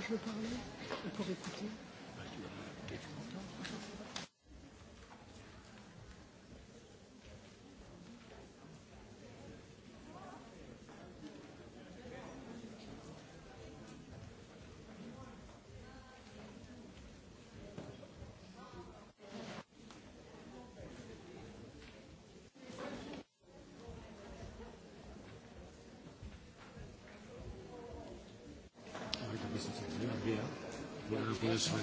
je veux parler ou pour écouter Obviously.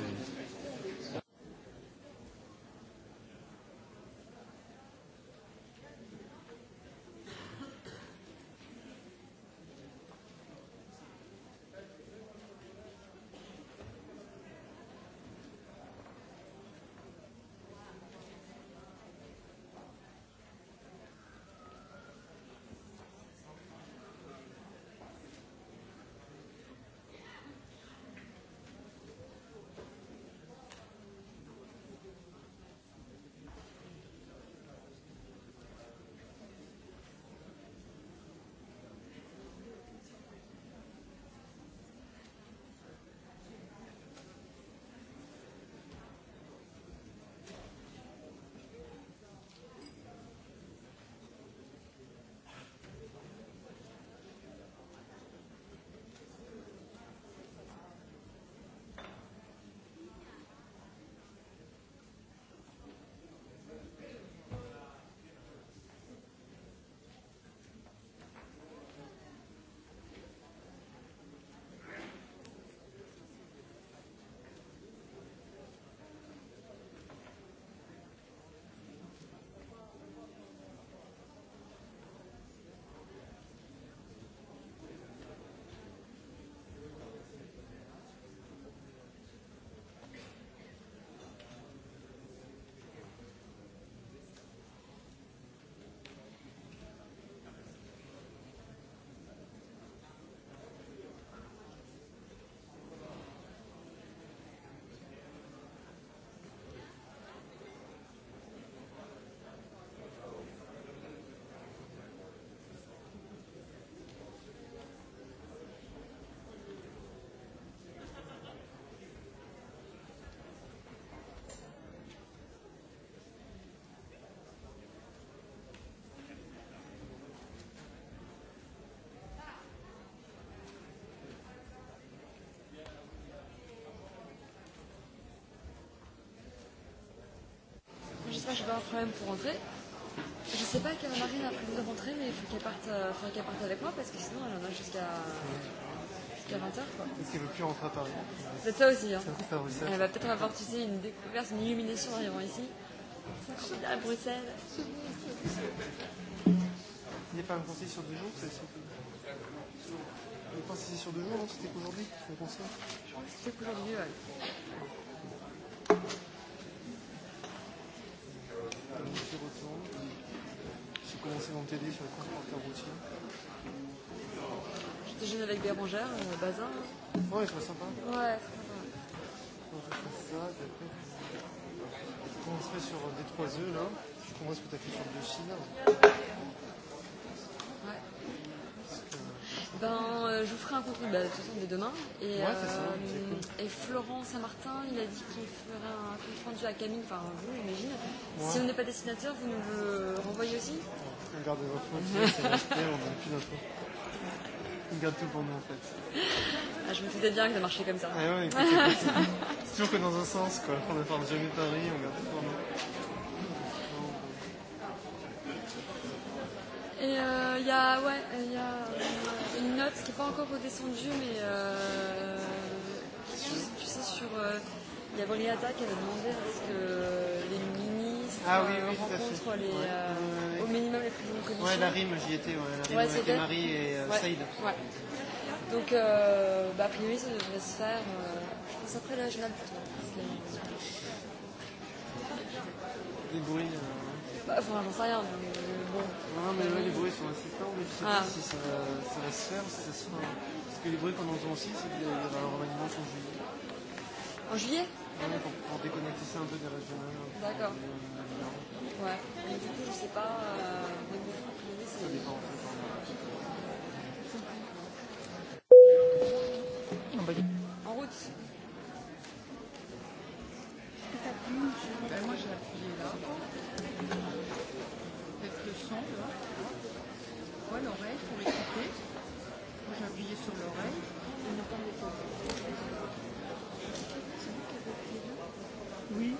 vois, je vais avoir un problème pour rentrer. Je sais pas quelle Marine a prévu de rentrer, mais il faut qu'elle parte, euh, qu parte avec moi parce que sinon elle en a jusqu'à jusqu 20h. Est-ce qu'elle veut plus rentrer à Paris C'est ça aussi. Hein. Ça, ça. Elle va peut-être avoir tu sais, une découverte, une illumination en arrivant ici. À Bruxelles. Il n'y a pas un conseil sur deux jours c'est, c'est... Le conseil sur deux jours, C'était qu'aujourd'hui le conseil c'était qu'aujourd'hui, ouais. vont t'aider sur le transporteur routier. Je déjeune avec Bérangère, euh, Bazin. Ouais, c'est vois sympa. Ouais, c'est sympa. Donc, je fais ça, d'après. Je commencerai sur des trois œufs là. Je comprends ce que tu as fait sur Biochine. Ouais. Ben, euh, je vous ferai un contenu, bah, de toute façon, dès demain. Et, ouais, euh, ça, cool. et Florent Saint-Martin, il a dit qu'il ferait un compte rendu à Camille, enfin, vous, j'imagine. Ouais. Si on n'est pas dessinateur, vous nous le renvoyez aussi regarde les refroidis, c'est resté, on a plus d'infos. Il garde tout pour nous en fait. Ah, je me disais bien que ça marchait comme ça. Ah ouais, c'est toujours que dans un sens quoi. On ne parle jamais Paris, on garde tout pour nous. Et il euh, y a, ouais, euh, y a euh, une note qui n'est pas encore redescendue, mais euh, tu, sais, sur euh, Gabriela qui avait demandé est-ce que les ah, oui, oui, les rencontres, les, ouais. euh, au minimum les prises de commission. Oui, la rime, j'y étais, ouais, la rime ouais, avec Marie et euh, ouais. Saïd. Ouais. Donc, euh, bah, a priori, ça devrait se faire, euh, je pense, après la journée plutôt. Les bruits. Euh... Bah, enfin, j'en sais rien, mais euh, bon. Non, mais ouais, les bruits sont insistants, mais je sais ah. pas si ça, ça va se faire, si ça se fera. Parce que les bruits qu'on entend aussi, c'est qu'il y aura un remaniement en juillet. En juillet Ouais, pour, pour déconnecter ça un peu des régionales. D'accord. Euh, Ouais. Mais du coup, je sais pas. Euh, au niveau Ça dépend en fait. En, route. Ben moi j'ai appuyé là. Peut-être le son là. Ouais, l'oreille pour l'écouter. Moi j'ai appuyé sur l'oreille. Oui.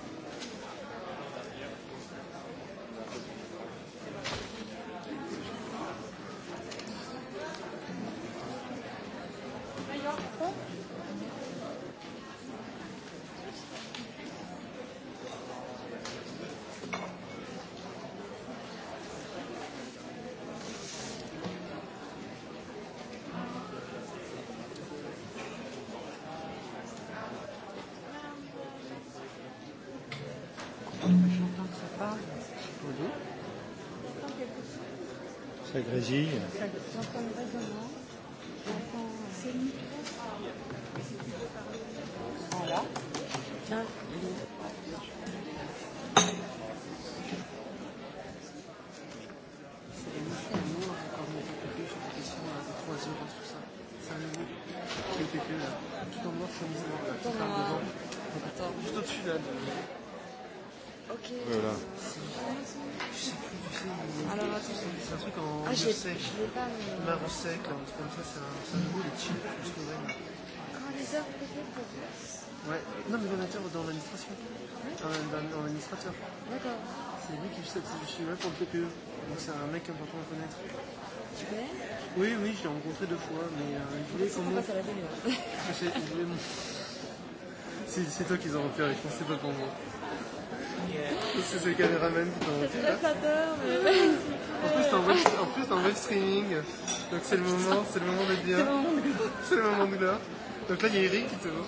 Grésil. sais plus. Je l'ai pas. Mais... Marron sec, là, comme ça, c'est un, un boule et chill. Je trouverai. Quand les heures payées pour vous Ouais, non, mais donateur dans l'administration. Ouais. En, en, en administrateur. D'accord. C'est lui qui fait je suis là pour le PPE. Donc c'est un mec important à connaître. Tu connais Oui, oui, je l'ai rencontré deux fois, mais euh, il voulait qu'on monte. Je sais, il voulait mon. C'est toi qui les as repérés, je pense que c'est pas pour moi. Euh, c'est ce qu'elle ramène. C'est très flatteur. Mais... En plus, en web, en plus, en web streaming. Donc c'est le moment, c'est le moment de dire. C'est le moment de gloire. Donc là, il y a Eric qui te voit.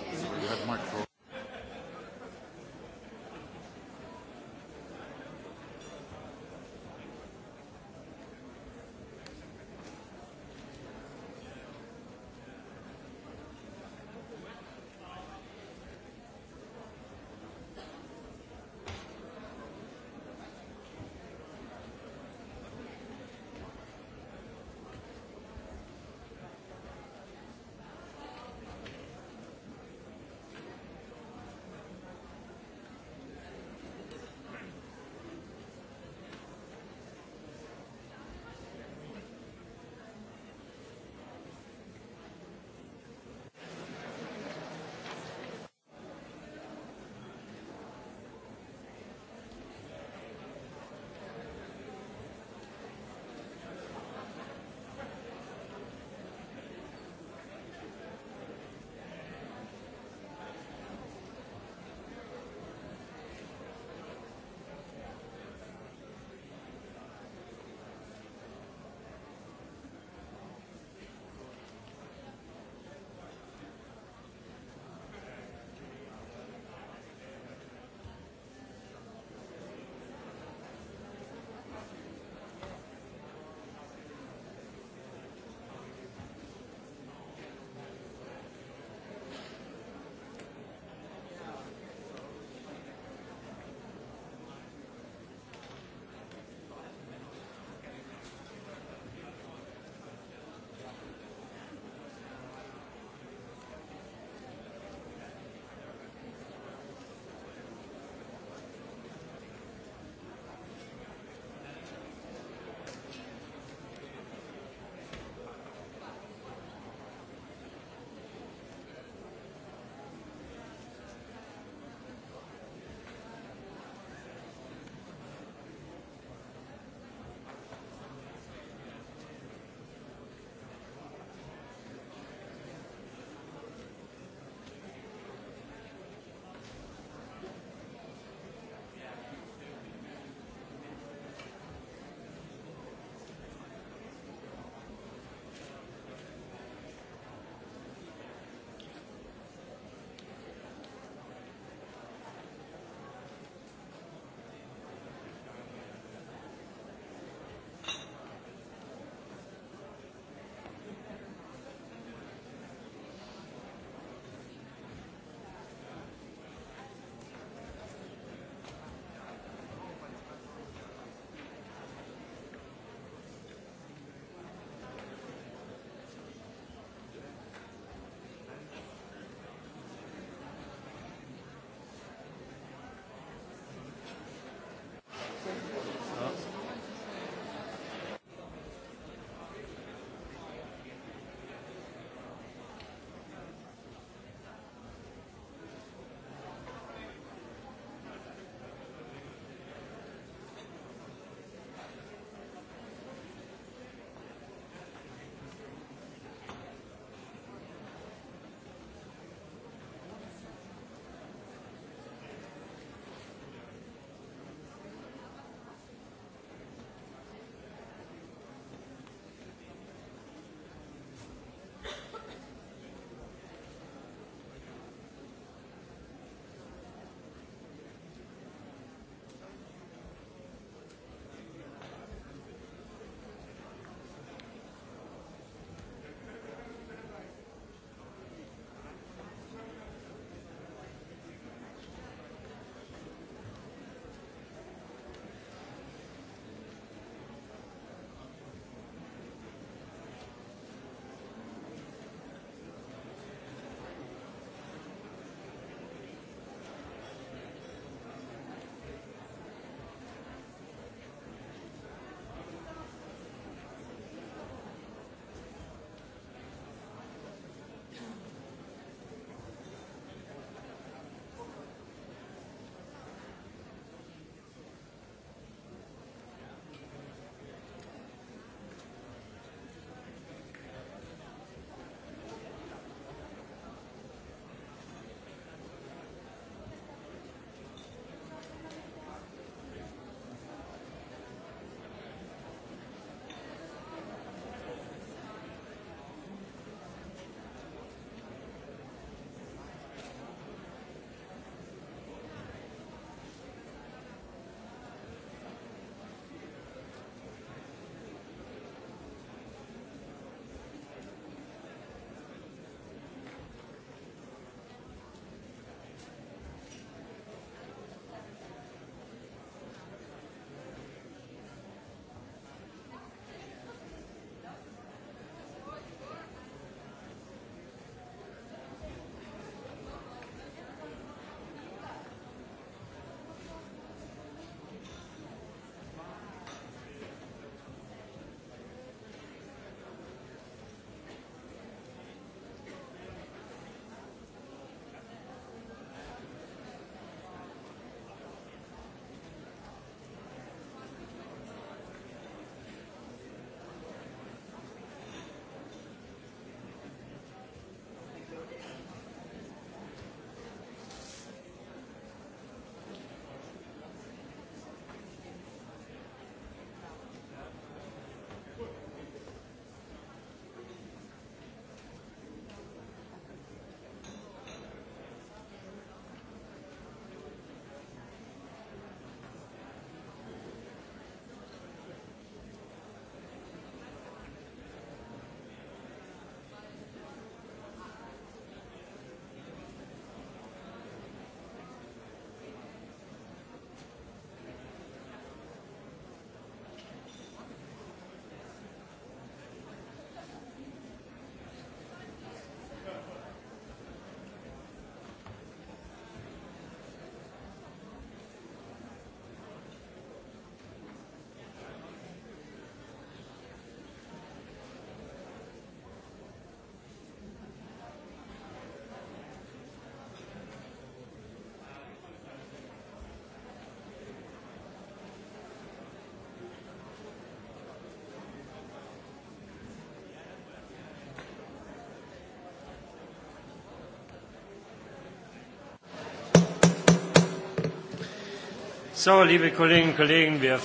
So, liebe Kollegen, Kollegen, wir...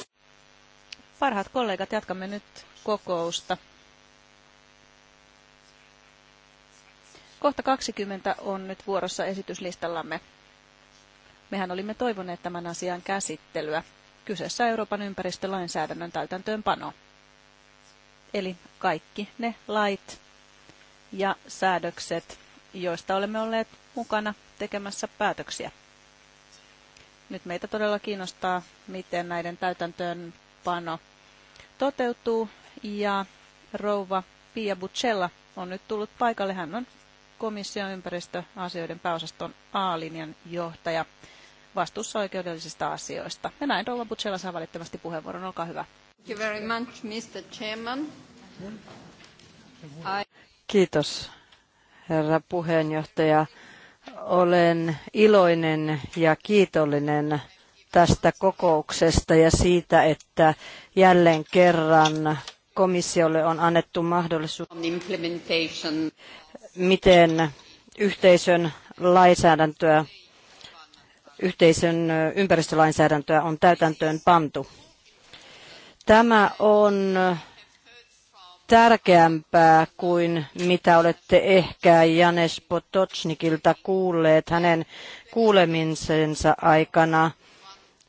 Parhaat kollegat, jatkamme nyt kokousta. Kohta 20 on nyt vuorossa esityslistallamme. Mehän olimme toivoneet tämän asian käsittelyä. Kyseessä Euroopan ympäristölainsäädännön täytäntöönpano. Eli kaikki ne lait ja säädökset, joista olemme olleet mukana tekemässä päätöksiä. Nyt meitä todella kiinnostaa, miten näiden täytäntöönpano toteutuu. Ja rouva Pia Bucella on nyt tullut paikalle. Hän on komission ympäristöasioiden pääosaston A-linjan johtaja vastuussa oikeudellisista asioista. Ja näin rouva Bucella saa välittömästi puheenvuoron. Olkaa hyvä. Thank you very much, Mr. Chairman. I... Kiitos, herra puheenjohtaja. Olen iloinen ja kiitollinen tästä kokouksesta ja siitä, että jälleen kerran komissiolle on annettu mahdollisuus, miten yhteisön lainsäädäntöä, yhteisön ympäristölainsäädäntöä on täytäntöön pantu. Tämä on tärkeämpää kuin mitä olette ehkä Janes Potocnikilta kuulleet hänen kuulemisensa aikana.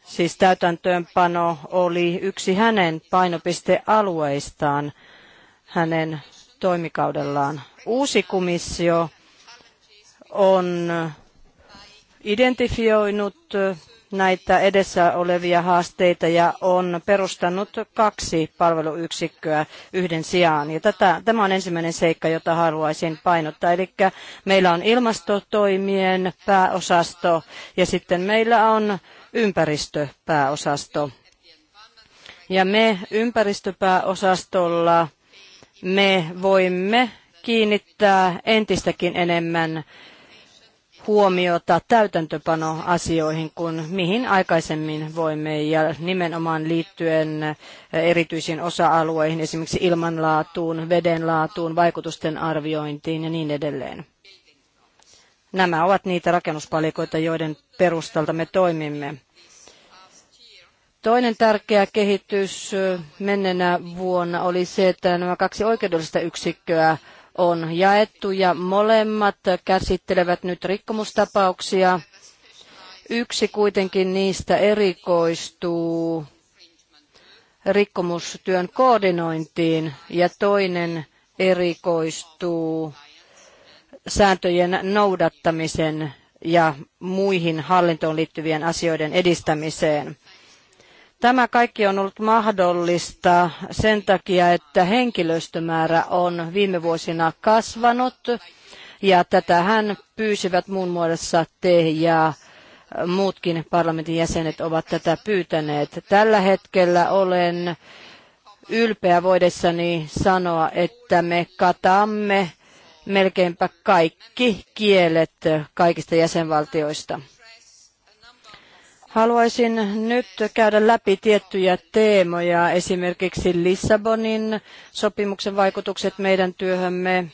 Siis täytäntöönpano oli yksi hänen painopistealueistaan hänen toimikaudellaan. Uusi komissio on identifioinut näitä edessä olevia haasteita ja on perustanut kaksi palveluyksikköä yhden sijaan. Ja tätä, tämä on ensimmäinen seikka, jota haluaisin painottaa. Eli meillä on ilmastotoimien pääosasto ja sitten meillä on ympäristöpääosasto. Ja me ympäristöpääosastolla me voimme kiinnittää entistäkin enemmän huomiota täytäntöpanoasioihin kuin mihin aikaisemmin voimme ja nimenomaan liittyen eh, erityisiin osa-alueihin, esimerkiksi ilmanlaatuun, vedenlaatuun, vaikutusten arviointiin ja niin edelleen. Nämä ovat niitä rakennuspalikoita, joiden perustalta me toimimme. Toinen tärkeä kehitys eh, menneenä vuonna oli se, että nämä kaksi oikeudellista yksikköä on jaettu ja molemmat käsittelevät nyt rikkomustapauksia. Yksi kuitenkin niistä erikoistuu rikkomustyön koordinointiin ja toinen erikoistuu sääntöjen noudattamisen ja muihin hallintoon liittyvien asioiden edistämiseen. Tämä kaikki on ollut mahdollista sen takia, että henkilöstömäärä on viime vuosina kasvanut ja tätähän pyysivät muun muassa te ja muutkin parlamentin jäsenet ovat tätä pyytäneet. Tällä hetkellä olen ylpeä voidessani sanoa, että me katamme melkeinpä kaikki kielet kaikista jäsenvaltioista. Haluaisin nyt käydä läpi tiettyjä teemoja, esimerkiksi Lissabonin sopimuksen vaikutukset meidän työhömme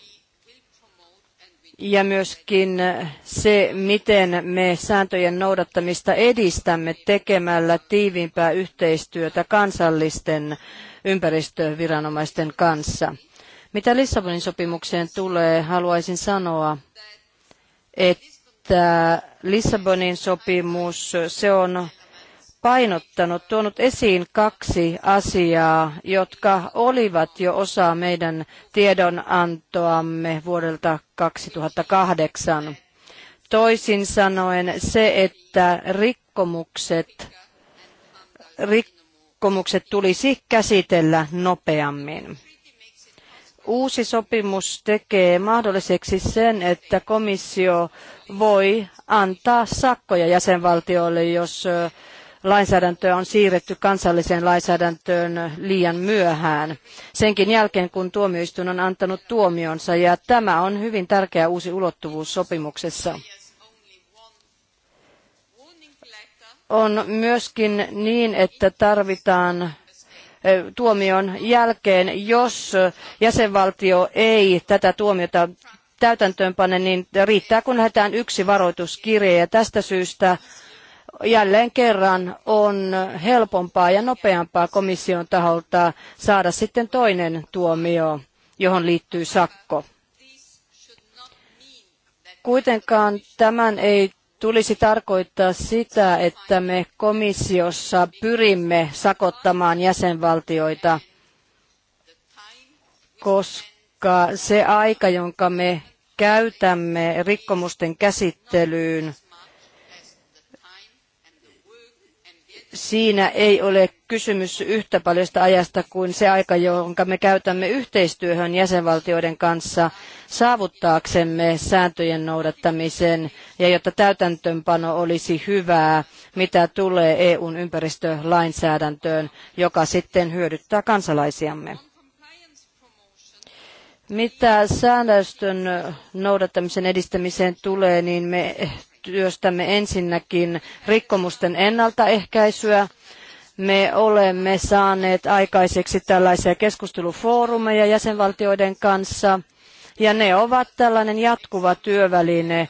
ja myöskin se, miten me sääntöjen noudattamista edistämme tekemällä tiiviimpää yhteistyötä kansallisten ympäristöviranomaisten kanssa. Mitä Lissabonin sopimukseen tulee, haluaisin sanoa, että että Lissabonin sopimus, se on painottanut, tuonut esiin kaksi asiaa, jotka olivat jo osa meidän tiedonantoamme vuodelta 2008. Toisin sanoen se, että rikkomukset, rikkomukset tulisi käsitellä nopeammin. Uusi sopimus tekee mahdolliseksi sen, että komissio voi antaa sakkoja jäsenvaltioille, jos lainsäädäntöä on siirretty kansalliseen lainsäädäntöön liian myöhään, senkin jälkeen kun tuomioistuin on antanut tuomionsa, ja tämä on hyvin tärkeä uusi ulottuvuus sopimuksessa. On myöskin niin, että tarvitaan tuomion jälkeen, jos jäsenvaltio ei tätä tuomiota täytäntöönpane, niin riittää, kun lähdetään yksi varoituskirje. Ja tästä syystä jälleen kerran on helpompaa ja nopeampaa komission taholta saada sitten toinen tuomio, johon liittyy sakko. Kuitenkaan tämän ei tulisi tarkoittaa sitä, että me komissiossa pyrimme sakottamaan jäsenvaltioita, koska se aika, jonka me käytämme rikkomusten käsittelyyn, siinä ei ole kysymys yhtä paljosta ajasta kuin se aika, jonka me käytämme yhteistyöhön jäsenvaltioiden kanssa saavuttaaksemme sääntöjen noudattamisen ja jotta täytäntöönpano olisi hyvää, mitä tulee EUn ympäristölainsäädäntöön, joka sitten hyödyttää kansalaisiamme. Mitä säännöstön noudattamisen edistämiseen tulee, niin me työstämme ensinnäkin rikkomusten ennaltaehkäisyä. Me olemme saaneet aikaiseksi tällaisia keskustelufoorumeja jäsenvaltioiden kanssa, ja ne ovat tällainen jatkuva työväline,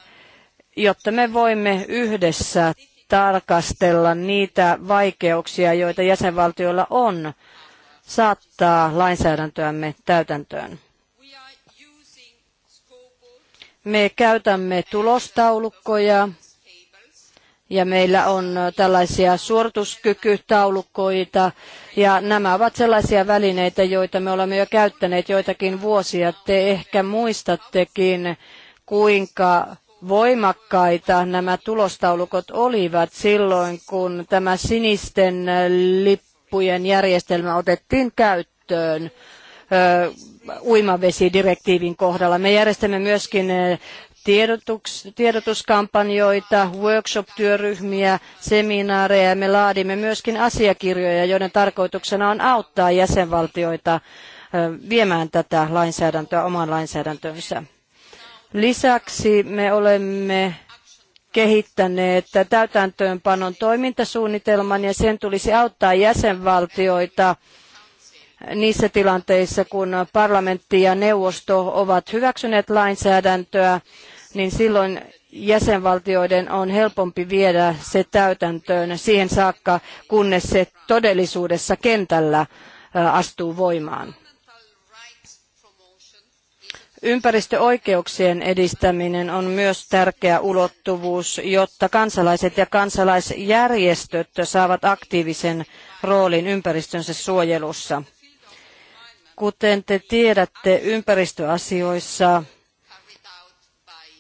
jotta me voimme yhdessä tarkastella niitä vaikeuksia, joita jäsenvaltioilla on saattaa lainsäädäntöämme täytäntöön. Me käytämme tulostaulukkoja ja meillä on tällaisia suorituskykytaulukoita ja nämä ovat sellaisia välineitä, joita me olemme jo käyttäneet joitakin vuosia. Te ehkä muistattekin, kuinka voimakkaita nämä tulostaulukot olivat silloin, kun tämä sinisten lippujen järjestelmä otettiin käyttöön uimavesidirektiivin kohdalla. Me järjestämme myöskin eh, tiedotuskampanjoita, workshop-työryhmiä, seminaareja ja me laadimme myöskin asiakirjoja, joiden tarkoituksena on auttaa jäsenvaltioita eh, viemään tätä lainsäädäntöä omaan lainsäädäntönsä. Lisäksi me olemme kehittäneet täytäntöönpanon toimintasuunnitelman ja sen tulisi auttaa jäsenvaltioita niissä tilanteissa, kun parlamentti ja neuvosto ovat hyväksyneet lainsäädäntöä, niin silloin jäsenvaltioiden on helpompi viedä se täytäntöön siihen saakka, kunnes se todellisuudessa kentällä astuu voimaan. Ympäristöoikeuksien edistäminen on myös tärkeä ulottuvuus, jotta kansalaiset ja kansalaisjärjestöt saavat aktiivisen roolin ympäristönsä suojelussa. Kuten te tiedätte, ympäristöasioissa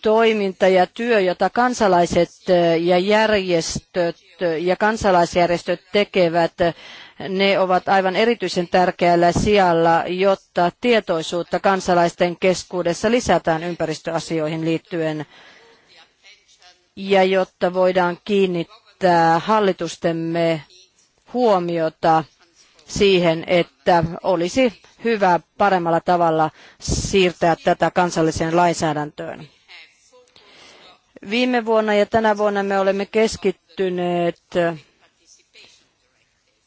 toiminta ja työ, jota kansalaiset ja järjestöt ja kansalaisjärjestöt tekevät, ne ovat aivan erityisen tärkeällä sijalla, jotta tietoisuutta kansalaisten keskuudessa lisätään ympäristöasioihin liittyen ja jotta voidaan kiinnittää hallitustemme huomiota siihen, että olisi hyvä paremmalla tavalla siirtää tätä kansalliseen lainsäädäntöön. Viime vuonna ja tänä vuonna me olemme keskittyneet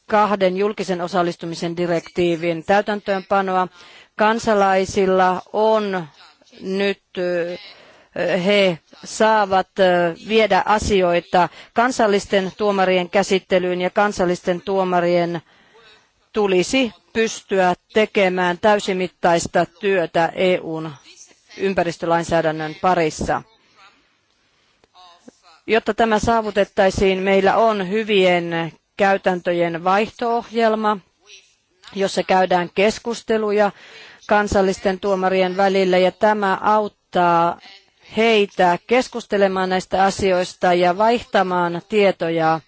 kahden julkisen osallistumisen direktiivin täytäntöönpanoa. Kansalaisilla on nyt eh, he saavat eh, viedä asioita kansallisten tuomarien käsittelyyn ja kansallisten tuomarien tulisi pystyä tekemään täysimittaista työtä EUn ympäristölainsäädännön parissa. Jotta tämä saavutettaisiin, meillä on hyvien käytäntöjen vaihto-ohjelma, jossa käydään keskusteluja kansallisten tuomarien välillä ja tämä auttaa heitä keskustelemaan näistä asioista ja vaihtamaan tietoja,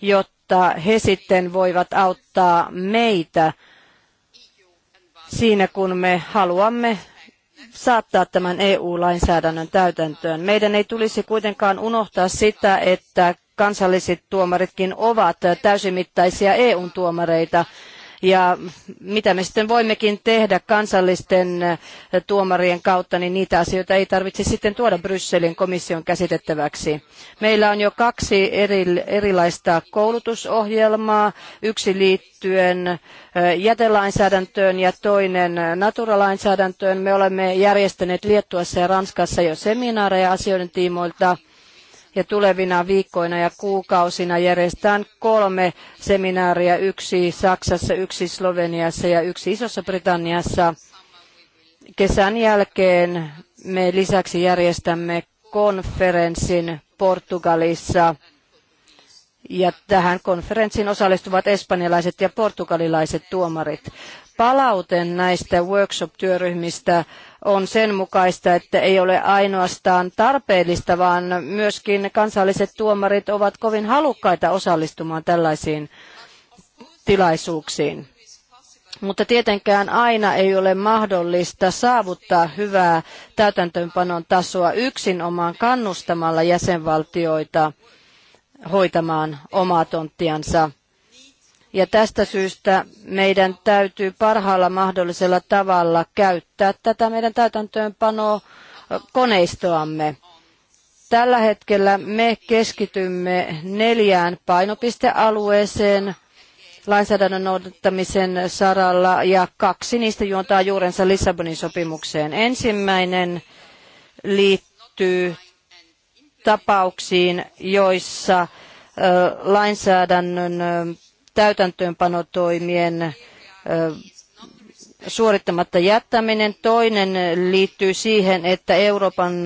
jotta jotta he sitten voivat auttaa meitä siinä, kun me haluamme saattaa tämän EU-lainsäädännön täytäntöön. Meidän ei tulisi kuitenkaan unohtaa sitä, että kansalliset tuomaritkin ovat täysimittaisia EU-tuomareita ja mitä me sitten voimmekin tehdä kansallisten tuomarien kautta, niin niitä asioita ei tarvitse sitten tuoda Brysselin komission käsitettäväksi. Meillä on jo kaksi eri, erilaista koulutusohjelmaa. Yksi liittyen jätelainsäädäntöön ja toinen naturalainsäädäntöön. Me olemme järjestäneet Liettuassa ja Ranskassa jo seminaareja asioiden tiimoilta ja tulevina viikkoina ja kuukausina järjestetään kolme seminaaria, yksi Saksassa, yksi Sloveniassa ja yksi Isossa Britanniassa. Kesän jälkeen me lisäksi järjestämme konferenssin Portugalissa. Ja tähän konferenssiin osallistuvat espanjalaiset ja portugalilaiset tuomarit palaute näistä workshop-työryhmistä on sen mukaista, että ei ole ainoastaan tarpeellista, vaan myöskin kansalliset tuomarit ovat kovin halukkaita osallistumaan tällaisiin tilaisuuksiin. Mutta tietenkään aina ei ole mahdollista saavuttaa hyvää täytäntöönpanon tasoa yksinomaan kannustamalla jäsenvaltioita hoitamaan omaa tonttiansa ja tästä syystä meidän täytyy parhaalla mahdollisella tavalla käyttää tätä meidän täytäntöönpanoa koneistoamme. Tällä hetkellä me keskitymme neljään painopistealueeseen lainsäädännön noudattamisen saralla ja kaksi niistä juontaa juurensa Lissabonin sopimukseen. Ensimmäinen liittyy tapauksiin, joissa lainsäädännön täytäntöönpanotoimien suorittamatta jättäminen. Toinen liittyy siihen, että Euroopan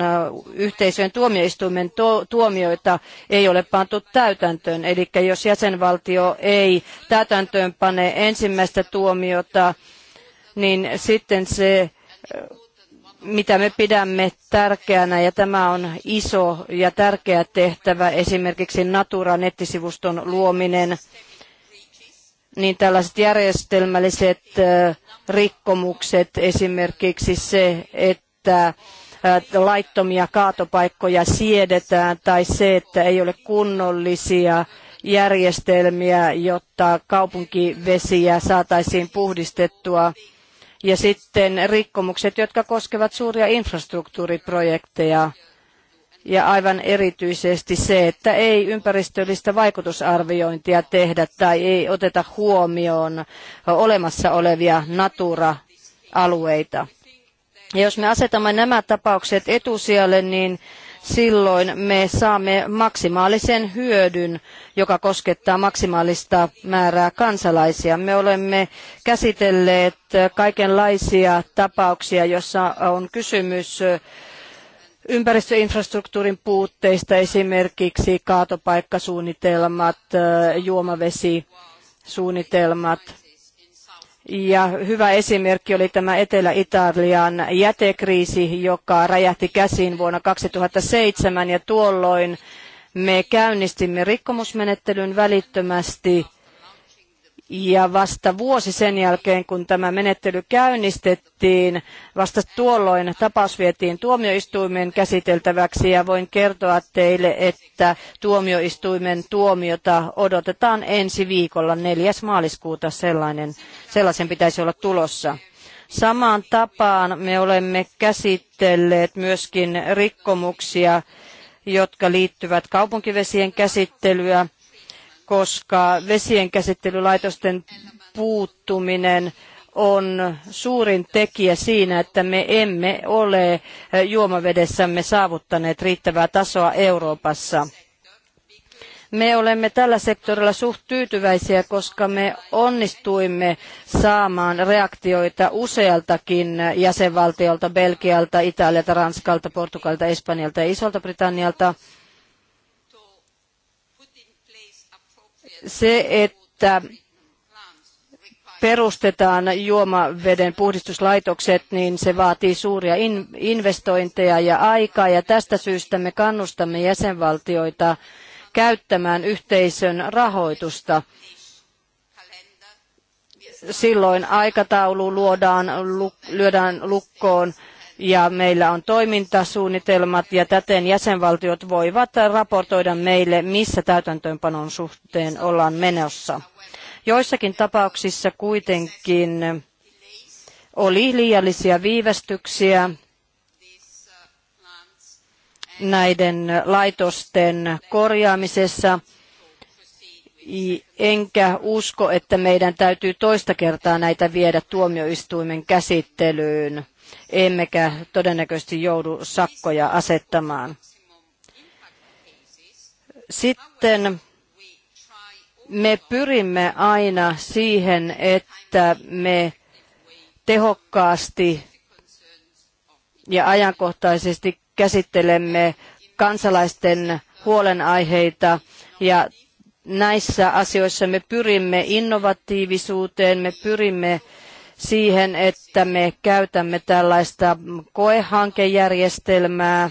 yhteisöjen tuomioistuimen tuomioita ei ole pantu täytäntöön. Eli jos jäsenvaltio ei täytäntöönpane ensimmäistä tuomiota, niin sitten se mitä me pidämme tärkeänä, ja tämä on iso ja tärkeä tehtävä, esimerkiksi Natura-nettisivuston luominen, niin tällaiset järjestelmälliset rikkomukset, esimerkiksi se, että laittomia kaatopaikkoja siedetään tai se, että ei ole kunnollisia järjestelmiä, jotta kaupunkivesiä saataisiin puhdistettua. Ja sitten rikkomukset, jotka koskevat suuria infrastruktuuriprojekteja ja aivan erityisesti se, että ei ympäristöllistä vaikutusarviointia tehdä tai ei oteta huomioon olemassa olevia Natura-alueita. Ja jos me asetamme nämä tapaukset etusijalle, niin silloin me saamme maksimaalisen hyödyn, joka koskettaa maksimaalista määrää kansalaisia. Me olemme käsitelleet kaikenlaisia tapauksia, jossa on kysymys ympäristöinfrastruktuurin puutteista, esimerkiksi kaatopaikkasuunnitelmat, juomavesisuunnitelmat. Ja hyvä esimerkki oli tämä Etelä-Italian jätekriisi, joka räjähti käsiin vuonna 2007 ja tuolloin me käynnistimme rikkomusmenettelyn välittömästi ja vasta vuosi sen jälkeen, kun tämä menettely käynnistettiin, vasta tuolloin tapaus vietiin tuomioistuimen käsiteltäväksi ja voin kertoa teille, että tuomioistuimen tuomiota odotetaan ensi viikolla 4. maaliskuuta sellainen, sellaisen pitäisi olla tulossa. Samaan tapaan me olemme käsitelleet myöskin rikkomuksia, jotka liittyvät kaupunkivesien käsittelyä koska vesien käsittelylaitosten puuttuminen on suurin tekijä siinä, että me emme ole eh, juomavedessämme saavuttaneet riittävää tasoa Euroopassa. Me olemme tällä sektorilla suht tyytyväisiä, koska me onnistuimme saamaan reaktioita usealtakin jäsenvaltiolta, Belgialta, Italialta, Ranskalta, Portugalta, Espanjalta ja Isolta Britannialta. Se, että perustetaan juomaveden puhdistuslaitokset, niin se vaatii suuria investointeja ja aikaa, ja tästä syystä me kannustamme jäsenvaltioita käyttämään yhteisön rahoitusta. Silloin aikataulu luodaan, lu, lyödään lukkoon ja meillä on toimintasuunnitelmat ja täten jäsenvaltiot voivat raportoida meille, missä täytäntöönpanon suhteen ollaan menossa. Joissakin tapauksissa kuitenkin oli liiallisia viivästyksiä näiden laitosten korjaamisessa enkä usko, että meidän täytyy toista kertaa näitä viedä tuomioistuimen käsittelyyn emmekä todennäköisesti joudu sakkoja asettamaan. Sitten me pyrimme aina siihen, että me tehokkaasti ja ajankohtaisesti käsittelemme kansalaisten huolenaiheita ja näissä asioissa me pyrimme innovatiivisuuteen, me pyrimme siihen, että me käytämme tällaista koehankejärjestelmää,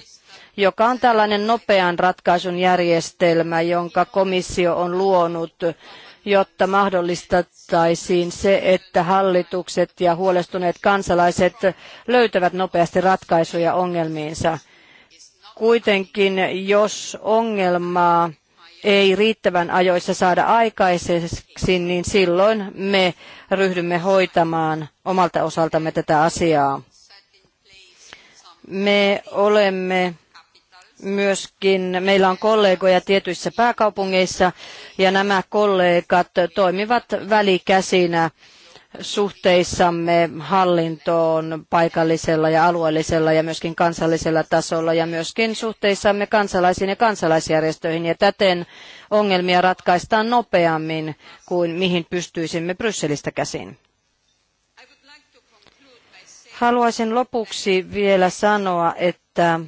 joka on tällainen nopean ratkaisun järjestelmä, jonka komissio on luonut, jotta mahdollistettaisiin se, että hallitukset ja huolestuneet kansalaiset löytävät nopeasti ratkaisuja ongelmiinsa. Kuitenkin jos ongelmaa ei riittävän ajoissa saada aikaiseksi, niin silloin me ryhdymme hoitamaan omalta osaltamme tätä asiaa. Me olemme myöskin, meillä on kollegoja tietyissä pääkaupungeissa ja nämä kollegat toimivat välikäsinä suhteissamme hallintoon paikallisella ja alueellisella ja myöskin kansallisella tasolla ja myöskin suhteissamme kansalaisiin ja kansalaisjärjestöihin. Ja täten ongelmia ratkaistaan nopeammin kuin mihin pystyisimme Brysselistä käsin. Haluaisin lopuksi vielä sanoa, että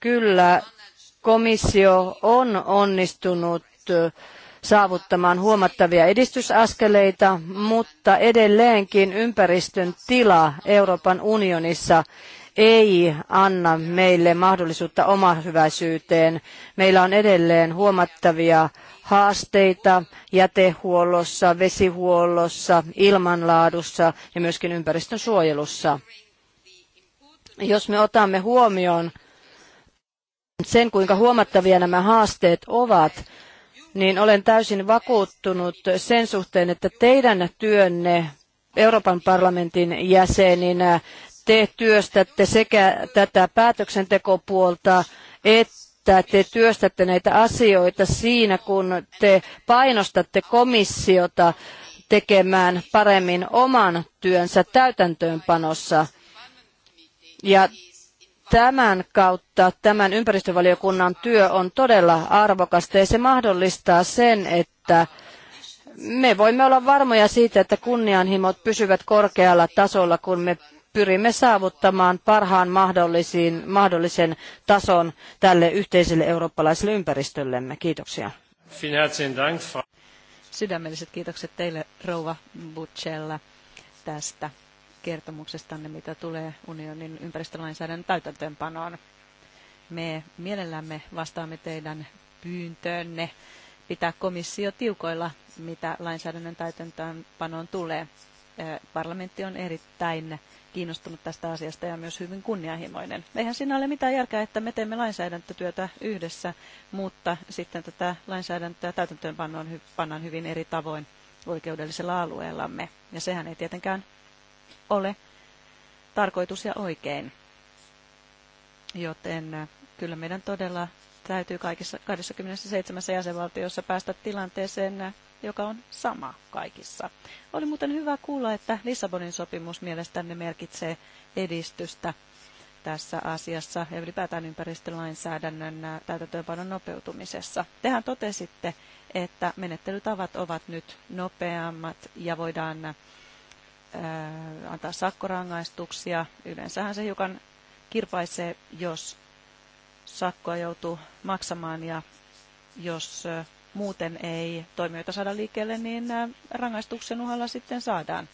kyllä komissio on onnistunut saavuttamaan huomattavia edistysaskeleita, mutta edelleenkin ympäristön tila Euroopan unionissa ei anna meille mahdollisuutta omahyväisyyteen. Meillä on edelleen huomattavia haasteita jätehuollossa, vesihuollossa, ilmanlaadussa ja myöskin ympäristön suojelussa. Jos me otamme huomioon sen, kuinka huomattavia nämä haasteet ovat, niin olen täysin vakuuttunut sen suhteen, että teidän työnne Euroopan parlamentin jäseninä äh, te työstätte sekä tätä päätöksentekopuolta että te työstätte näitä asioita siinä, kun te painostatte komissiota tekemään paremmin oman työnsä täytäntöönpanossa. Ja tämän kautta tämän ympäristövaliokunnan työ on todella arvokasta ja se mahdollistaa sen, että me voimme olla varmoja siitä, että kunnianhimot pysyvät korkealla tasolla, kun me pyrimme saavuttamaan parhaan mahdollisen tason tälle yhteiselle eurooppalaiselle ympäristöllemme. Kiitoksia. Sydämelliset kiitokset teille, rouva Butchella, tästä kertomuksestanne, mitä tulee unionin ympäristölainsäädännön täytäntöönpanoon. Me mielellämme vastaamme teidän pyyntöönne pitää komissio tiukoilla, mitä lainsäädännön täytäntöönpanoon tulee. Parlamentti on erittäin kiinnostunut tästä asiasta ja myös hyvin kunnianhimoinen. Eihän siinä ole mitään järkeä, että me teemme lainsäädäntötyötä yhdessä, mutta sitten tätä lainsäädäntöä täytäntöön pannaan hyvin eri tavoin oikeudellisella alueellamme. Ja sehän ei tietenkään ole tarkoitus ja oikein. Joten äh, kyllä meidän todella täytyy kaikissa 27 jäsenvaltiossa päästä tilanteeseen, äh, joka on sama kaikissa. Oli muuten hyvä kuulla, että Lissabonin sopimus mielestänne merkitsee edistystä tässä asiassa ja ylipäätään ympäristölainsäädännön äh, täytäntöönpanon nopeutumisessa. Tehän totesitte, että menettelytavat ovat nyt nopeammat ja voidaan antaa sakkorangaistuksia. Yleensähän se hiukan kirpaisee, jos sakkoa joutuu maksamaan ja jos muuten ei toimijoita saada liikkeelle, niin rangaistuksen uhalla sitten saadaan.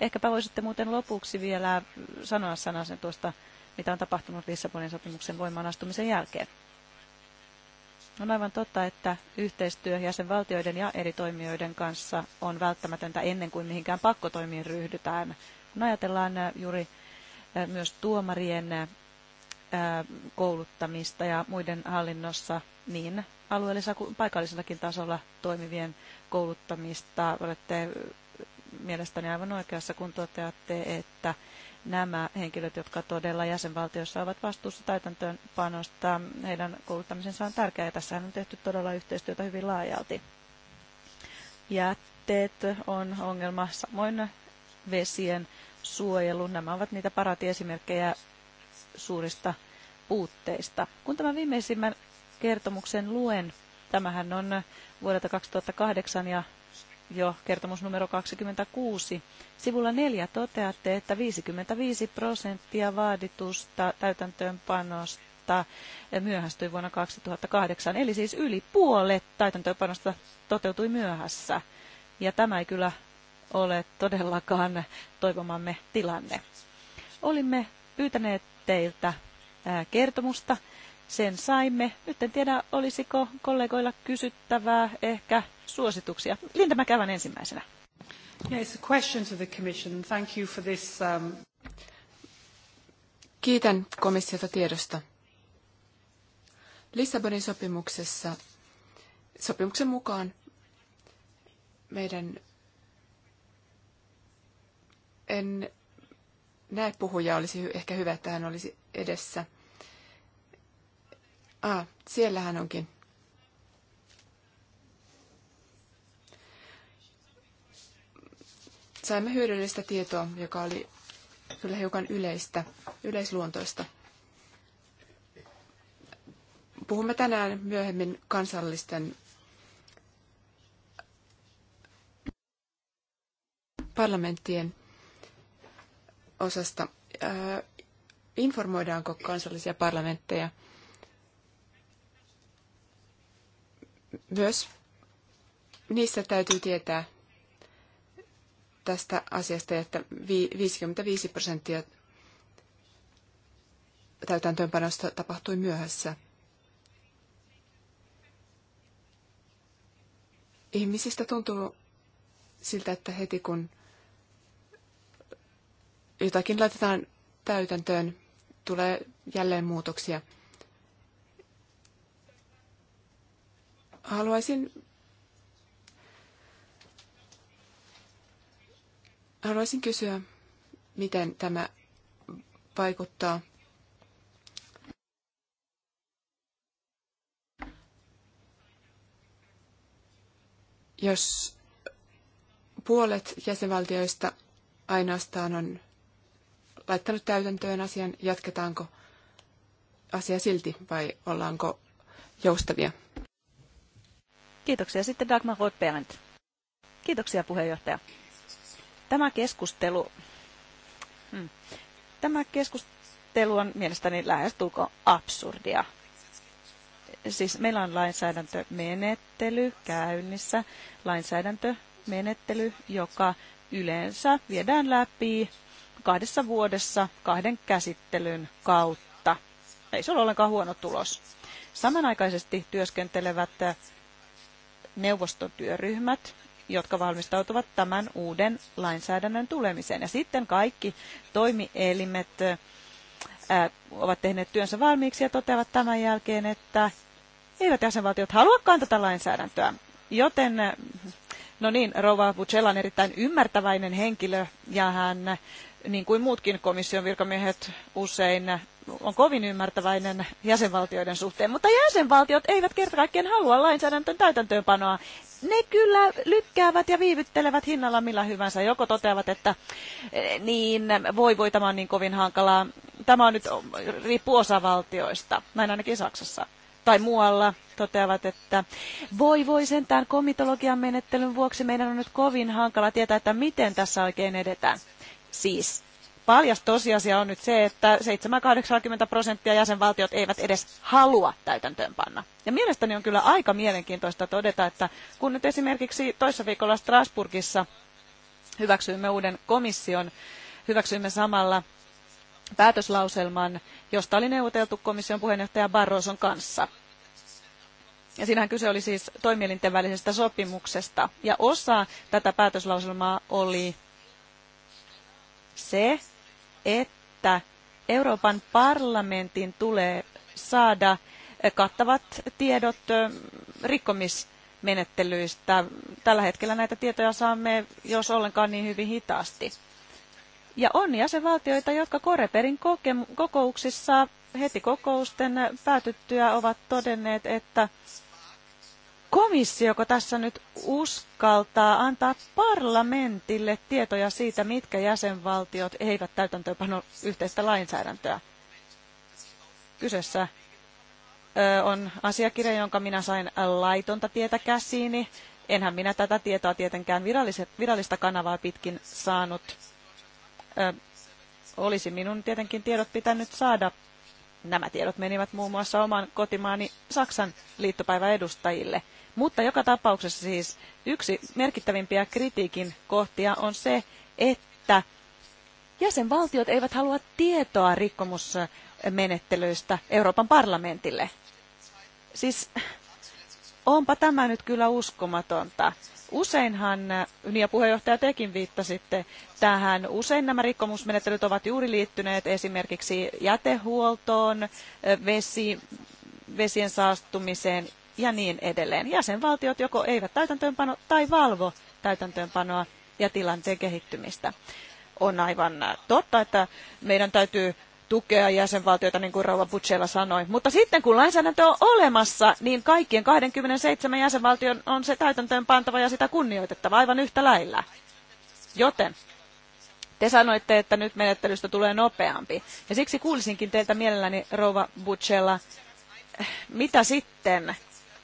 Ehkäpä voisitte muuten lopuksi vielä sanoa sanasen tuosta, mitä on tapahtunut Lissabonin sopimuksen voimaan astumisen jälkeen. On aivan totta, että yhteistyö jäsenvaltioiden ja eri toimijoiden kanssa on välttämätöntä ennen kuin mihinkään pakkotoimiin ryhdytään. Kun ajatellaan äh, juuri äh, myös tuomarien äh, kouluttamista ja muiden hallinnossa niin alueellisella kuin paikallisellakin tasolla toimivien kouluttamista. Olette mielestäni aivan oikeassa, kun toteatte, että nämä henkilöt, jotka todella jäsenvaltiossa ovat vastuussa täytäntöönpanosta, heidän kouluttamisensa on tärkeää. Tässä on tehty todella yhteistyötä hyvin laajalti. Jätteet on ongelma, samoin vesien suojelu. Nämä ovat niitä paratiesimerkkejä suurista puutteista. Kun tämän viimeisimmän kertomuksen luen, tämähän on vuodelta 2008 ja jo kertomus numero 26. Sivulla 4 toteatte, että 55 prosenttia vaaditusta täytäntöönpanosta myöhästyi vuonna 2008, eli siis yli puolet täytäntöönpanosta toteutui myöhässä. Ja tämä ei kyllä ole todellakaan toivomamme tilanne. Olimme pyytäneet teiltä kertomusta sen saimme. Nyt en tiedä, olisiko kollegoilla kysyttävää, ehkä suosituksia. Linda Mäkävän ensimmäisenä. Yes, question to the commission. Thank you for this, um... Kiitän komissiota tiedosta. Lissabonin sopimuksessa, sopimuksen mukaan meidän en näe puhuja olisi ehkä hyvä, että hän olisi edessä. Ah, siellä hän onkin. Saimme hyödyllistä tietoa, joka oli kyllä hiukan yleistä, yleisluontoista. Puhumme tänään myöhemmin kansallisten parlamenttien osasta. Äh, informoidaanko kansallisia parlamentteja Myös niissä täytyy tietää tästä asiasta, että 55 prosenttia täytäntöönpanosta tapahtui myöhässä. Ihmisistä tuntuu siltä, että heti kun jotakin laitetaan täytäntöön, tulee jälleen muutoksia – Haluaisin Haluaisin kysyä, miten tämä vaikuttaa jos puolet jäsenvaltioista ainoastaan on laittanut täytäntöön asian, jatketaanko asia silti vai ollaanko joustavia? Kiitoksia sitten Dagmar Rothberg. Kiitoksia puheenjohtaja. Tämä keskustelu, hmm, tämä keskustelu on mielestäni lähestulkoon absurdia. Siis meillä on lainsäädäntömenettely käynnissä, lainsäädäntömenettely, joka yleensä viedään läpi kahdessa vuodessa kahden käsittelyn kautta. Ei se ole ollenkaan huono tulos. Samanaikaisesti työskentelevät neuvostotyöryhmät, jotka valmistautuvat tämän uuden lainsäädännön tulemiseen. Ja sitten kaikki toimielimet ovat tehneet työnsä valmiiksi ja toteavat tämän jälkeen, että eivät jäsenvaltiot haluakaan tätä lainsäädäntöä. Joten No niin, Rova Bucella on erittäin ymmärtäväinen henkilö ja hän, niin kuin muutkin komission virkamiehet usein, on kovin ymmärtäväinen jäsenvaltioiden suhteen, mutta jäsenvaltiot eivät kerta kaikkiaan halua lainsäädäntön täytäntöönpanoa. Ne kyllä lykkäävät ja viivyttelevät hinnalla millä hyvänsä. Joko toteavat, että eh, niin, voi voi, tämä on niin kovin hankalaa. Tämä on nyt, riippuu osavaltioista, näin ainakin Saksassa tai muualla toteavat, että voi voi sentään komitologian menettelyn vuoksi meidän on nyt kovin hankala tietää, että miten tässä oikein edetään. Siis paljas tosiasia on nyt se, että 7-80 prosenttia jäsenvaltiot eivät edes halua täytäntöönpanna. Ja mielestäni on kyllä aika mielenkiintoista todeta, että kun nyt esimerkiksi toissa viikolla Strasburgissa hyväksyimme uuden komission, hyväksyimme samalla päätöslauselman, josta oli neuvoteltu komission puheenjohtaja Barroson kanssa. Ja siinähän kyse oli siis toimielinten välisestä sopimuksesta. Ja osa tätä päätöslauselmaa oli se, että Euroopan parlamentin tulee saada kattavat tiedot rikkomismenettelyistä. Tällä hetkellä näitä tietoja saamme, jos ollenkaan, niin hyvin hitaasti. Ja on jäsenvaltioita, jotka Koreperin kokouksissa heti kokousten päätyttyä ovat todenneet, että komissioko tässä nyt uskaltaa antaa parlamentille tietoja siitä, mitkä jäsenvaltiot eivät täytäntöönpano yhteistä lainsäädäntöä. Kyseessä on asiakirja, jonka minä sain laitonta tietä käsiini. Enhän minä tätä tietoa tietenkään virallista kanavaa pitkin saanut olisi minun tietenkin tiedot pitänyt saada. Nämä tiedot menivät muun muassa oman kotimaani Saksan liittopäiväedustajille. Mutta joka tapauksessa siis yksi merkittävimpiä kritiikin kohtia on se, että jäsenvaltiot eivät halua tietoa rikkomusmenettelyistä Euroopan parlamentille. Siis onpa tämä nyt kyllä uskomatonta. Useinhan, niin ja puheenjohtaja tekin viittasitte tähän, usein nämä rikkomusmenettelyt ovat juuri liittyneet esimerkiksi jätehuoltoon, vesi, vesien saastumiseen ja niin edelleen. Jäsenvaltiot joko eivät täytäntöönpano tai valvo täytäntöönpanoa ja tilanteen kehittymistä. On aivan totta, että meidän täytyy tukea jäsenvaltioita, niin kuin Rouva sanoi. Mutta sitten kun lainsäädäntö on olemassa, niin kaikkien 27 jäsenvaltion on se täytäntöön pantava ja sitä kunnioitettava aivan yhtä lailla. Joten te sanoitte, että nyt menettelystä tulee nopeampi. Ja siksi kuulisinkin teiltä mielelläni, rova Butchella, mitä sitten?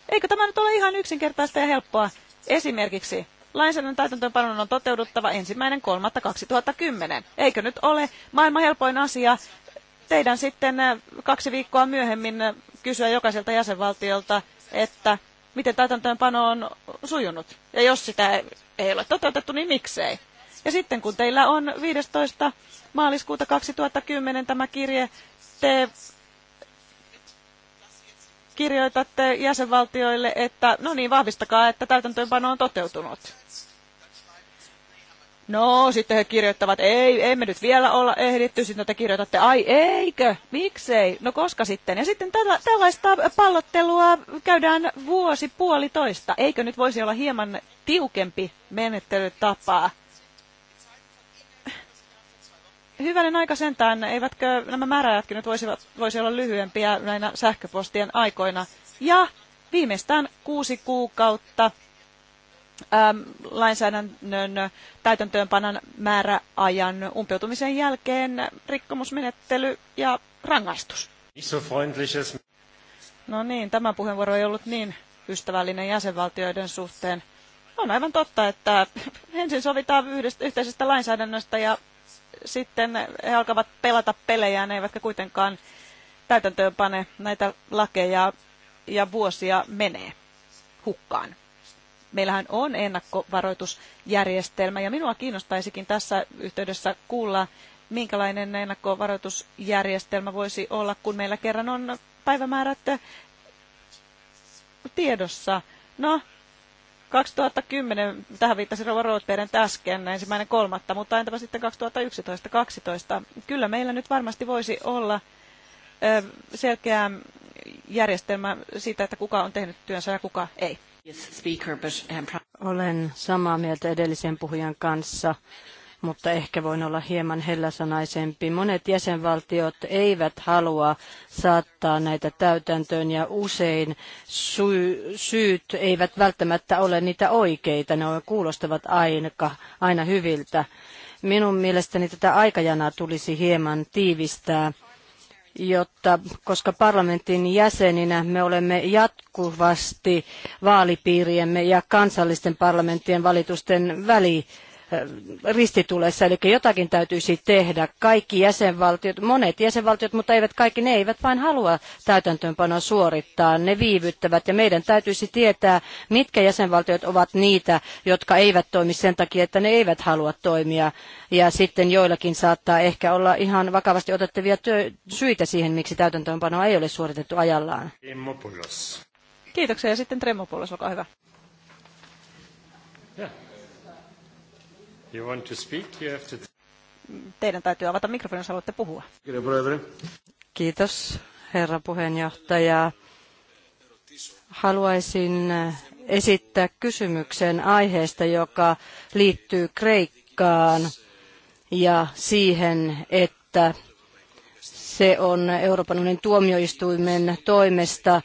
Eikö tämä nyt ole ihan yksinkertaista ja helppoa? Esimerkiksi lainsäädännön täytäntöönpanon on toteuduttava ensimmäinen kolmatta 2010. Eikö nyt ole maailman helpoin asia teidän sitten äh, kaksi viikkoa myöhemmin äh, kysyä jokaiselta jäsenvaltiolta, että miten täytäntöönpano on sujunut. Ja jos sitä ei ole toteutettu, niin miksei. Ja sitten kun teillä on 15. maaliskuuta 2010 tämä kirje, te kirjoitatte jäsenvaltioille, että no niin, vahvistakaa, että täytäntöönpano on toteutunut. No, sitten he kirjoittavat, ei, emme nyt vielä olla ehditty. Sitten te kirjoitatte, ai eikö, miksei, no koska sitten. Ja sitten täla, tällaista pallottelua käydään vuosi puolitoista. Eikö nyt voisi olla hieman tiukempi menettelytapa? Hyvänen aika sentään, eivätkö nämä määräajatkin nyt voisi, voisi olla lyhyempiä näinä sähköpostien aikoina. Ja viimeistään kuusi kuukautta Ähm, lainsäädännön täytäntöönpanan määräajan umpeutumisen jälkeen rikkomusmenettely ja rangaistus. No niin, tämä puheenvuoro ei ollut niin ystävällinen jäsenvaltioiden suhteen. On aivan totta, että ensin sovitaan yhdestä, yhteisestä lainsäädännöstä ja sitten he alkavat pelata pelejään, eivätkä kuitenkaan täytäntöönpane näitä lakeja ja vuosia menee hukkaan meillähän on ennakkovaroitusjärjestelmä ja minua kiinnostaisikin tässä yhteydessä kuulla, minkälainen ennakkovaroitusjärjestelmä voisi olla, kun meillä kerran on päivämäärät tiedossa. No, 2010, tähän viittasi Rova Rootteiden äsken, ensimmäinen kolmatta, mutta entäpä sitten 2011-2012? Kyllä meillä nyt varmasti voisi olla selkeä järjestelmä siitä, että kuka on tehnyt työnsä ja kuka ei. Um, Olen samaa mieltä edellisen puhujan kanssa, mutta ehkä voin olla hieman helläsanaisempi. Monet jäsenvaltiot eivät halua saattaa näitä täytäntöön ja usein syy, syyt eivät välttämättä ole niitä oikeita. Ne kuulostavat aina, aina hyviltä. Minun mielestäni tätä aikajanaa tulisi hieman tiivistää jotta, koska parlamentin jäseninä me olemme jatkuvasti vaalipiiriemme ja kansallisten parlamenttien valitusten välissä ristitulessa, eli jotakin täytyisi tehdä. Kaikki jäsenvaltiot, monet jäsenvaltiot, mutta eivät kaikki, ne eivät vain halua täytäntöönpanoa suorittaa, ne viivyttävät ja meidän täytyisi tietää, mitkä jäsenvaltiot ovat niitä, jotka eivät toimi sen takia, että ne eivät halua toimia ja sitten joillakin saattaa ehkä olla ihan vakavasti otettavia työ, syitä siihen, miksi täytäntöönpanoa ei ole suoritettu ajallaan. Kiitoksia ja sitten Tremopoulos, olkaa hyvä. Yeah. You want to speak? You have to... Teidän täytyy avata mikrofoni, jos haluatte puhua. Kiitos, herra puheenjohtaja. Haluaisin eh, esittää kysymyksen aiheesta, joka liittyy Kreikkaan ja siihen, että se on Euroopan unionin tuomioistuimen toimesta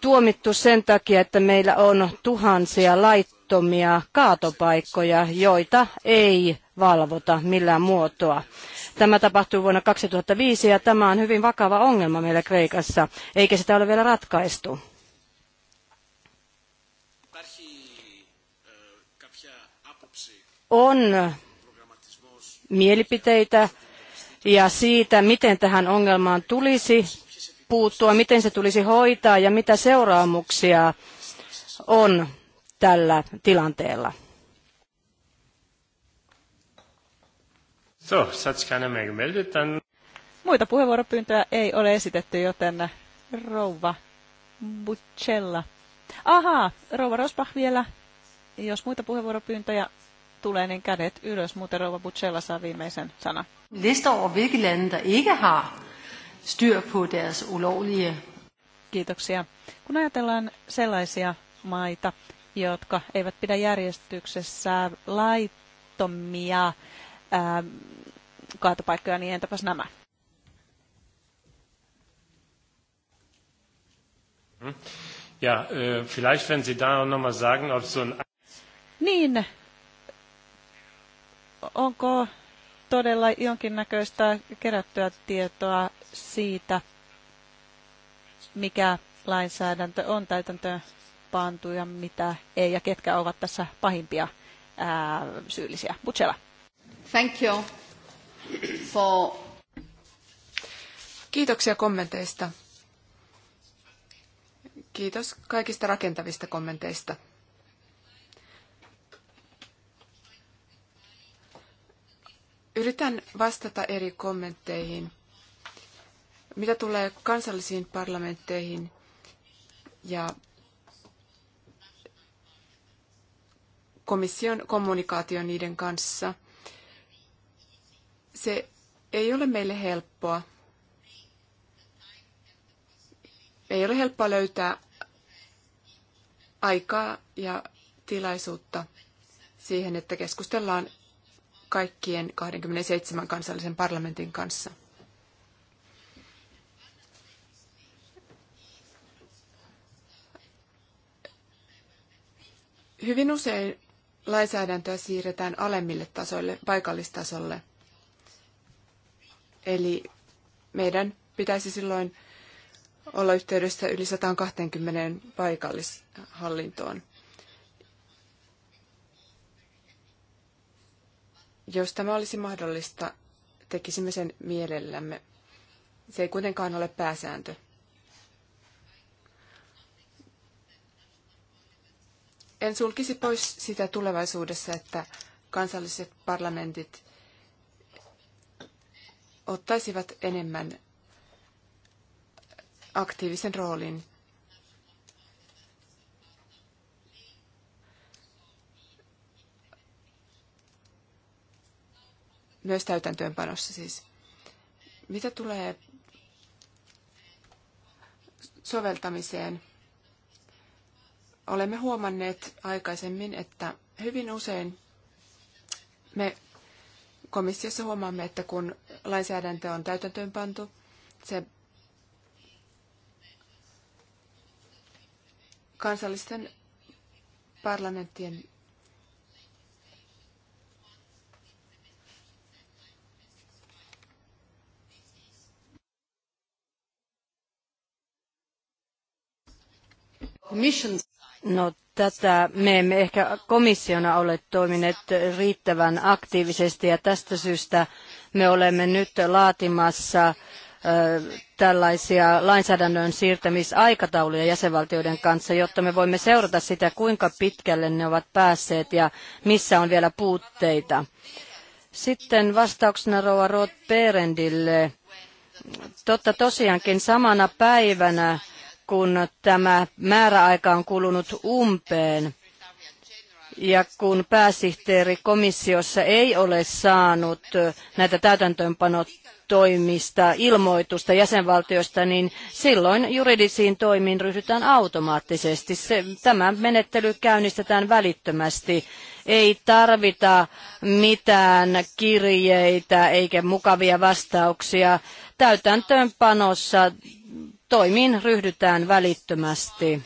tuomittu sen takia, että meillä on tuhansia laitteita laittomia kaatopaikkoja, joita ei valvota millään muotoa. Tämä tapahtui vuonna 2005 ja tämä on hyvin vakava ongelma meillä Kreikassa, eikä sitä ole vielä ratkaistu. On mielipiteitä ja siitä, miten tähän ongelmaan tulisi puuttua, miten se tulisi hoitaa ja mitä seuraamuksia on tällä tilanteella. So, Muita puheenvuoropyyntöjä ei ole esitetty, joten rouva Butchella. Aha, rouva Rosbach vielä. Jos muita puheenvuoropyyntöjä tulee, niin kädet ylös. Muuten rouva Butchella saa viimeisen sanan. Lista over hvilke lande, der ikke har styr på deres ulovlige... Kiitoksia. Kun ajatellaan sellaisia maita, jotka eivät pidä järjestyksessä laittomia ää, ähm, kaatopaikkoja, niin entäpäs nämä? Ja, äh, vielleicht wenn Sie da nochmal sagen, ob so ein... Niin, onko todella jonkinnäköistä kerättyä tietoa siitä, mikä lainsäädäntö on täytäntöön pantu mitä ei ja ketkä ovat tässä pahimpia ää, syyllisiä. Butchella. Thank you for... Kiitoksia kommenteista. Kiitos kaikista rakentavista kommenteista. Yritän vastata eri kommentteihin. Mitä tulee kansallisiin parlamentteihin ja komission kommunikaatio niiden kanssa. Se ei ole meille helppoa. Ei ole helppoa löytää aikaa ja tilaisuutta siihen, että keskustellaan kaikkien 27 kansallisen parlamentin kanssa. Hyvin usein lainsäädäntöä siirretään alemmille tasoille, paikallistasolle. Eli meidän pitäisi silloin olla yhteydessä yli 120 paikallishallintoon. Jos tämä olisi mahdollista, tekisimme sen mielellämme. Se ei kuitenkaan ole pääsääntö. En sulkisi pois sitä tulevaisuudessa, että kansalliset parlamentit ottaisivat enemmän aktiivisen roolin myös täytäntöönpanossa siis. Mitä tulee soveltamiseen? olemme huomanneet aikaisemmin, että hyvin usein me komissiossa huomaamme, että kun lainsäädäntö on täytäntöönpantu, se kansallisten parlamenttien missions No tätä me emme ehkä komissiona ole toimineet riittävän aktiivisesti ja tästä syystä me olemme nyt laatimassa tällaisia lainsäädännön siirtämisaikatauluja jäsenvaltioiden kanssa, jotta me voimme seurata sitä, kuinka pitkälle ne ovat päässeet ja missä on vielä puutteita. Sitten vastauksena Roa Roth Perendille. Totta tosiaankin samana päivänä kun tämä määräaika on kulunut umpeen ja kun pääsihteeri komissiossa ei ole saanut näitä täytäntöönpanotoimista ilmoitusta jäsenvaltioista, niin silloin juridisiin toimiin ryhdytään automaattisesti. Se, tämä menettely käynnistetään välittömästi. Ei tarvita mitään kirjeitä eikä mukavia vastauksia. Täytäntöönpanossa toimiin ryhdytään välittömästi.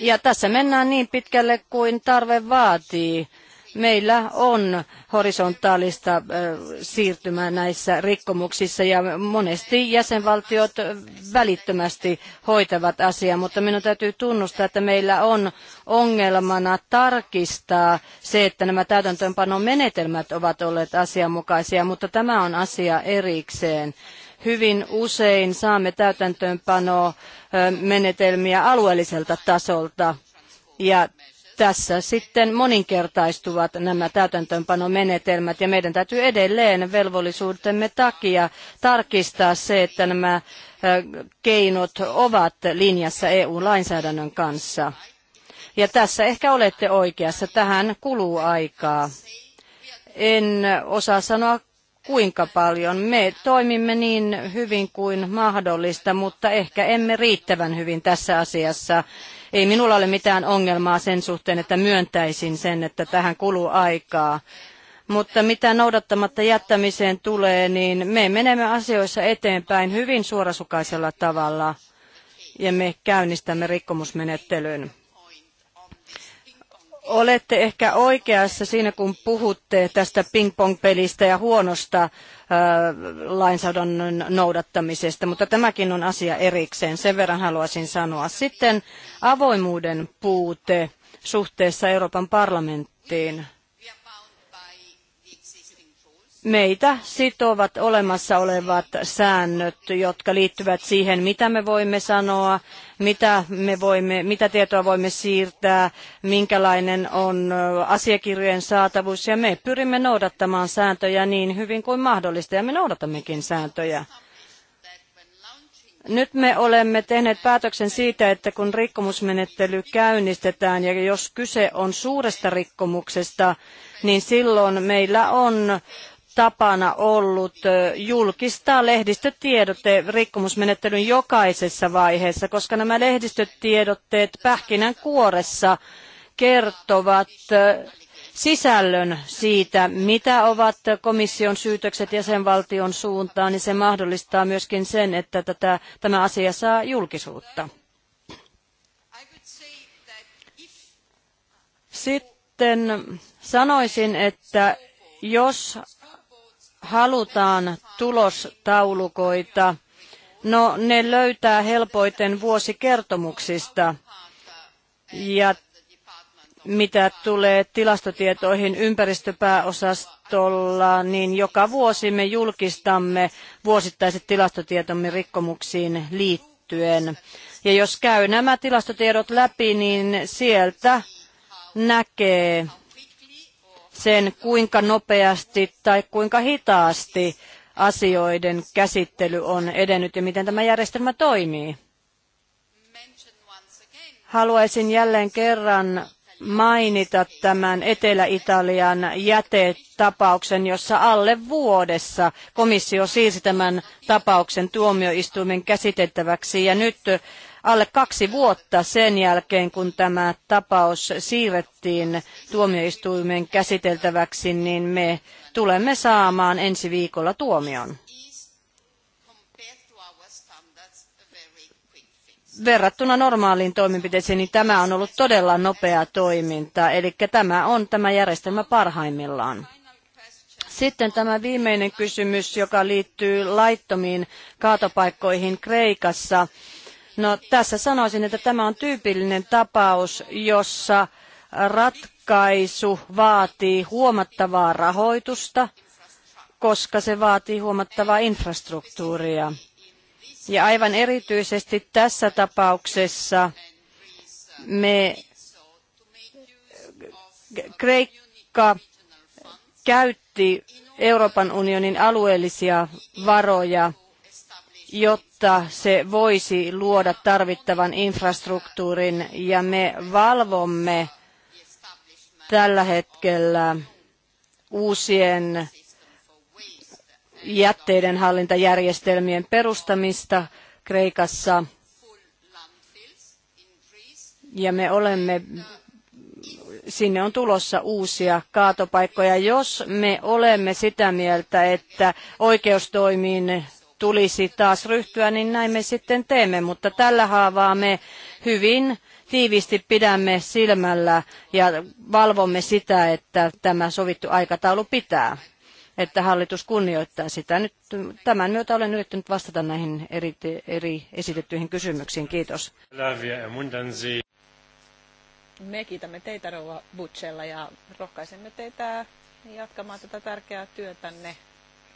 Ja tässä mennään niin pitkälle kuin tarve vaatii. Meillä on horisontaalista siirtymää näissä rikkomuksissa ja monesti jäsenvaltiot välittömästi hoitavat asiaa, mutta minun täytyy tunnustaa, että meillä on ongelmana tarkistaa se, että nämä täytäntöönpanon menetelmät ovat olleet asianmukaisia, mutta tämä on asia erikseen hyvin usein saamme täytäntöönpanoa menetelmiä alueelliselta tasolta. Ja tässä sitten moninkertaistuvat nämä täytäntöönpanomenetelmät ja meidän täytyy edelleen velvollisuutemme takia tarkistaa se, että nämä keinot ovat linjassa EU-lainsäädännön kanssa. Ja tässä ehkä olette oikeassa, tähän kuluu aikaa. En osaa sanoa kuinka paljon. Me toimimme niin hyvin kuin mahdollista, mutta ehkä emme riittävän hyvin tässä asiassa. Ei minulla ole mitään ongelmaa sen suhteen, että myöntäisin sen, että tähän kuluu aikaa. Mutta mitä noudattamatta jättämiseen tulee, niin me menemme asioissa eteenpäin hyvin suorasukaisella tavalla ja me käynnistämme rikkomusmenettelyn olette ehkä oikeassa siinä, kun puhutte tästä ping-pong-pelistä ja huonosta äh, lainsäädännön noudattamisesta, mutta tämäkin on asia erikseen. Sen verran haluaisin sanoa. Sitten avoimuuden puute suhteessa Euroopan parlamenttiin meitä sitovat olemassa olevat säännöt, jotka liittyvät siihen, mitä me voimme sanoa, mitä, me voimme, mitä tietoa voimme siirtää, minkälainen on asiakirjojen saatavuus. Ja me pyrimme noudattamaan sääntöjä niin hyvin kuin mahdollista, ja me noudatammekin sääntöjä. Nyt me olemme tehneet päätöksen siitä, että kun rikkomusmenettely käynnistetään ja jos kyse on suuresta rikkomuksesta, niin silloin meillä on tapana ollut julkistaa lehdistötiedote rikkomusmenettelyn jokaisessa vaiheessa, koska nämä lehdistötiedotteet pähkinänkuoressa kertovat sisällön siitä, mitä ovat komission syytökset jäsenvaltion suuntaan, niin se mahdollistaa myöskin sen, että tätä, tämä asia saa julkisuutta. Sitten sanoisin, että jos halutaan tulostaulukoita, no ne löytää helpoiten vuosikertomuksista. Ja mitä tulee tilastotietoihin ympäristöpääosastolla, niin joka vuosi me julkistamme vuosittaiset tilastotietomme rikkomuksiin liittyen. Ja jos käy nämä tilastotiedot läpi, niin sieltä näkee, sen, kuinka nopeasti tai kuinka hitaasti asioiden käsittely on edennyt ja miten tämä järjestelmä toimii. Haluaisin jälleen kerran mainita tämän Etelä-Italian jätetapauksen, jossa alle vuodessa komissio siirsi tämän tapauksen tuomioistuimen käsitettäväksi ja nyt alle kaksi vuotta sen jälkeen, kun tämä tapaus siirrettiin tuomioistuimen käsiteltäväksi, niin me tulemme saamaan ensi viikolla tuomion. verrattuna normaaliin toimenpiteeseen, niin tämä on ollut todella nopea toiminta. Eli tämä on tämä järjestelmä parhaimmillaan. Sitten tämä viimeinen kysymys, joka liittyy laittomiin kaatopaikkoihin Kreikassa. No tässä sanoisin, että tämä on tyypillinen tapaus, jossa ratkaisu vaatii huomattavaa rahoitusta, koska se vaatii huomattavaa infrastruktuuria. Ja aivan erityisesti tässä tapauksessa me Kreikka käytti Euroopan unionin alueellisia varoja jotta se voisi luoda tarvittavan infrastruktuurin ja me valvomme tällä hetkellä uusien jätteiden hallintajärjestelmien perustamista Kreikassa. Ja me olemme, sinne on tulossa uusia kaatopaikkoja. Jos me olemme sitä mieltä, että oikeustoimiin tulisi taas ryhtyä, niin näin me sitten teemme. Mutta tällä haavaa me hyvin tiivisti pidämme silmällä ja valvomme sitä, että tämä sovittu aikataulu pitää että hallitus kunnioittaa sitä. Nyt tämän myötä olen yrittänyt vastata näihin eri, eri esitettyihin kysymyksiin. Kiitos. Me kiitämme teitä Rouva Butchella ja rohkaisemme teitä jatkamaan tätä tärkeää työtänne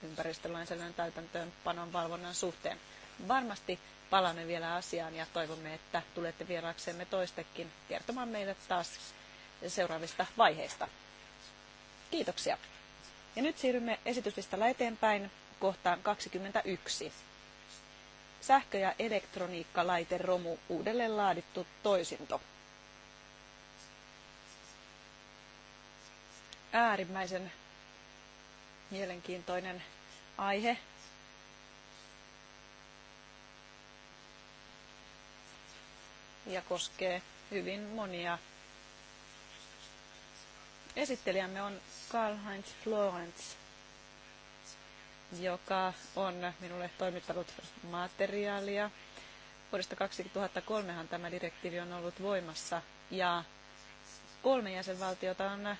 ympäristölainsäädännön täytäntöönpanon valvonnan suhteen. Varmasti palaamme vielä asiaan ja toivomme, että tulette vieraaksemme toistekin kertomaan meille taas seuraavista vaiheista. Kiitoksia. Ja nyt siirrymme esityslistalla eteenpäin kohtaan 21. Sähkö- ja elektroniikkalaiteromu uudelleen laadittu toisinto. Äärimmäisen mielenkiintoinen aihe. Ja koskee hyvin monia. Esittelijämme on Karl-Heinz Florence, joka on minulle toimittanut materiaalia. Vuodesta 2003 tämä direktiivi on ollut voimassa ja kolme jäsenvaltiota on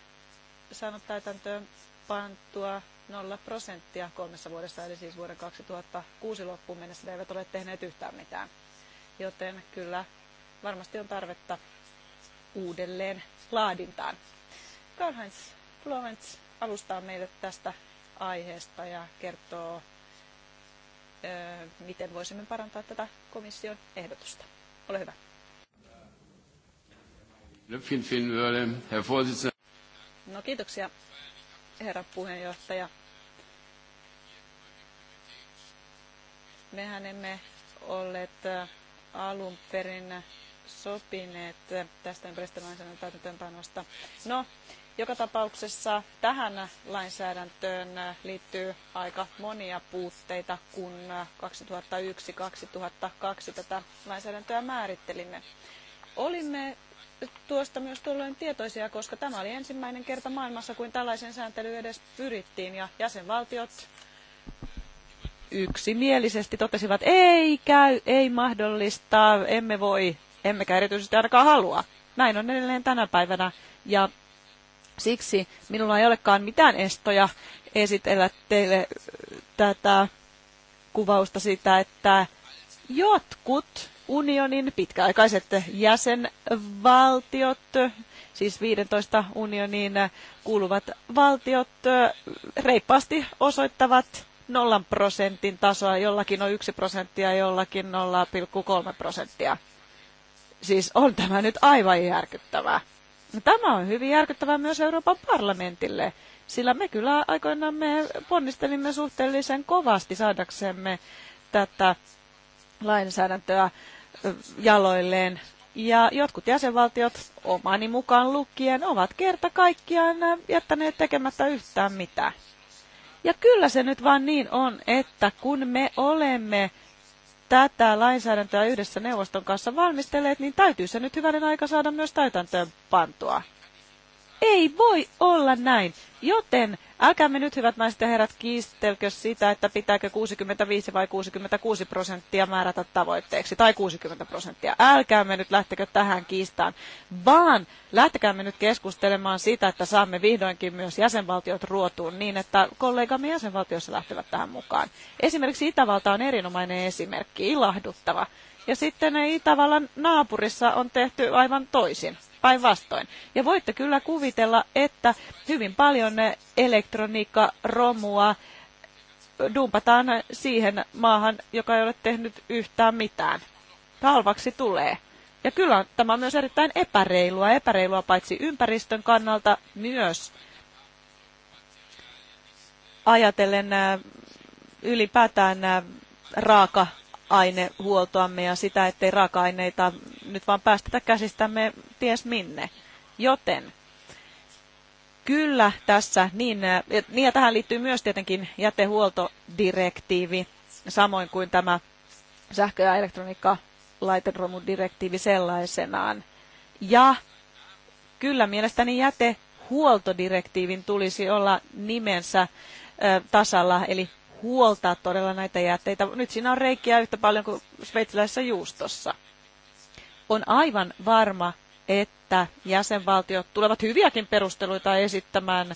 saanut täytäntöön pantua Nolla prosenttia kolmessa vuodessa, eli siis vuoden 2006 loppuun mennessä ne eivät ole tehneet yhtään mitään. Joten kyllä varmasti on tarvetta uudelleen laadintaan. Karl-Heinz Florence alustaa meille tästä aiheesta ja kertoo, miten voisimme parantaa tätä komission ehdotusta. Ole hyvä. No kiitoksia herra puheenjohtaja. Mehän emme olleet äh, alun perin sopineet äh, tästä ympäristölainsäädännön täytäntöönpanosta. No, joka tapauksessa tähän lainsäädäntöön äh, liittyy aika monia puutteita, kun 2001-2002 tätä lainsäädäntöä määrittelimme. Olimme tuosta myös tuolloin tietoisia, koska tämä oli ensimmäinen kerta maailmassa, kun tällaisen sääntelyyn edes pyrittiin ja jäsenvaltiot yksimielisesti totesivat, ei käy, ei mahdollista, emme voi, emmekä erityisesti ainakaan halua. Näin on edelleen tänä päivänä ja siksi minulla ei olekaan mitään estoja esitellä teille tätä kuvausta siitä, että jotkut unionin pitkäaikaiset jäsenvaltiot, siis 15 unioniin kuuluvat valtiot, reippaasti osoittavat nollan prosentin tasoa, jollakin on yksi prosenttia, jollakin 0,3 prosenttia. Siis on tämä nyt aivan järkyttävää. Tämä on hyvin järkyttävää myös Euroopan parlamentille, sillä me kyllä aikoinaan me ponnistelimme suhteellisen kovasti saadaksemme tätä lainsäädäntöä jaloilleen. Ja jotkut jäsenvaltiot, omani mukaan lukien, ovat kerta kaikkiaan äh, jättäneet tekemättä yhtään mitään. Ja kyllä se nyt vaan niin on, että kun me olemme tätä lainsäädäntöä yhdessä neuvoston kanssa valmistelleet, niin täytyy se nyt hyvänen aika saada myös täytäntöön pantua. Ei voi olla näin. Joten älkäämme nyt, hyvät naiset ja herrat, kiistelkö sitä, että pitääkö 65 vai 66 prosenttia määrätä tavoitteeksi, tai 60 prosenttia. Älkäämme nyt lähtekö tähän kiistaan, vaan lähtekäämme nyt keskustelemaan sitä, että saamme vihdoinkin myös jäsenvaltiot ruotuun niin, että kollegamme jäsenvaltiossa lähtevät tähän mukaan. Esimerkiksi Itävalta on erinomainen esimerkki, ilahduttava. Ja sitten Itävallan naapurissa on tehty aivan toisin päinvastoin. Ja voitte kyllä kuvitella, että hyvin paljon romua dumpataan siihen maahan, joka ei ole tehnyt yhtään mitään. Halvaksi tulee. Ja kyllä tämä on myös erittäin epäreilua, epäreilua paitsi ympäristön kannalta myös ajatellen äh, ylipäätään äh, raaka ainehuoltoamme ja sitä, ettei raaka-aineita nyt vaan päästetä käsistämme ties minne. Joten kyllä tässä, niin, niin ja tähän liittyy myös tietenkin jätehuoltodirektiivi, samoin kuin tämä sähkö- ja elektroniikka laiteromudirektiivi sellaisenaan. Ja kyllä mielestäni jätehuoltodirektiivin tulisi olla nimensä tasalla, eli huoltaa todella näitä jätteitä. Nyt siinä on reikiä yhtä paljon kuin sveitsiläisessä juustossa. On aivan varma, että jäsenvaltiot tulevat hyviäkin perusteluita esittämään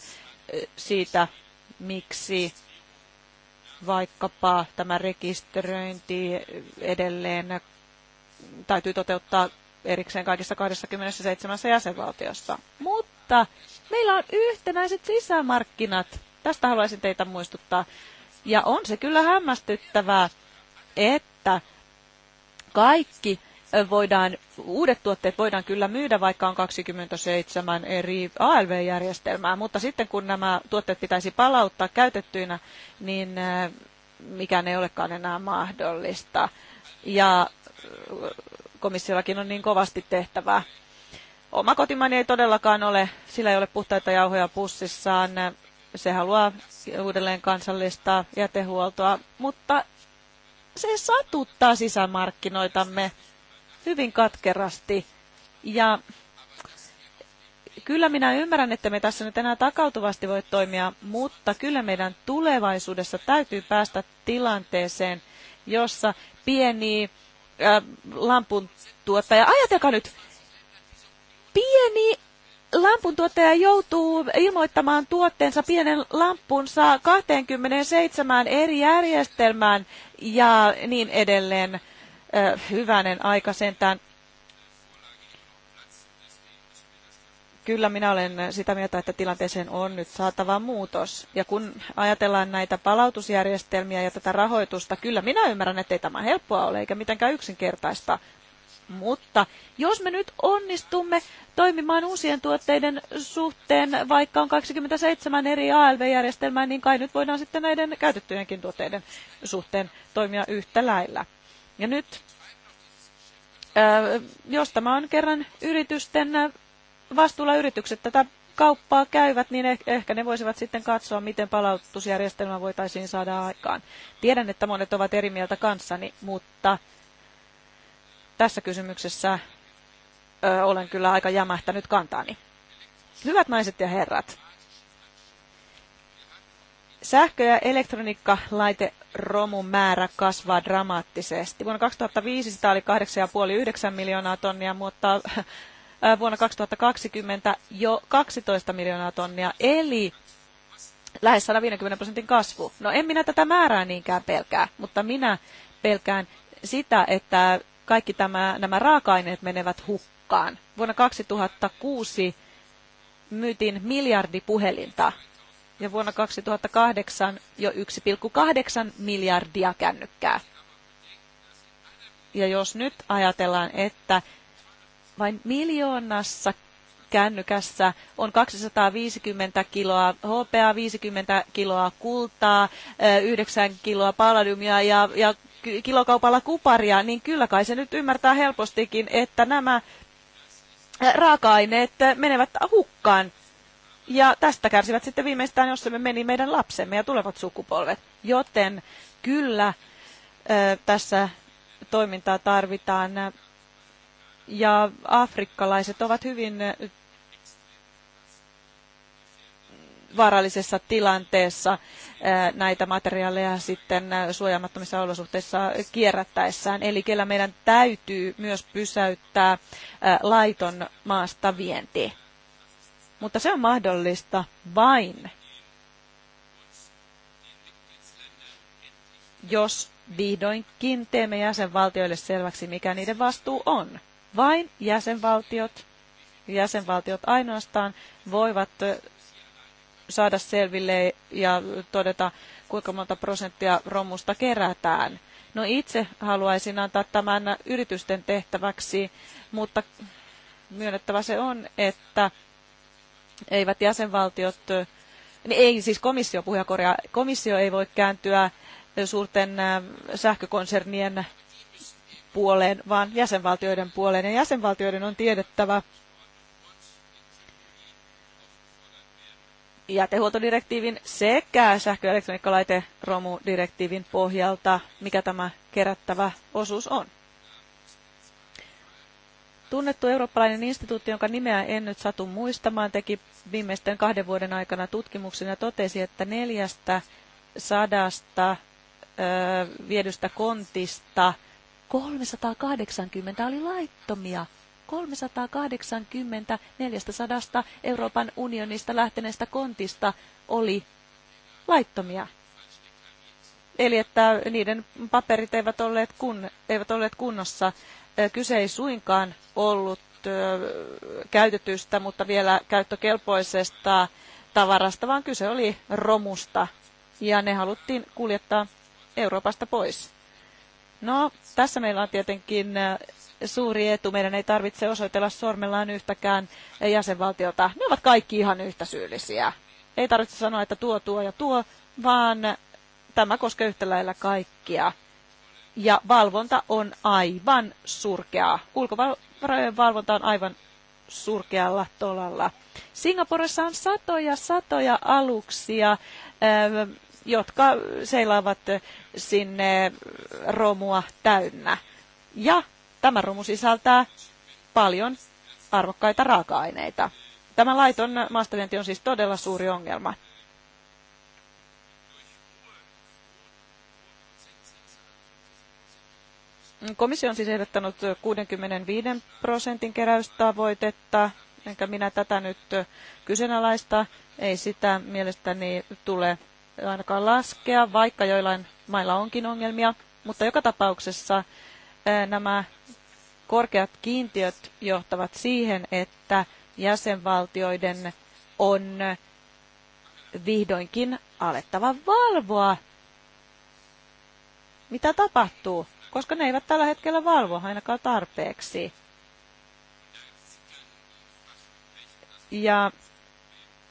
eh, siitä, miksi vaikkapa tämä rekisteröinti edelleen täytyy toteuttaa erikseen kaikissa 27 jäsenvaltiossa. Mutta meillä on yhtenäiset sisämarkkinat. Tästä haluaisin teitä muistuttaa. Ja on se kyllä hämmästyttävää, että kaikki voidaan, uudet tuotteet voidaan kyllä myydä, vaikka on 27 eri ALV-järjestelmää, mutta sitten kun nämä tuotteet pitäisi palauttaa käytettyinä, niin mikään ei olekaan enää mahdollista. Ja komissiollakin on niin kovasti tehtävää. Oma kotimani ei todellakaan ole, sillä ei ole puhtaita jauhoja pussissaan se haluaa uudelleen kansallistaa jätehuoltoa, mutta se satuttaa sisämarkkinoitamme hyvin katkerasti. Ja kyllä minä ymmärrän, että me tässä nyt enää takautuvasti voi toimia, mutta kyllä meidän tulevaisuudessa täytyy päästä tilanteeseen, jossa pieni äh, lampun tuottaja, ajatelkaa nyt, pieni lampuntuottaja joutuu ilmoittamaan tuotteensa pienen lampunsa 27 eri järjestelmään ja niin edelleen. Hyvänen aika sentään. Kyllä minä olen sitä mieltä, että tilanteeseen on nyt saatava muutos. Ja kun ajatellaan näitä palautusjärjestelmiä ja tätä rahoitusta, kyllä minä ymmärrän, että ei tämä helppoa ole eikä mitenkään yksinkertaista, mutta jos me nyt onnistumme toimimaan uusien tuotteiden suhteen, vaikka on 27 eri ALV-järjestelmää, niin kai nyt voidaan sitten näiden käytettyjenkin tuotteiden suhteen toimia yhtä lailla. Ja nyt, jos tämä on kerran yritysten vastuulla yritykset tätä kauppaa käyvät, niin eh-, ehkä ne voisivat sitten katsoa, miten palautusjärjestelmä voitaisiin saada aikaan. Tiedän, että monet ovat eri mieltä kanssani, mutta tässä kysymyksessä ö, olen kyllä aika jämähtänyt kantaani. Hyvät naiset ja herrat, sähkö- ja elektroniikkalaiteromun määrä kasvaa dramaattisesti. Vuonna 2005 sitä oli 8,5-9 miljoonaa tonnia, mutta vuonna 2020 jo 12 miljoonaa tonnia, eli lähes 150 prosentin kasvu. No en minä tätä määrää niinkään pelkää, mutta minä pelkään sitä, että kaikki tämä, nämä raaka-aineet menevät hukkaan. Vuonna 2006 myytiin miljardi puhelinta ja vuonna 2008 jo 1,8 miljardia kännykkää. Ja jos nyt ajatellaan, että vain miljoonassa kännykässä on 250 kiloa HPA, 50 kiloa kultaa, 9 kiloa palladiumia ja, ja kilokaupalla kuparia, niin kyllä kai se nyt ymmärtää helpostikin, että nämä äh, raaka-aineet menevät hukkaan. Ja tästä kärsivät sitten viimeistään, jos se meni meidän lapsemme ja tulevat sukupolvet. Joten kyllä äh, tässä toimintaa tarvitaan. Ja afrikkalaiset ovat hyvin vaarallisessa tilanteessa näitä materiaaleja sitten suojaamattomissa olosuhteissa kierrättäessään. Eli kyllä meidän täytyy myös pysäyttää laiton maasta vienti. Mutta se on mahdollista vain, jos vihdoinkin teemme jäsenvaltioille selväksi, mikä niiden vastuu on. Vain jäsenvaltiot, jäsenvaltiot ainoastaan voivat saada selville ja todeta, kuinka monta prosenttia romusta kerätään. No itse haluaisin antaa tämän yritysten tehtäväksi, mutta myönnettävä se on, että eivät jäsenvaltiot, niin ei siis komissio, puhujakorja, komissio ei voi kääntyä suurten sähkökonsernien puoleen, vaan jäsenvaltioiden puoleen. Ja jäsenvaltioiden on tiedettävä, jätehuoltodirektiivin sekä sähkö- ja elektroniikkalaiteromudirektiivin pohjalta, mikä tämä kerättävä osuus on. Tunnettu eurooppalainen instituutti, jonka nimeä en nyt satu muistamaan, teki viimeisten kahden vuoden aikana tutkimuksen ja totesi, että neljästä sadasta viedystä kontista 380 oli laittomia 380 400 Euroopan unionista lähteneestä kontista oli laittomia. Eli että niiden paperit eivät olleet, kun, eivät olleet kunnossa. Kyse ei suinkaan ollut käytetystä, mutta vielä käyttökelpoisesta tavarasta, vaan kyse oli romusta. Ja ne haluttiin kuljettaa Euroopasta pois. No, tässä meillä on tietenkin suuri etu. Meidän ei tarvitse osoitella sormellaan yhtäkään jäsenvaltiota. Ne ovat kaikki ihan yhtä syyllisiä. Ei tarvitse sanoa, että tuo, tuo ja tuo, vaan tämä koskee yhtä lailla kaikkia. Ja valvonta on aivan surkeaa. Ulkovarojen valvonta on aivan surkealla tolalla. Singaporessa on satoja satoja aluksia, ähm, jotka seilaavat sinne romua täynnä. Ja Tämä rumu sisältää paljon arvokkaita raaka-aineita. Tämä laiton maastavienti on siis todella suuri ongelma. Komissio on siis ehdottanut 65 prosentin keräystavoitetta, enkä minä tätä nyt kyseenalaista. Ei sitä mielestäni tule ainakaan laskea, vaikka joillain mailla onkin ongelmia. Mutta joka tapauksessa nämä korkeat kiintiöt johtavat siihen, että jäsenvaltioiden on vihdoinkin alettava valvoa, mitä tapahtuu, koska ne eivät tällä hetkellä valvo ainakaan tarpeeksi. Ja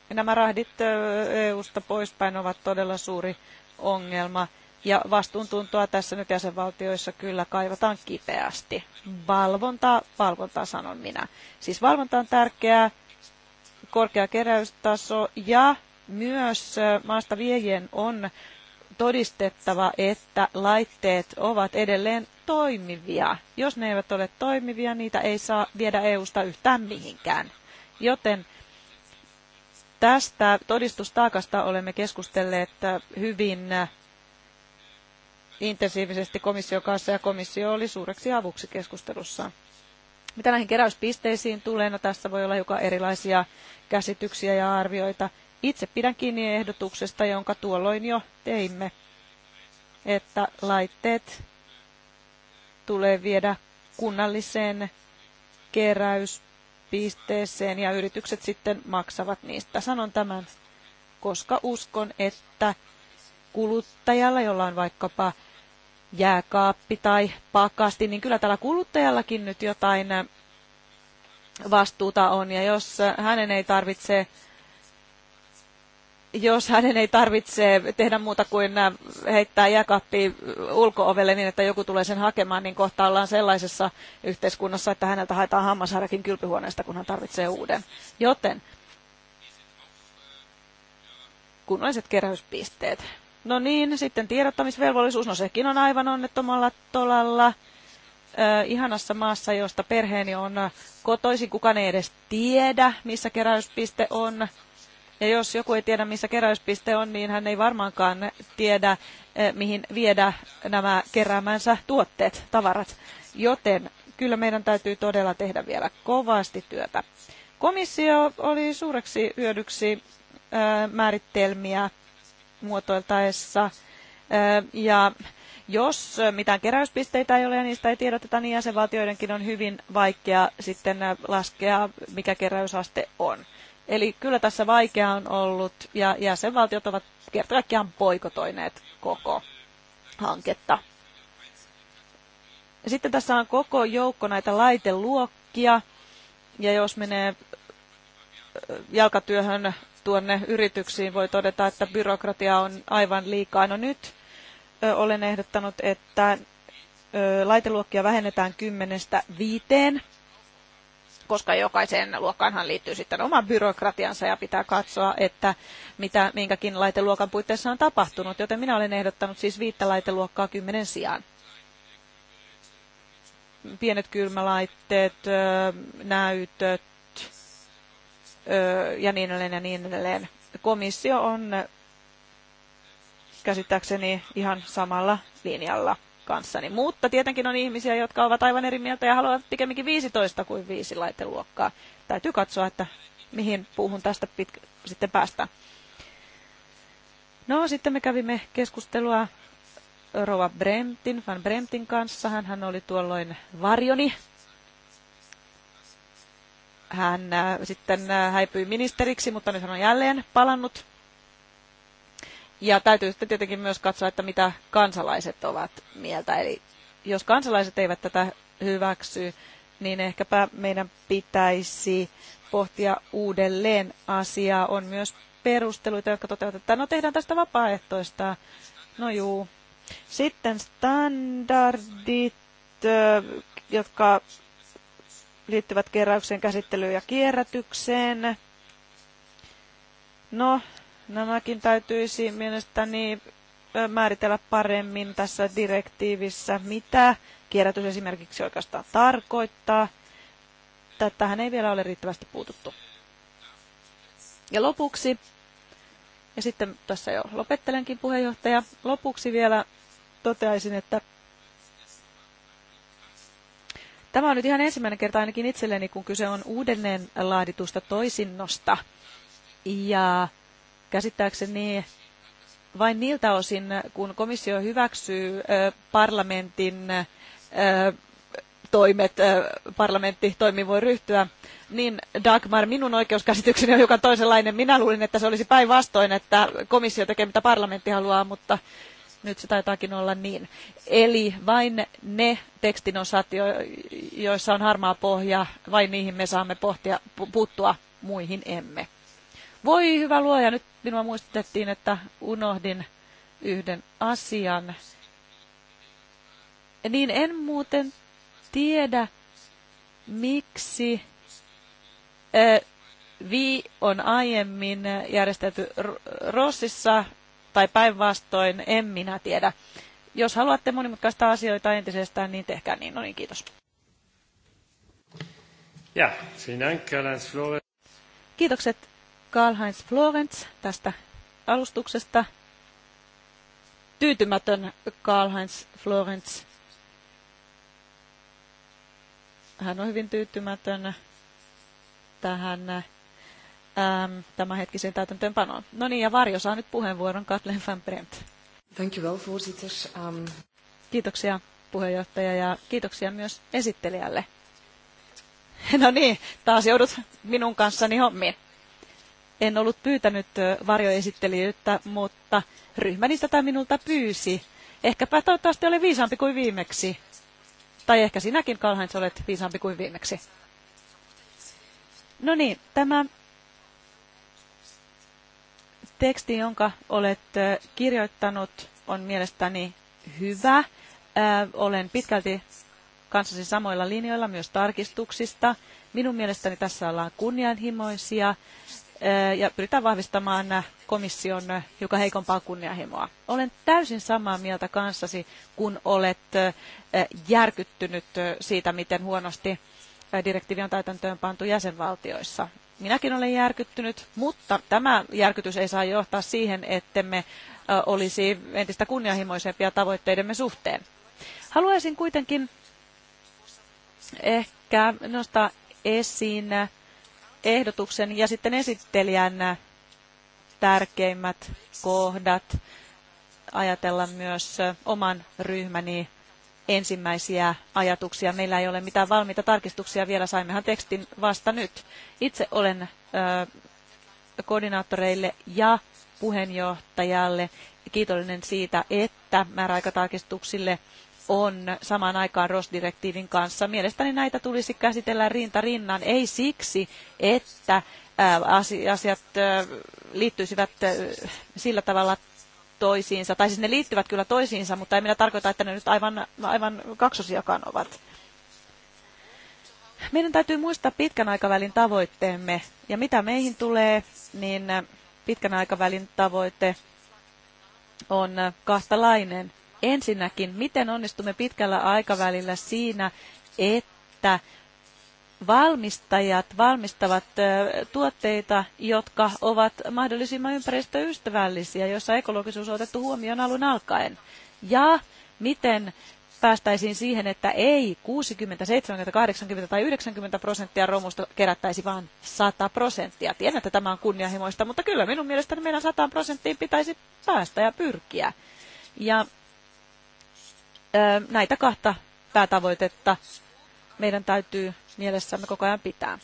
nämä rahdit EU-sta poispäin ovat todella suuri ongelma. Ja vastuuntuntoa tässä nyt jäsenvaltioissa kyllä kaivataan kipeästi. Valvontaa, valvontaa sanon minä. Siis valvonta on tärkeää, korkea keräystaso ja myös maasta viejien on todistettava, että laitteet ovat edelleen toimivia. Jos ne eivät ole toimivia, niitä ei saa viedä EU-sta yhtään mihinkään. Joten tästä todistustaakasta olemme keskustelleet hyvin intensiivisesti komission kanssa ja komissio oli suureksi avuksi keskustelussa. Mitä näihin keräyspisteisiin tulee, no tässä voi olla joka erilaisia käsityksiä ja arvioita. Itse pidän kiinni ehdotuksesta, jonka tuolloin jo teimme, että laitteet tulee viedä kunnalliseen keräyspisteeseen ja yritykset sitten maksavat niistä. Sanon tämän, koska uskon, että kuluttajalla, jolla on vaikkapa jääkaappi tai pakasti, niin kyllä tällä kuluttajallakin nyt jotain äh, vastuuta on. Ja jos äh, hänen ei tarvitse jos hänen ei tarvitse tehdä muuta kuin äh, heittää jääkaappi ulkoovelle niin, että joku tulee sen hakemaan, niin kohta ollaan sellaisessa yhteiskunnassa, että häneltä haetaan hammasharjakin kylpyhuoneesta, kun hän tarvitsee uuden. Joten kunnolliset keräyspisteet No niin, sitten tiedottamisvelvollisuus, no sekin on aivan onnettomalla tolalla. Äh, ihanassa maassa, josta perheeni on kotoisin, kukaan ei edes tiedä, missä keräyspiste on. Ja jos joku ei tiedä, missä keräyspiste on, niin hän ei varmaankaan tiedä, mihin viedä nämä keräämänsä tuotteet, tavarat. Joten kyllä meidän täytyy todella tehdä vielä kovasti työtä. Komissio oli suureksi hyödyksi määrittelmiä muotoiltaessa. Ja jos mitään keräyspisteitä ei ole ja niistä ei tiedoteta, niin jäsenvaltioidenkin on hyvin vaikea sitten laskea, mikä keräysaste on. Eli kyllä tässä vaikea on ollut ja jäsenvaltiot ovat kerta kaikkiaan poikotoineet koko hanketta. Sitten tässä on koko joukko näitä laiteluokkia ja jos menee jalkatyöhön tuonne yrityksiin, voi todeta, että byrokratia on aivan liikaa. No nyt ö, olen ehdottanut, että ö, laiteluokkia vähennetään kymmenestä viiteen, koska jokaiseen luokkaanhan liittyy sitten oma byrokratiansa ja pitää katsoa, että mitä minkäkin laiteluokan puitteissa on tapahtunut, joten minä olen ehdottanut siis viittä laiteluokkaa kymmenen sijaan pienet kylmälaitteet, näytöt, ja niin edelleen ja niin edelleen. Komissio on käsittääkseni ihan samalla linjalla kanssani. Mutta tietenkin on ihmisiä, jotka ovat aivan eri mieltä ja haluavat pikemminkin 15 kuin 5 laiteluokkaa. Täytyy katsoa, että mihin puuhun tästä pitkä, sitten päästään. No, sitten me kävimme keskustelua Rova Brentin Van Brentin kanssa. hän oli tuolloin varjoni hän äh, sitten äh, häipyi ministeriksi, mutta nyt hän on jälleen palannut. Ja täytyy sitten tietenkin myös katsoa, että mitä kansalaiset ovat mieltä. Eli jos kansalaiset eivät tätä hyväksy, niin ehkäpä meidän pitäisi pohtia uudelleen asiaa. On myös perusteluita, jotka toteavat, että no tehdään tästä vapaaehtoista. No juu. Sitten standardit, äh, jotka liittyvät keräykseen, käsittelyyn ja kierrätykseen. No, nämäkin täytyisi mielestäni määritellä paremmin tässä direktiivissä, mitä kierrätys esimerkiksi oikeastaan tarkoittaa. Tähän ei vielä ole riittävästi puututtu. Ja lopuksi, ja sitten tässä jo lopettelenkin puheenjohtaja, lopuksi vielä toteaisin, että Tämä on nyt ihan ensimmäinen kerta ainakin itselleni, kun kyse on uudelleen laaditusta toisinnosta. Ja käsittääkseni vain niiltä osin, kun komissio hyväksyy parlamentin toimet, parlamentti toimi voi ryhtyä, niin Dagmar, minun oikeuskäsitykseni on joka toisenlainen. Minä luulin, että se olisi päinvastoin, että komissio tekee mitä parlamentti haluaa, mutta nyt se taitaakin olla niin. Eli vain ne tekstin osat, joissa on harmaa pohja, vain niihin me saamme pohtia, puuttua, muihin emme. Voi hyvä luoja, nyt minua muistutettiin, että unohdin yhden asian. Niin en muuten tiedä, miksi Vi on aiemmin järjestetty Rossissa tai päinvastoin, en minä tiedä. Jos haluatte monimutkaista asioita entisestään, niin tehkää niin. No niin, kiitos. Ja, Kiitokset Karl-Heinz Florenz tästä alustuksesta. Tyytymätön Karl-Heinz Florenz. Hän on hyvin tyytymätön tähän äm, tämänhetkiseen täytäntöönpanoon. No niin, ja Varjo saa nyt puheenvuoron Kathleen van Brent. Thank you well, voorzitter. Um... Kiitoksia puheenjohtaja ja kiitoksia myös esittelijälle. No niin, taas joudut minun kanssani hommiin. En ollut pyytänyt varjoesittelijyyttä, mutta ryhmäni tätä minulta pyysi. Ehkäpä toivottavasti olen viisaampi kuin viimeksi. Tai ehkä sinäkin, Karl-Heinz, olet viisaampi kuin viimeksi. No niin, tämä Teksti, jonka olet kirjoittanut, on mielestäni hyvä. Olen pitkälti kanssasi samoilla linjoilla myös tarkistuksista. Minun mielestäni tässä ollaan kunnianhimoisia ja pyritään vahvistamaan komission hiukan heikompaa kunnianhimoa. Olen täysin samaa mieltä kanssasi, kun olet järkyttynyt siitä, miten huonosti direktiivi on täytäntöön pantu jäsenvaltioissa. Minäkin olen järkyttynyt, mutta tämä järkytys ei saa johtaa siihen, ettemme olisi entistä kunnianhimoisempia tavoitteidemme suhteen. Haluaisin kuitenkin ehkä nostaa esiin ehdotuksen ja sitten esittelijän tärkeimmät kohdat, ajatella myös oman ryhmäni ensimmäisiä ajatuksia. Meillä ei ole mitään valmiita tarkistuksia vielä, saimmehan tekstin vasta nyt. Itse olen koordinaattoreille ja puheenjohtajalle kiitollinen siitä, että määräaikatarkistuksille on samaan aikaan ROS-direktiivin kanssa. Mielestäni näitä tulisi käsitellä rinta rinnan, ei siksi, että asiat liittyisivät sillä tavalla toisiinsa, tai siis ne liittyvät kyllä toisiinsa, mutta ei minä tarkoita, että ne nyt aivan, aivan kaksosiakaan ovat. Meidän täytyy muistaa pitkän aikavälin tavoitteemme, ja mitä meihin tulee, niin pitkän aikavälin tavoite on kahtalainen. Ensinnäkin, miten onnistumme pitkällä aikavälillä siinä, että valmistajat valmistavat tuotteita, jotka ovat mahdollisimman ympäristöystävällisiä, jossa ekologisuus on otettu huomioon alun alkaen. Ja miten päästäisiin siihen, että ei 60, 70, 80 tai 90 prosenttia romusta kerättäisi, vaan 100 prosenttia. Tiedän, että tämä on kunnianhimoista, mutta kyllä minun mielestäni meidän 100 prosenttiin pitäisi päästä ja pyrkiä. Ja ö, näitä kahta päätavoitetta meidän täytyy mielessämme koko ajan pitää.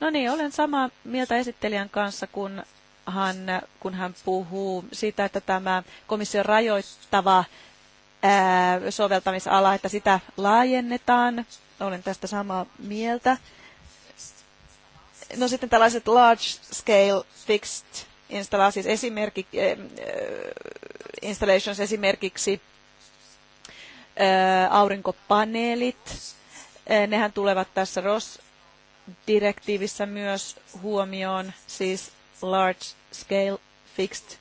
No niin, olen samaa mieltä esittelijän kanssa, kun hän, kun hän puhuu siitä, että tämä komission rajoittava ää, soveltamisala, että sitä laajennetaan. Olen tästä samaa mieltä. No sitten tällaiset large scale fixed installations, esimerkiksi, installations esimerkiksi ää, aurinkopaneelit, Eh, nehän tulevat tässä ROS-direktiivissä myös huomioon, siis large scale fixed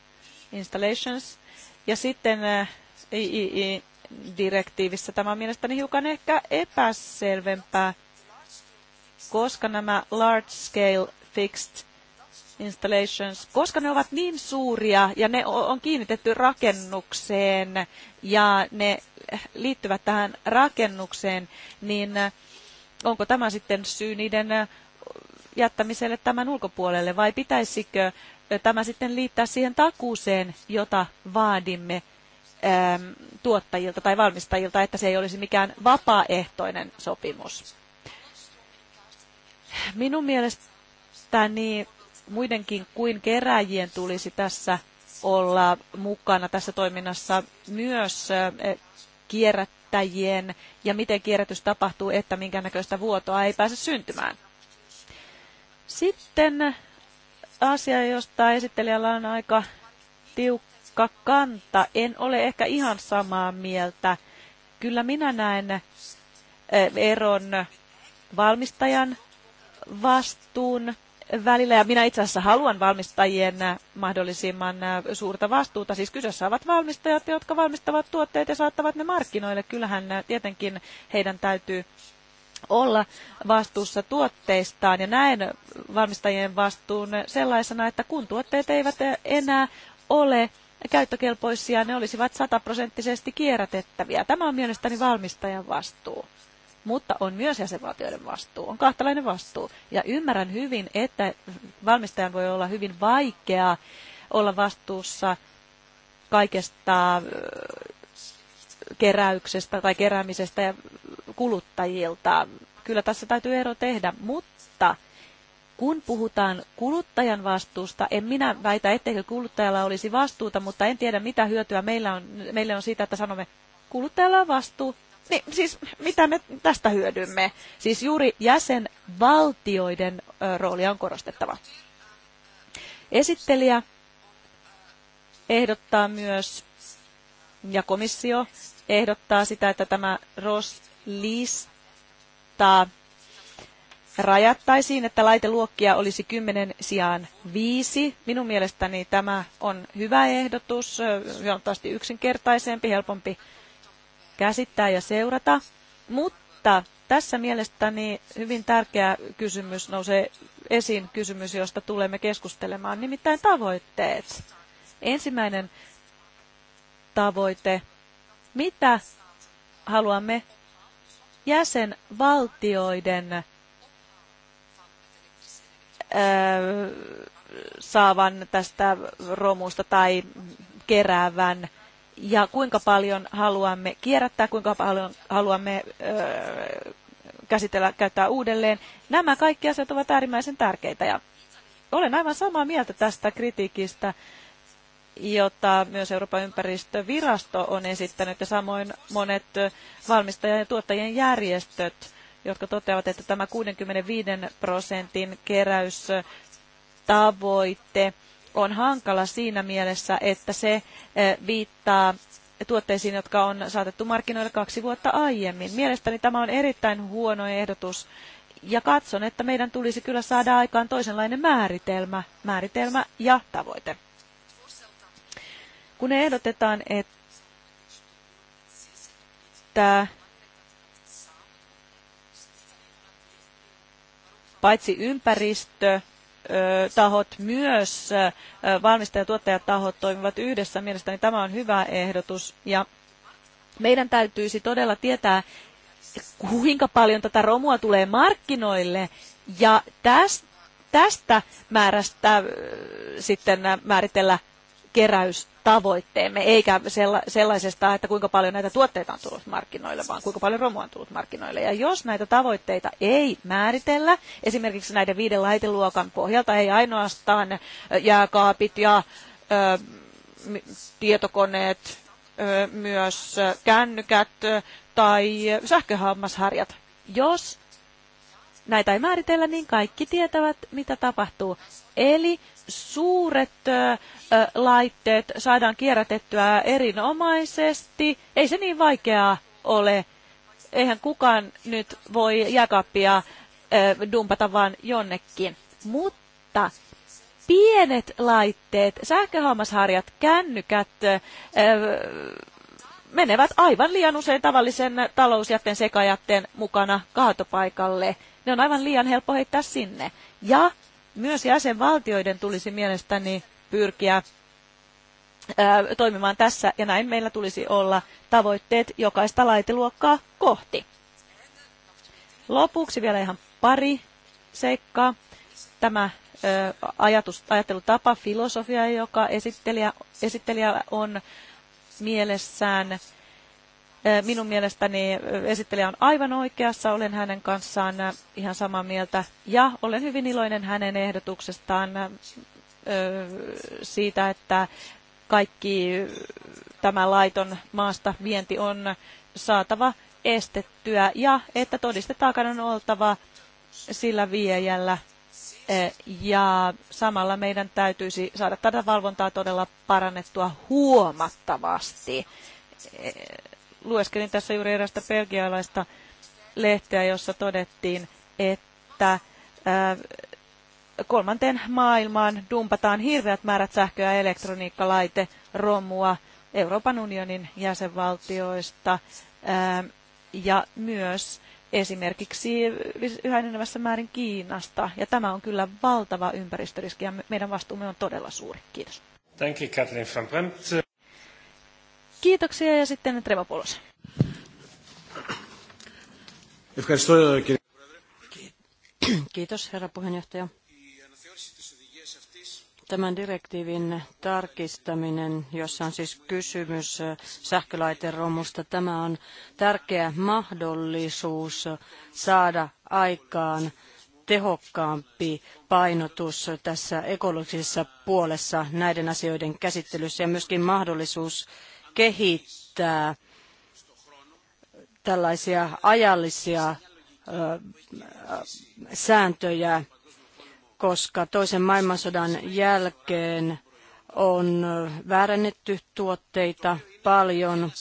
installations. Ja sitten eh, III-direktiivissä tämä on mielestäni hiukan ehkä epäselvempää, koska nämä large scale fixed installations, koska ne ovat niin suuria ja ne on kiinnitetty rakennukseen ja ne liittyvät tähän rakennukseen, niin äh, onko tämä sitten syy niiden äh, jättämiselle tämän ulkopuolelle vai pitäisikö äh, tämä sitten liittää siihen takuuseen, jota vaadimme ähm, tuottajilta tai valmistajilta, että se ei olisi mikään vapaaehtoinen sopimus. Minun mielestäni muidenkin kuin keräjien tulisi tässä olla mukana tässä toiminnassa myös kierrättäjien ja miten kierrätys tapahtuu, että minkäännäköistä vuotoa ei pääse syntymään. Sitten asia, josta esittelijällä on aika tiukka kanta. En ole ehkä ihan samaa mieltä. Kyllä minä näen eron valmistajan vastuun välillä. Ja minä itse asiassa haluan valmistajien äh, mahdollisimman äh, suurta vastuuta. Siis kyseessä ovat valmistajat, jotka valmistavat tuotteet ja saattavat ne markkinoille. Kyllähän äh, tietenkin heidän täytyy olla vastuussa tuotteistaan ja näen valmistajien vastuun sellaisena, että kun tuotteet eivät enää ole käyttökelpoisia, ne olisivat sataprosenttisesti kierrätettäviä. Tämä on mielestäni valmistajan vastuu mutta on myös jäsenvaltioiden vastuu, on kahtalainen vastuu. Ja ymmärrän hyvin, että valmistajan voi olla hyvin vaikea olla vastuussa kaikesta keräyksestä tai keräämisestä ja kuluttajilta. Kyllä tässä täytyy ero tehdä, mutta kun puhutaan kuluttajan vastuusta, en minä väitä, etteikö kuluttajalla olisi vastuuta, mutta en tiedä mitä hyötyä meillä on, meille on siitä, että sanomme, kuluttajalla on vastuu, niin, siis mitä me tästä hyödymme? Siis juuri jäsenvaltioiden roolia on korostettava. Esittelijä ehdottaa myös, ja komissio ehdottaa sitä, että tämä ROS-lista rajattaisiin, että laiteluokkia olisi kymmenen sijaan viisi. Minun mielestäni tämä on hyvä ehdotus, huomattavasti yksinkertaisempi, helpompi käsittää ja seurata, mutta tässä mielestäni hyvin tärkeä kysymys nousee esiin kysymys, josta tulemme keskustelemaan, nimittäin tavoitteet. Ensimmäinen tavoite, mitä haluamme jäsenvaltioiden saavan tästä romusta tai keräävän ja kuinka paljon haluamme kierrättää, kuinka paljon haluamme ö, käsitellä, käyttää uudelleen. Nämä kaikki asiat ovat äärimmäisen tärkeitä ja olen aivan samaa mieltä tästä kritiikistä, jota myös Euroopan ympäristövirasto on esittänyt ja samoin monet valmistajien ja tuottajien järjestöt, jotka toteavat, että tämä 65 prosentin keräystavoite on hankala siinä mielessä, että se eh, viittaa tuotteisiin, jotka on saatettu markkinoille kaksi vuotta aiemmin. Mielestäni tämä on erittäin huono ehdotus ja katson, että meidän tulisi kyllä saada aikaan toisenlainen määritelmä, määritelmä ja tavoite. Kun ehdotetaan, että paitsi ympäristö, tahot myös, valmistaja- ja tahot toimivat yhdessä. Mielestäni tämä on hyvä ehdotus ja meidän täytyisi todella tietää, kuinka paljon tätä romua tulee markkinoille ja tästä määrästä sitten määritellä keräystavoitteemme, eikä sellaisesta, että kuinka paljon näitä tuotteita on tullut markkinoille, vaan kuinka paljon romua on tullut markkinoille. Ja jos näitä tavoitteita ei määritellä, esimerkiksi näiden viiden laiteluokan pohjalta, ei ainoastaan jääkaapit ja ö, tietokoneet, ö, myös kännykät tai sähköhammasharjat. Jos näitä ei määritellä, niin kaikki tietävät, mitä tapahtuu. Eli suuret ö, laitteet saadaan kierrätettyä erinomaisesti. Ei se niin vaikeaa ole. Eihän kukaan nyt voi jakapia dumpata vaan jonnekin. Mutta pienet laitteet, sähköhammasharjat, kännykät, ö, menevät aivan liian usein tavallisen talousjätteen sekajätteen mukana kaatopaikalle. Ne on aivan liian helppo heittää sinne. Ja myös jäsenvaltioiden tulisi mielestäni pyrkiä toimimaan tässä, ja näin meillä tulisi olla tavoitteet jokaista laiteluokkaa kohti. Lopuksi vielä ihan pari seikkaa. Tämä ajatus, ajattelutapa, filosofia, joka esittelijä, esittelijä on mielessään Minun mielestäni esittelijä on aivan oikeassa, olen hänen kanssaan ihan samaa mieltä ja olen hyvin iloinen hänen ehdotuksestaan siitä, että kaikki tämä laiton maasta vienti on saatava estettyä ja että todistetaakan on oltava sillä viejällä ja samalla meidän täytyisi saada tätä valvontaa todella parannettua huomattavasti lueskelin tässä juuri erästä belgialaista lehteä, jossa todettiin, että äh, kolmanteen maailmaan dumpataan hirveät määrät sähköä, elektroniikkalaite, romua Euroopan unionin jäsenvaltioista äh, ja myös esimerkiksi yhä enenevässä määrin Kiinasta. Ja tämä on kyllä valtava ympäristöriski ja meidän vastuumme on todella suuri. Kiitos. Thank you, Kiitoksia ja sitten Trevapolos. Kiitos herra puheenjohtaja. Tämän direktiivin tarkistaminen, jossa on siis kysymys sähkölaiteromusta, tämä on tärkeä mahdollisuus saada aikaan tehokkaampi painotus tässä ekologisessa puolessa näiden asioiden käsittelyssä ja myöskin mahdollisuus kehittää tällaisia ajallisia sääntöjä, koska toisen maailmansodan jälkeen on väärennetty tuotteita paljon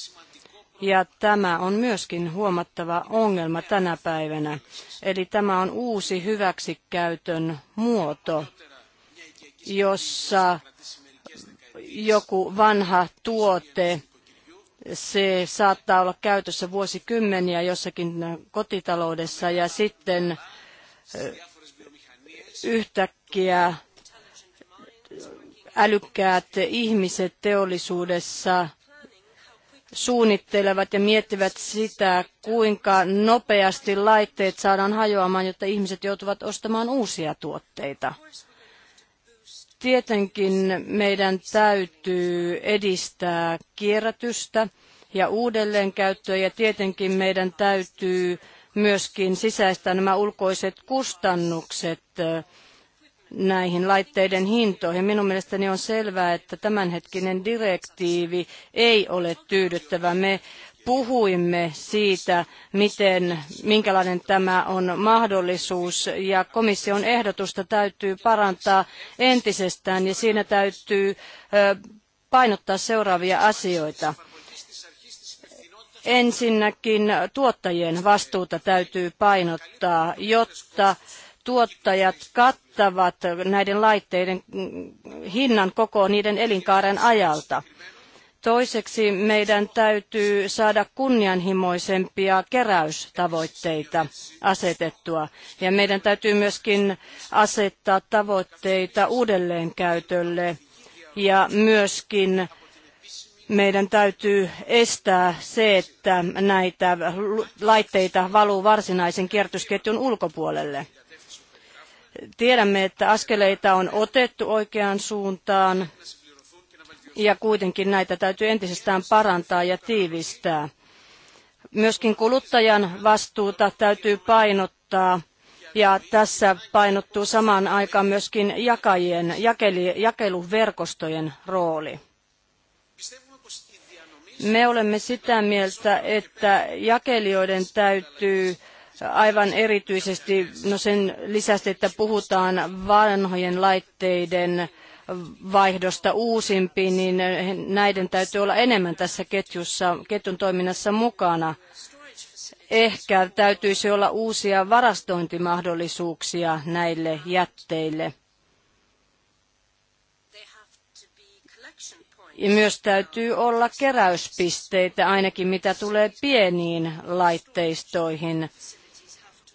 ja tämä on myöskin huomattava ongelma tänä päivänä. Eli tämä on uusi hyväksikäytön muoto, jossa joku vanha tuote, se saattaa olla käytössä vuosikymmeniä jossakin kotitaloudessa ja sitten yhtäkkiä älykkäät ihmiset teollisuudessa suunnittelevat ja miettivät sitä, kuinka nopeasti laitteet saadaan hajoamaan, jotta ihmiset joutuvat ostamaan uusia tuotteita. Tietenkin meidän täytyy edistää kierrätystä ja uudelleenkäyttöä ja tietenkin meidän täytyy myöskin sisäistää nämä ulkoiset kustannukset näihin laitteiden hintoihin. Minun mielestäni on selvää, että tämänhetkinen direktiivi ei ole tyydyttävä. Me puhuimme siitä, miten, minkälainen tämä on mahdollisuus ja komission ehdotusta täytyy parantaa entisestään ja siinä täytyy painottaa seuraavia asioita. Ensinnäkin tuottajien vastuuta täytyy painottaa, jotta tuottajat kattavat näiden laitteiden hinnan koko niiden elinkaaren ajalta. Toiseksi meidän täytyy saada kunnianhimoisempia keräystavoitteita asetettua. Ja meidän täytyy myöskin asettaa tavoitteita uudelleenkäytölle ja myöskin meidän täytyy estää se, että näitä laitteita valuu varsinaisen kierrätysketjun ulkopuolelle. Tiedämme, että askeleita on otettu oikeaan suuntaan ja kuitenkin näitä täytyy entisestään parantaa ja tiivistää. Myöskin kuluttajan vastuuta täytyy painottaa ja tässä painottuu samaan aikaan myöskin jakajien, jakeli, jakeluverkostojen rooli. Me olemme sitä mieltä, että jakelijoiden täytyy aivan erityisesti, no sen lisäksi, että puhutaan vanhojen laitteiden vaihdosta uusimpiin, niin näiden täytyy olla enemmän tässä ketjussa, ketjun toiminnassa mukana. Ehkä täytyisi olla uusia varastointimahdollisuuksia näille jätteille. Ja myös täytyy olla keräyspisteitä, ainakin mitä tulee pieniin laitteistoihin.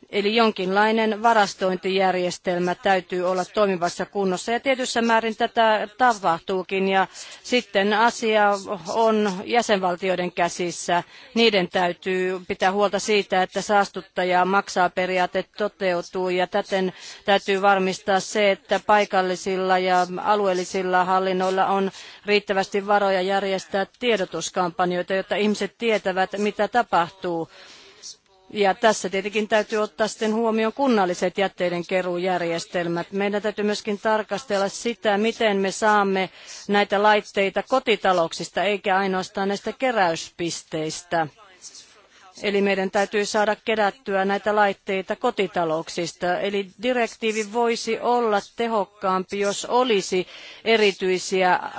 Eli jonkinlainen varastointijärjestelmä täytyy olla toimivassa kunnossa ja tietyssä määrin tätä tapahtuukin ja sitten asia on jäsenvaltioiden käsissä. Niiden täytyy pitää huolta siitä, että saastuttaja maksaa periaate toteutuu ja täten täytyy varmistaa se, että paikallisilla ja alueellisilla hallinnoilla on riittävästi varoja järjestää tiedotuskampanjoita, jotta ihmiset tietävät, mitä tapahtuu ja tässä tietenkin täytyy ottaa sitten huomioon kunnalliset jätteiden keruujärjestelmät. Meidän täytyy myöskin tarkastella sitä, miten me saamme näitä laitteita kotitalouksista, eikä ainoastaan näistä keräyspisteistä. Eli meidän täytyy saada kerättyä näitä laitteita kotitalouksista. Eli direktiivi voisi olla tehokkaampi, jos olisi erityisiä äh,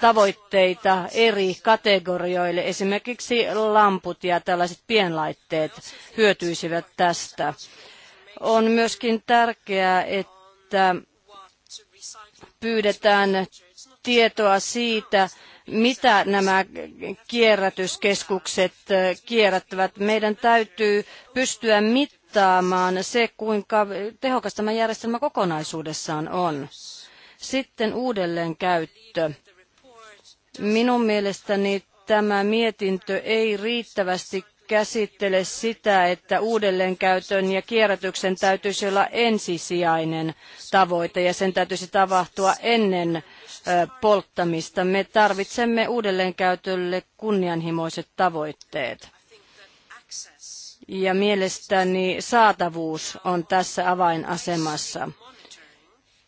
tavoitteita eri kategorioille. Esimerkiksi lamput ja tällaiset pienlaitteet hyötyisivät tästä. On myöskin tärkeää, että pyydetään tietoa siitä, mitä nämä kierrätyskeskukset kierrättävät. Meidän täytyy pystyä mittaamaan se, kuinka tehokas tämä järjestelmä kokonaisuudessaan on. Sitten uudelleen käyttö Minun mielestäni tämä mietintö ei riittävästi käsittele sitä, että uudelleenkäytön ja kierrätyksen täytyisi olla ensisijainen tavoite ja sen täytyisi tapahtua ennen polttamista. Me tarvitsemme uudelleenkäytölle kunnianhimoiset tavoitteet. Ja mielestäni saatavuus on tässä avainasemassa.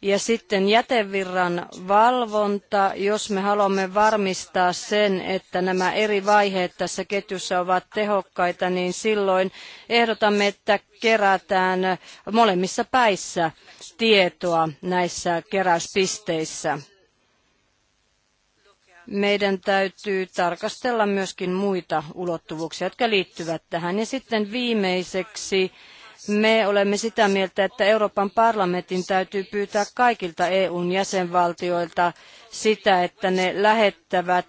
Ja sitten jätevirran valvonta, jos me haluamme varmistaa sen, että nämä eri vaiheet tässä ketjussa ovat tehokkaita, niin silloin ehdotamme, että kerätään molemmissa päissä tietoa näissä keräyspisteissä meidän täytyy tarkastella myöskin muita ulottuvuuksia, jotka liittyvät tähän. Ja sitten viimeiseksi me olemme sitä mieltä, että Euroopan parlamentin täytyy pyytää kaikilta EUn jäsenvaltioilta sitä, että ne lähettävät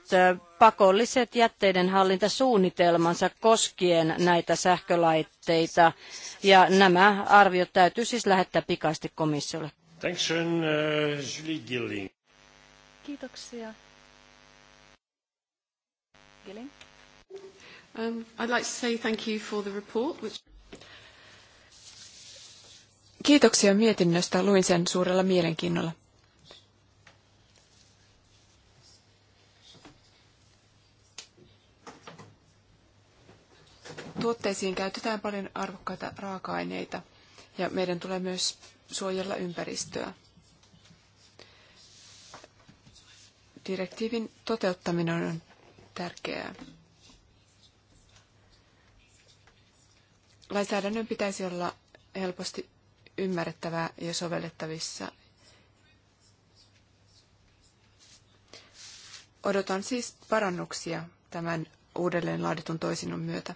pakolliset jätteiden hallintasuunnitelmansa koskien näitä sähkölaitteita. Ja nämä arviot täytyy siis lähettää pikaisesti komissiolle. Uh, Kiitoksia. Gilling. Um, I'd like to say thank you for the report, which... Kiitoksia mietinnöstä. Luin sen suurella mielenkiinnolla. Tuotteisiin käytetään paljon arvokkaita raaka-aineita ja meidän tulee myös suojella ympäristöä. Direktiivin toteuttaminen on tärkeää. Lainsäädännön pitäisi olla helposti ymmärrettävää ja sovellettavissa. Odotan siis parannuksia tämän uudelleen laaditun toisinnon myötä.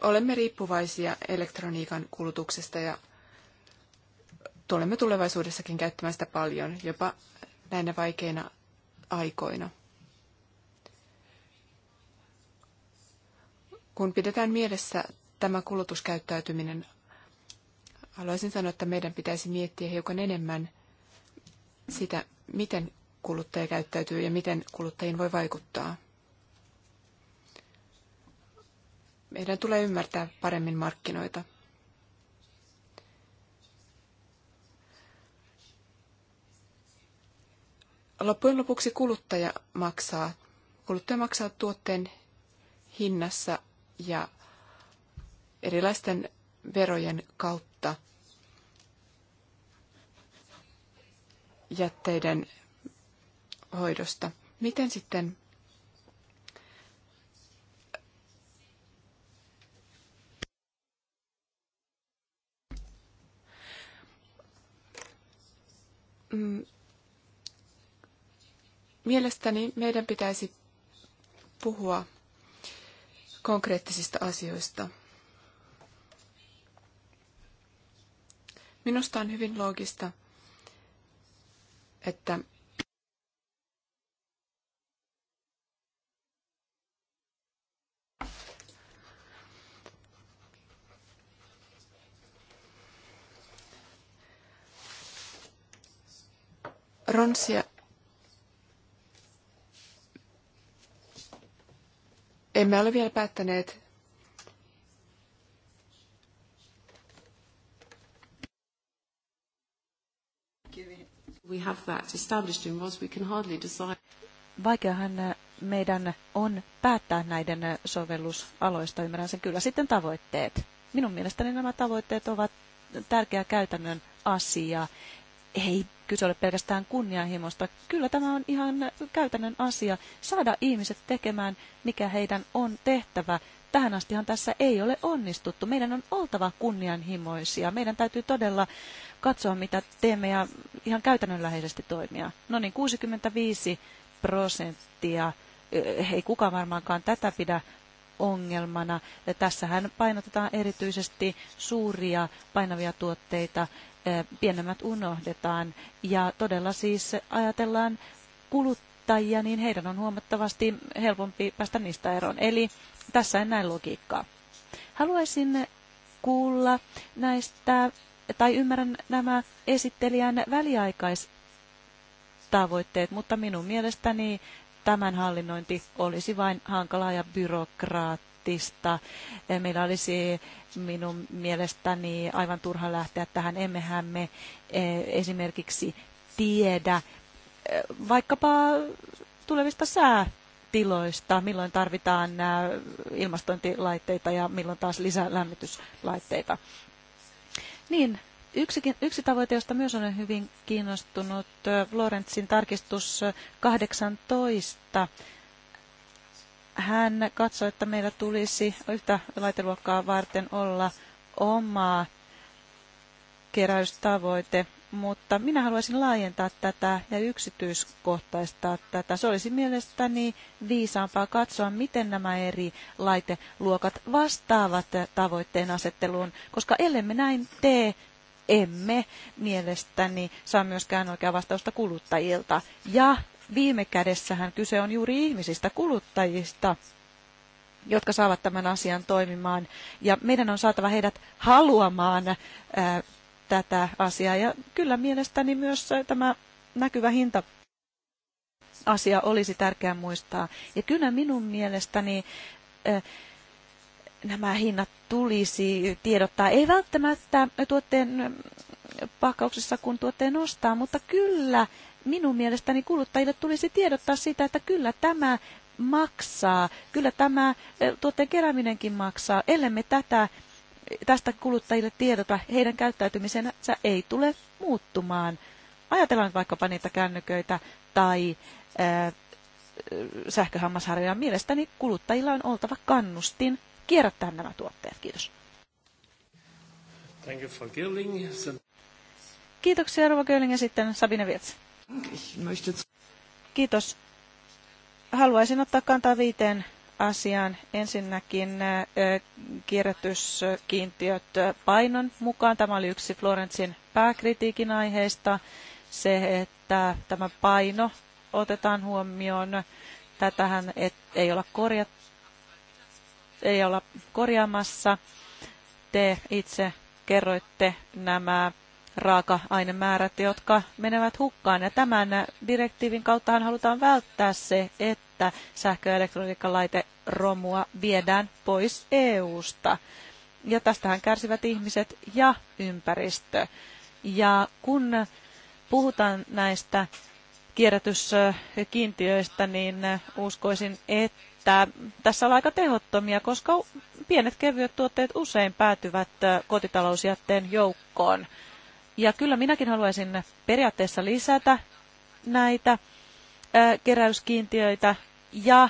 Olemme riippuvaisia elektroniikan kulutuksesta ja tulemme tulevaisuudessakin käyttämään sitä paljon, jopa näinä vaikeina aikoina. Kun pidetään mielessä tämä kulutuskäyttäytyminen, haluaisin sanoa, että meidän pitäisi miettiä hiukan enemmän sitä, miten kuluttaja käyttäytyy ja miten kuluttajiin voi vaikuttaa. Meidän tulee ymmärtää paremmin markkinoita. loppujen lopuksi kuluttaja maksaa. Kuluttaja maksaa tuotteen hinnassa ja erilaisten verojen kautta jätteiden hoidosta. Miten sitten mm, Mielestäni meidän pitäisi puhua konkreettisista asioista. Minusta on hyvin loogista, että Ronsia Emme ole vielä päättäneet. We have that established in was we can hardly decide. Vaikeahan eh, meidän on päättää näiden eh, sovellusaloista, ymmärrän sen kyllä. Sitten tavoitteet. Minun mielestäni nämä tavoitteet ovat tärkeä käytännön asia ei kyse ole pelkästään kunnianhimosta. Kyllä tämä on ihan käytännön asia, saada ihmiset tekemään, mikä heidän on tehtävä. Tähän astihan tässä ei ole onnistuttu. Meidän on oltava kunnianhimoisia. Meidän täytyy todella katsoa, mitä teemme ja ihan käytännönläheisesti toimia. No niin, 65 prosenttia. Eh, ei kukaan varmaankaan tätä pidä ongelmana. Tässähän painotetaan erityisesti suuria painavia tuotteita pienemmät unohdetaan. Ja todella siis ajatellaan kuluttajia, niin heidän on huomattavasti helpompi päästä niistä eroon. Eli tässä en näe logiikkaa. Haluaisin kuulla näistä, tai ymmärrän nämä esittelijän väliaikaistavoitteet, mutta minun mielestäni tämän hallinnointi olisi vain hankalaa ja byrokraattista poliittista. Eh, meillä olisi minun mielestäni aivan turha lähteä tähän. Emmehän me eh, esimerkiksi tiedä eh, vaikkapa tulevista säätiloista, milloin tarvitaan ilmastointilaitteita ja milloin taas lisälämmityslaitteita. Niin, yksi yksi tavoite, josta myös olen hyvin kiinnostunut, Florentsin tarkistus 18 hän katsoi, että meillä tulisi yhtä laiteluokkaa varten olla oma keräystavoite, mutta minä haluaisin laajentaa tätä ja yksityiskohtaistaa tätä. Se olisi mielestäni viisaampaa katsoa, miten nämä eri laiteluokat vastaavat tavoitteen asetteluun, koska ellemme näin tee, emme mielestäni saa myöskään oikeaa vastausta kuluttajilta. Ja viime kädessähän kyse on juuri ihmisistä, kuluttajista, jotka saavat tämän asian toimimaan. Ja meidän on saatava heidät haluamaan ää, äh, tätä asiaa. Ja kyllä mielestäni myös äh, tämä näkyvä hinta asia olisi tärkeää muistaa. Ja kyllä minun mielestäni ää, äh, nämä hinnat tulisi tiedottaa. Ei välttämättä tuotteen pakkauksessa, kun tuotteen ostaa, mutta kyllä minun mielestäni kuluttajille tulisi tiedottaa sitä, että kyllä tämä maksaa, kyllä tämä eh, tuotteen kerääminenkin maksaa. Ellemme tätä eh, tästä kuluttajille tiedota, heidän käyttäytymisensä ei tule muuttumaan. Ajatellaan vaikkapa niitä kännyköitä tai ää, eh, sähköhammasharjoja. Mielestäni kuluttajilla on oltava kannustin kierrättää nämä tuotteet. Kiitos. Kiitoksia Rova Köyling ja sitten Sabine Vietz. Kiitos. Haluaisin ottaa kantaa viiteen asiaan. Ensinnäkin äh, kierrätyskiintiöt äh, painon mukaan. Tämä oli yksi Florentsin pääkritiikin aiheista. Se, että tämä paino otetaan huomioon. Tätähän ei, olla korja, ei olla korjaamassa. Te itse kerroitte nämä raaka-ainemäärät, jotka menevät hukkaan. Ja tämän direktiivin kauttahan halutaan välttää se, että sähkö- ja elektroniikkalaiteromua viedään pois EU-sta. Ja tästähän kärsivät ihmiset ja ympäristö. Ja kun puhutaan näistä kierrätyskiintiöistä, niin uskoisin, että tässä on aika tehottomia, koska pienet kevyet tuotteet usein päätyvät kotitalousjätteen joukkoon. Ja kyllä minäkin haluaisin periaatteessa lisätä näitä keräyskiintiöitä ja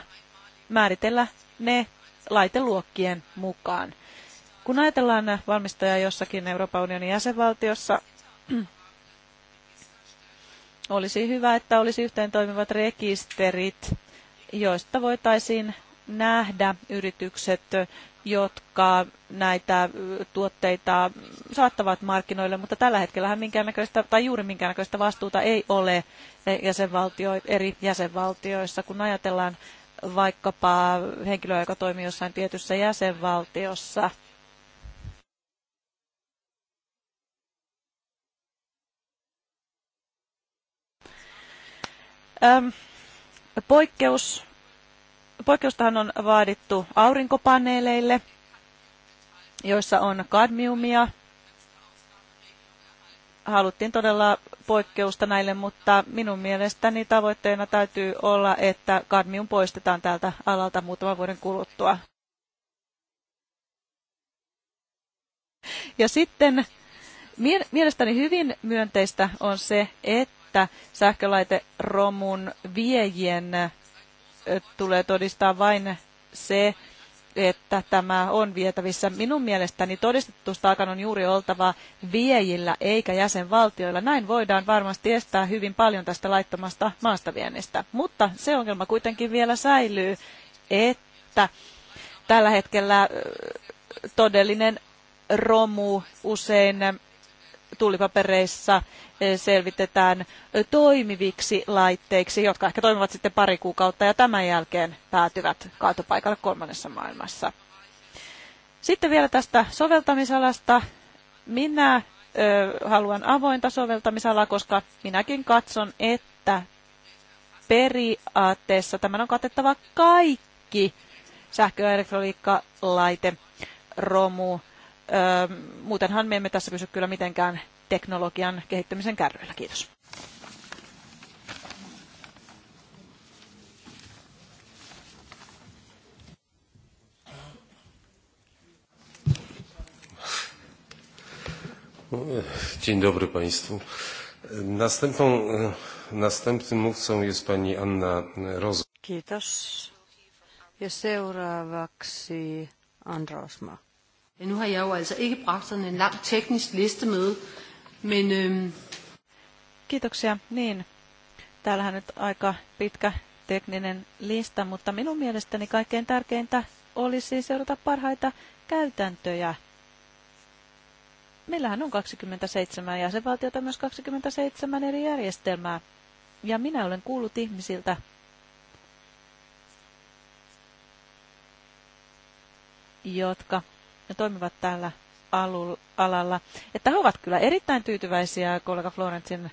määritellä ne laiteluokkien mukaan. Kun ajatellaan valmistajaa jossakin Euroopan unionin jäsenvaltiossa, olisi hyvä, että olisi yhteen toimivat rekisterit, joista voitaisiin nähdä yritykset, jotka näitä tuotteita saattavat markkinoille, mutta tällä hetkellähän minkäännäköistä tai juuri minkäännäköistä vastuuta ei ole jäsenvaltio, eri jäsenvaltioissa, kun ajatellaan vaikkapa henkilöä, joka toimii jossain tietyssä jäsenvaltiossa. poikkeus Poikkeustahan on vaadittu aurinkopaneeleille, joissa on kadmiumia. Haluttiin todella poikkeusta näille, mutta minun mielestäni tavoitteena täytyy olla, että kadmium poistetaan tältä alalta muutaman vuoden kuluttua. Ja sitten mielestäni hyvin myönteistä on se, että sähkölaiteromun viejien tulee todistaa vain se, että tämä on vietävissä. Minun mielestäni todistetustaakan on juuri oltava viejillä eikä jäsenvaltioilla. Näin voidaan varmasti estää hyvin paljon tästä laittomasta maastaviennistä. Mutta se ongelma kuitenkin vielä säilyy, että tällä hetkellä todellinen romu usein tullipapereissa eh, selvitetään toimiviksi laitteiksi, jotka ehkä toimivat sitten pari kuukautta ja tämän jälkeen päätyvät kaatopaikalle kolmannessa maailmassa. Sitten vielä tästä soveltamisalasta. Minä ö, haluan avointa soveltamisalaa, koska minäkin katson, että periaatteessa tämän on katettava kaikki sähkö- ja elektroniikkalaite, romu, Muutenhan me emme tässä pysy kyllä mitenkään teknologian kehittämisen kärryillä. Kiitos. Dzień dobry Państwu. Następną, następnym mówcą jest pani Anna Roz. Kiitos. Ja seuraavaksi Androsma. Ja, nu har jeg jo altså ikke bragt sådan en lang teknisk liste med, men... Øhm... Kiitoksia. Niin, täällähän nyt aika pitkä tekninen lista, mutta minun mielestäni kaikkein tärkeintä olisi seurata parhaita käytäntöjä. Meillähän on 27 jäsenvaltiota, myös 27 eri järjestelmää. Ja minä olen kuullut ihmisiltä, jotka toimivat tällä alalla, että he ovat kyllä erittäin tyytyväisiä kollega Florentsin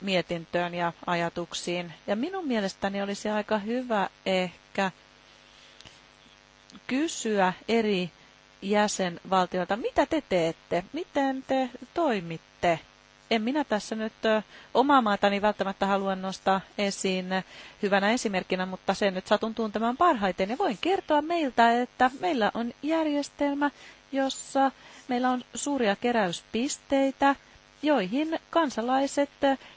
mietintöön ja ajatuksiin. Ja minun mielestäni olisi aika hyvä ehkä kysyä eri jäsenvaltioilta, mitä te teette, miten te toimitte en minä tässä nyt omaa maatani välttämättä halua nostaa esiin hyvänä esimerkkinä, mutta sen nyt satun tuntemaan parhaiten. Ja voin kertoa meiltä, että meillä on järjestelmä, jossa meillä on suuria keräyspisteitä, joihin kansalaiset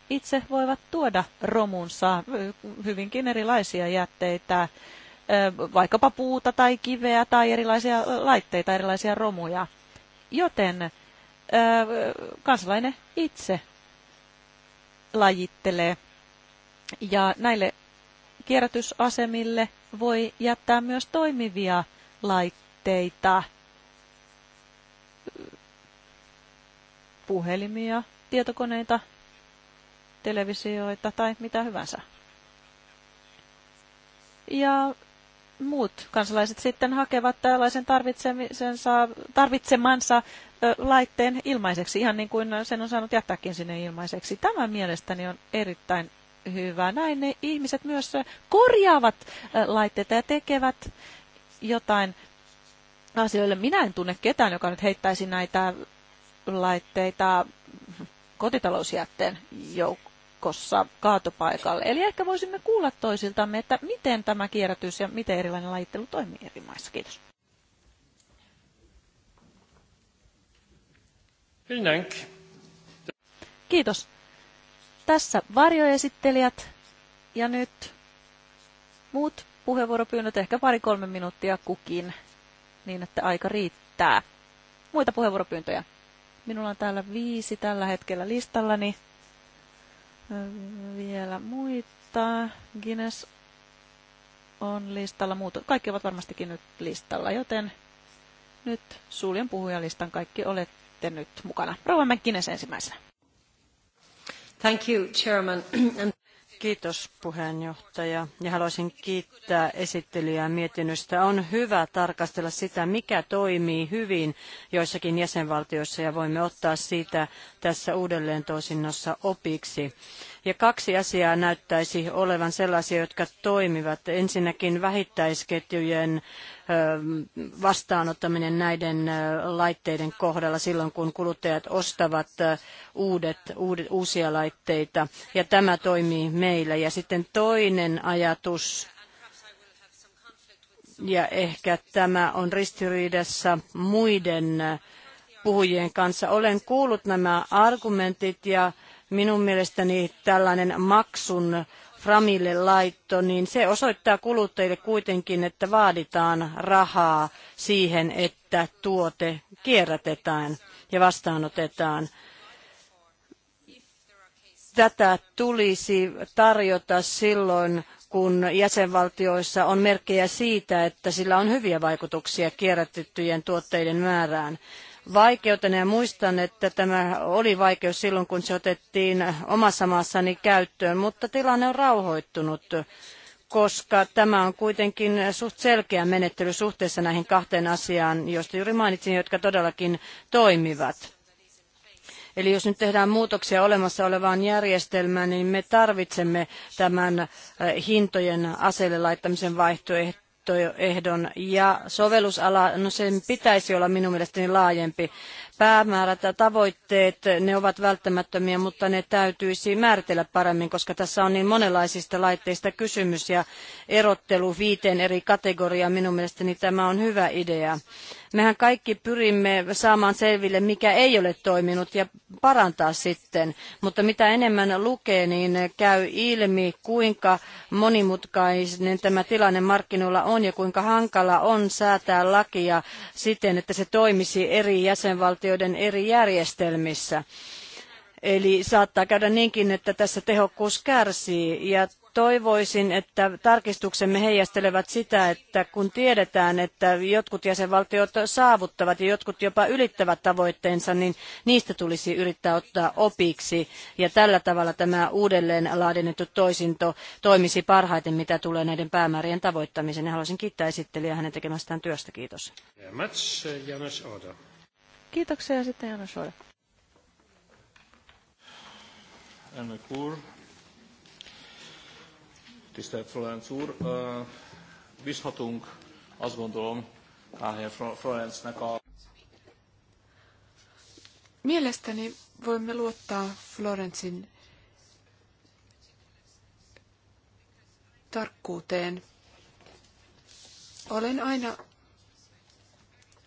itse voivat tuoda romunsa hyvinkin erilaisia jätteitä, vaikkapa puuta tai kiveä tai erilaisia laitteita, erilaisia romuja. Joten kansalainen itse lajittelee. Ja näille kierrätysasemille voi jättää myös toimivia laitteita, puhelimia, tietokoneita, televisioita tai mitä hyvänsä. Ja muut kansalaiset sitten hakevat tällaisen tarvitsemansa laitteen ilmaiseksi, ihan niin kuin sen on saanut jättääkin sinne ilmaiseksi. Tämä mielestäni on erittäin hyvä. Näin ne ihmiset myös korjaavat laitteita ja tekevät jotain asioille. Minä en tunne ketään, joka nyt heittäisi näitä laitteita kotitalousjätteen joukkoon jatkossa kaatopaikalle. Eli ehkä voisimme kuulla toisiltamme, että miten tämä kierrätys ja miten erilainen lajittelu toimii eri maissa. Kiitos. Kiitos. Tässä varjoesittelijät ja nyt muut puheenvuoropyynnöt ehkä pari-kolme minuuttia kukin, niin että aika riittää. Muita puheenvuoropyyntöjä? Minulla on täällä viisi tällä hetkellä listallani vielä muita. Guinness on listalla. Muut, kaikki ovat varmastikin nyt listalla, joten nyt suljen puhujalistan. Kaikki olette nyt mukana. Rouva Guinness ensimmäisenä. Thank you, Chairman. Kiitos puheenjohtaja ja haluaisin kiittää esittelijää mietinnöstä. On hyvä tarkastella sitä, mikä toimii hyvin joissakin jäsenvaltioissa ja voimme ottaa siitä tässä uudelleen toisinnossa opiksi. Ja kaksi asiaa näyttäisi olevan sellaisia, jotka toimivat. Ensinnäkin vähittäisketjujen vastaanottaminen näiden laitteiden kohdalla silloin, kun kuluttajat ostavat uudet, uudet, uusia laitteita. Ja tämä toimii meillä. Ja sitten toinen ajatus ja ehkä tämä on ristiriidassa muiden puhujien kanssa. Olen kuullut nämä argumentit ja Minun mielestäni tällainen maksun Framille laitto, niin se osoittaa kuluttajille kuitenkin, että vaaditaan rahaa siihen, että tuote kierrätetään ja vastaanotetaan tätä tulisi tarjota silloin, kun jäsenvaltioissa on merkkejä siitä, että sillä on hyviä vaikutuksia kierrätettyjen tuotteiden määrään vaikeutena ja muistan, että tämä oli vaikeus silloin, kun se otettiin omassa maassani käyttöön, mutta tilanne on rauhoittunut koska tämä on kuitenkin suht selkeä menettely suhteessa näihin kahteen asiaan, joista juuri mainitsin, jotka todellakin toimivat. Eli jos nyt tehdään muutoksia olemassa olevaan järjestelmään, niin me tarvitsemme tämän eh, hintojen aseille laittamisen vaihtoehtoon vaihtoehdon ja sovellusala, no sen pitäisi olla minun mielestäni laajempi. Päämäärät ja tavoitteet, ne ovat välttämättömiä, mutta ne täytyisi määritellä paremmin, koska tässä on niin monenlaisista laitteista kysymys ja erottelu viiteen eri kategoriaan. Minun mielestäni tämä on hyvä idea. Mehän kaikki pyrimme saamaan selville, mikä ei ole toiminut ja parantaa sitten. Mutta mitä enemmän lukee, niin käy ilmi, kuinka monimutkainen tämä tilanne markkinoilla on ja kuinka hankala on säätää lakia siten, että se toimisi eri jäsenvaltioiden eri järjestelmissä. Eli saattaa käydä niinkin, että tässä tehokkuus kärsii ja toivoisin, että tarkistuksemme heijastelevat sitä, että kun tiedetään, että jotkut jäsenvaltiot saavuttavat ja jotkut jopa ylittävät tavoitteensa, niin niistä tulisi yrittää ottaa opiksi. Ja tällä tavalla tämä uudelleen laadennettu toisinto toimisi parhaiten, mitä tulee näiden päämäärien tavoittamiseen. Ja haluaisin kiittää esittelijää hänen tekemästään työstä. Kiitos. Uh, Kiitoksia sitten Oda. Tisztelt Florenc úr, bízhatunk, azt gondolom, Kálhelyen Florencnek a... Mielestäni voimme luottaa Florencin tarkkuuteen. Olen aina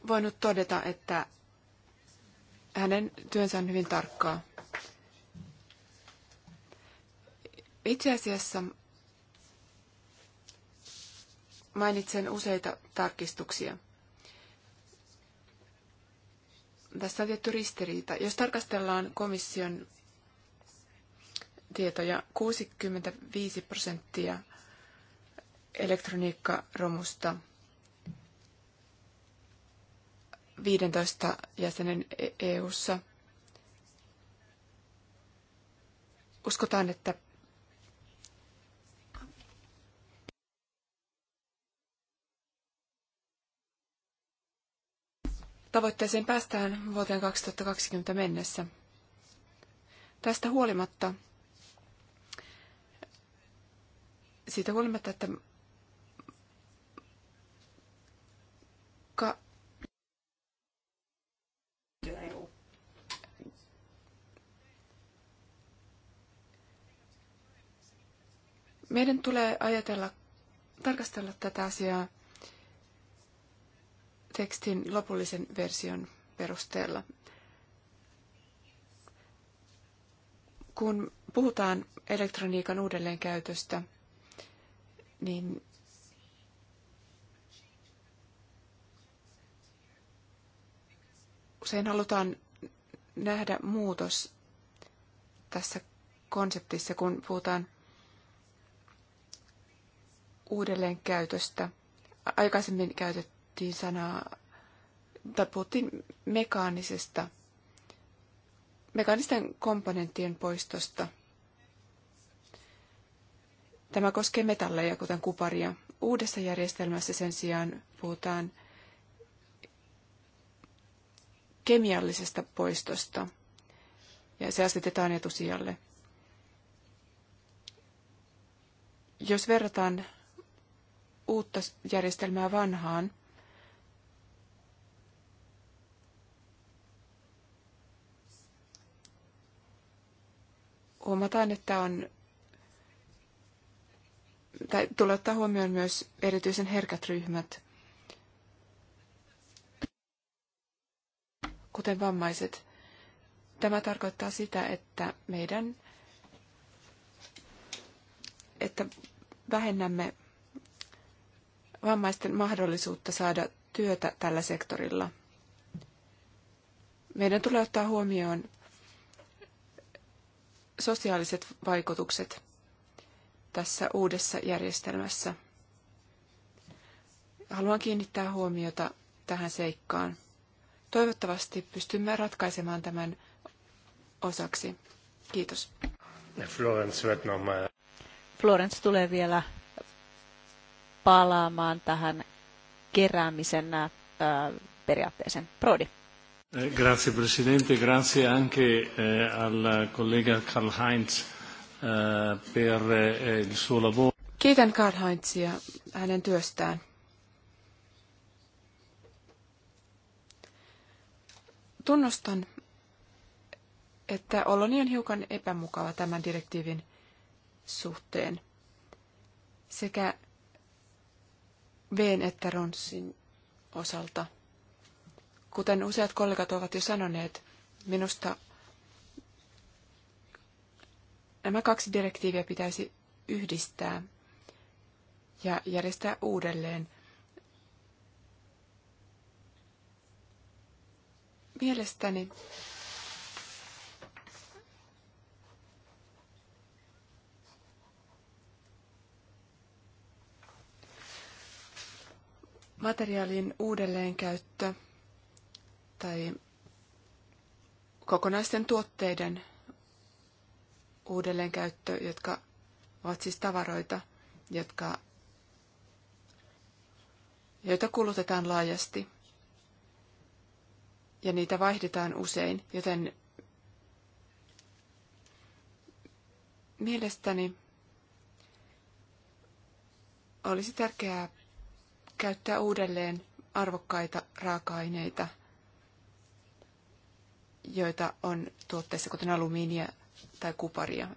voinut todeta, että hänen työnsä on hyvin tarkkaa. Itse asiassa mainitsen useita tarkistuksia. Tässä on tietty ristiriita. Jos tarkastellaan komission tietoja, 65 prosenttia elektroniikkaromusta 15 jäsenen EU:ssa e uskotaan, että Tavoitteeseen päästään vuoteen 2020 mennessä. Tästä huolimatta, siitä huolimatta, että ka- meidän tulee ajatella, tarkastella tätä asiaa tekstin lopullisen version perusteella. Kun puhutaan elektroniikan uudelleenkäytöstä, niin usein halutaan nähdä muutos tässä konseptissa, kun puhutaan uudelleenkäytöstä. Aikaisemmin käytetty käytettiin sanaa, tai puhuttiin mekaanisesta, mekaanisten komponenttien poistosta. Tämä koskee metalleja, kuten kuparia. Uudessa järjestelmässä sen sijaan puhutaan kemiallisesta poistosta, ja se asetetaan etusijalle. Jos verrataan uutta järjestelmää vanhaan, huomataan, että on tai tulee ottaa huomioon myös erityisen herkät ryhmät, kuten vammaiset. Tämä tarkoittaa sitä, että meidän että vähennämme vammaisten mahdollisuutta saada työtä tällä sektorilla. Meidän tulee ottaa huomioon sosiaaliset vaikutukset tässä uudessa järjestelmässä. Haluan kiinnittää huomiota tähän seikkaan. Toivottavasti pystymme ratkaisemaan tämän osaksi. Kiitos. Florence, Florence tulee vielä palaamaan tähän keräämisen äh, periaatteeseen. Prodi. Eh, grazie Presidente, grazie anche eh, al collega Karl-Heinz eh, per eh, il suo lavoro. Kiitän Karl-Heinzia hänen työstään. Tunnustan, että oloni on hiukan epämukava tämän direktiivin suhteen. Sekä Veen että Ronssin osalta – Kuten useat kollegat ovat jo sanoneet, minusta nämä kaksi direktiiviä pitäisi yhdistää ja järjestää uudelleen. Mielestäni materiaalin uudelleenkäyttö tai kokonaisten tuotteiden uudelleenkäyttö, jotka ovat siis tavaroita, jotka, joita kulutetaan laajasti ja niitä vaihdetaan usein, joten mielestäni olisi tärkeää käyttää uudelleen arvokkaita raaka-aineita – joita on tuotteissa, kuten alumiinia tai kuparia.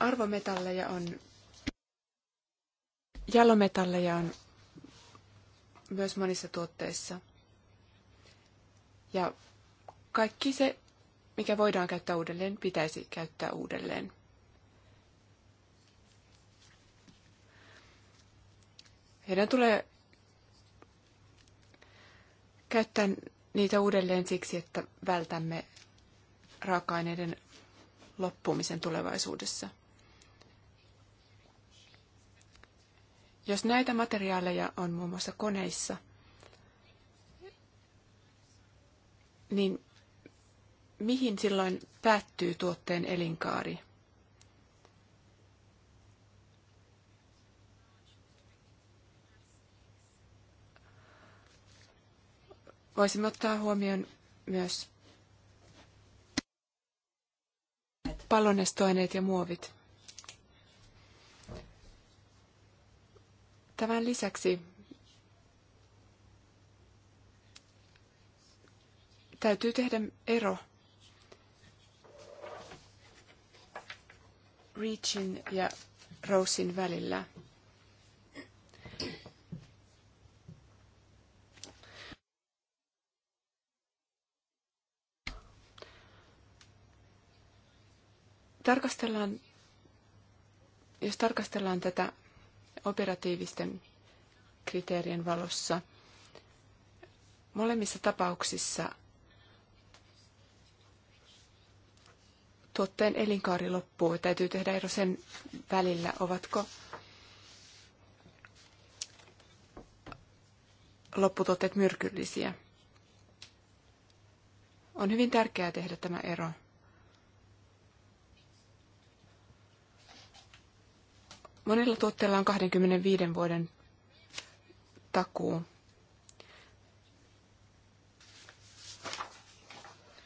Arvometalleja on, jalometalleja on myös monissa tuotteissa. Ja kaikki se, mikä voidaan käyttää uudelleen, pitäisi käyttää uudelleen. Heidän tulee käyttää niitä uudelleen siksi, että vältämme raaka-aineiden loppumisen tulevaisuudessa. Jos näitä materiaaleja on muun muassa koneissa, niin mihin silloin päättyy tuotteen elinkaari? Voisimme ottaa huomioon myös palonnestoaineet ja muovit. Tämän lisäksi täytyy tehdä ero Reachin ja Rosin välillä – tarkastellaan, jos tarkastellaan tätä operatiivisten kriteerien valossa, molemmissa tapauksissa tuotteen elinkaari loppuu. Täytyy tehdä ero sen välillä, ovatko lopputuotteet myrkyllisiä. On hyvin tärkeää tehdä tämä ero. Monilla tuotteilla on 25 vuoden takuu.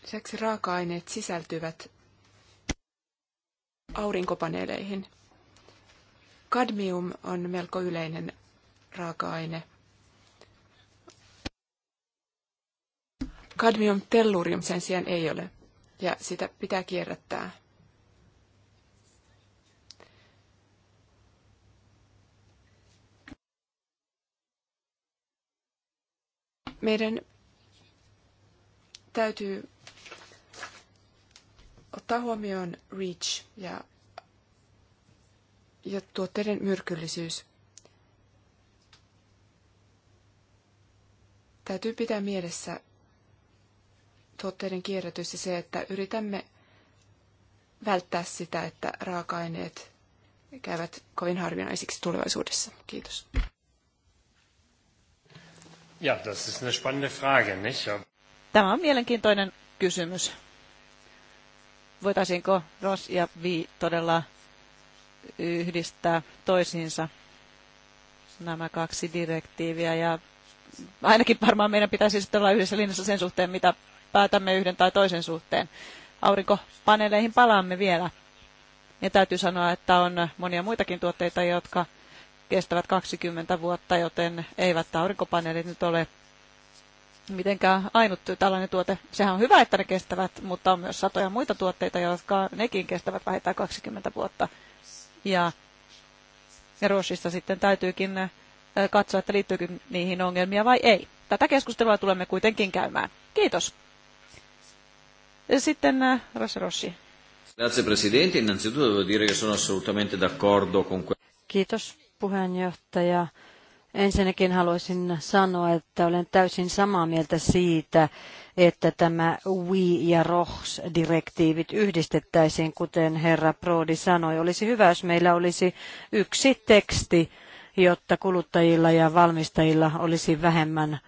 Lisäksi raaka-aineet sisältyvät aurinkopaneeleihin. Kadmium on melko yleinen raaka-aine. Kadmium tellurium sen sijaan ei ole, ja sitä pitää kierrättää. Meidän täytyy ottaa huomioon REACH ja, ja tuotteiden myrkyllisyys. Täytyy pitää mielessä tuotteiden kierrätys ja se, että yritämme välttää sitä, että raaka-aineet käyvät kovin harvinaisiksi tulevaisuudessa. Kiitos. Ja, das ist eine spannende Frage, nicht? Ja. Tämä on mielenkiintoinen kysymys. Voitaisiinko Ross ja VI todella yhdistää toisiinsa nämä kaksi direktiiviä ja ainakin varmaan meidän pitäisi sitten olla yhdessä linjassa sen suhteen, mitä päätämme yhden tai toisen suhteen. Aurinkopaneeleihin palaamme vielä. Ja täytyy sanoa, että on monia muitakin tuotteita, jotka kestävät 20 vuotta, joten eivät aurinkopaneelit nyt ole mitenkään ainut tällainen tuote. Sehän on hyvä, että ne kestävät, mutta on myös satoja muita tuotteita, jotka nekin kestävät vähintään 20 vuotta. Ja Rochissa sitten täytyykin äh, katsoa, että liittyykö niihin ongelmia vai ei. Tätä keskustelua tulemme kuitenkin käymään. Kiitos. Sitten äh, Rossi Rossi. Grazie Presidente, innanzitutto devo dire che sono assolutamente d'accordo con Kiitos puheenjohtaja. Ensinnäkin haluaisin sanoa, että olen täysin samaa mieltä siitä, että tämä Wi ja ROHS-direktiivit yhdistettäisiin, kuten herra Prodi sanoi. Olisi hyvä, jos meillä olisi yksi teksti, jotta kuluttajilla ja valmistajilla olisi vähemmän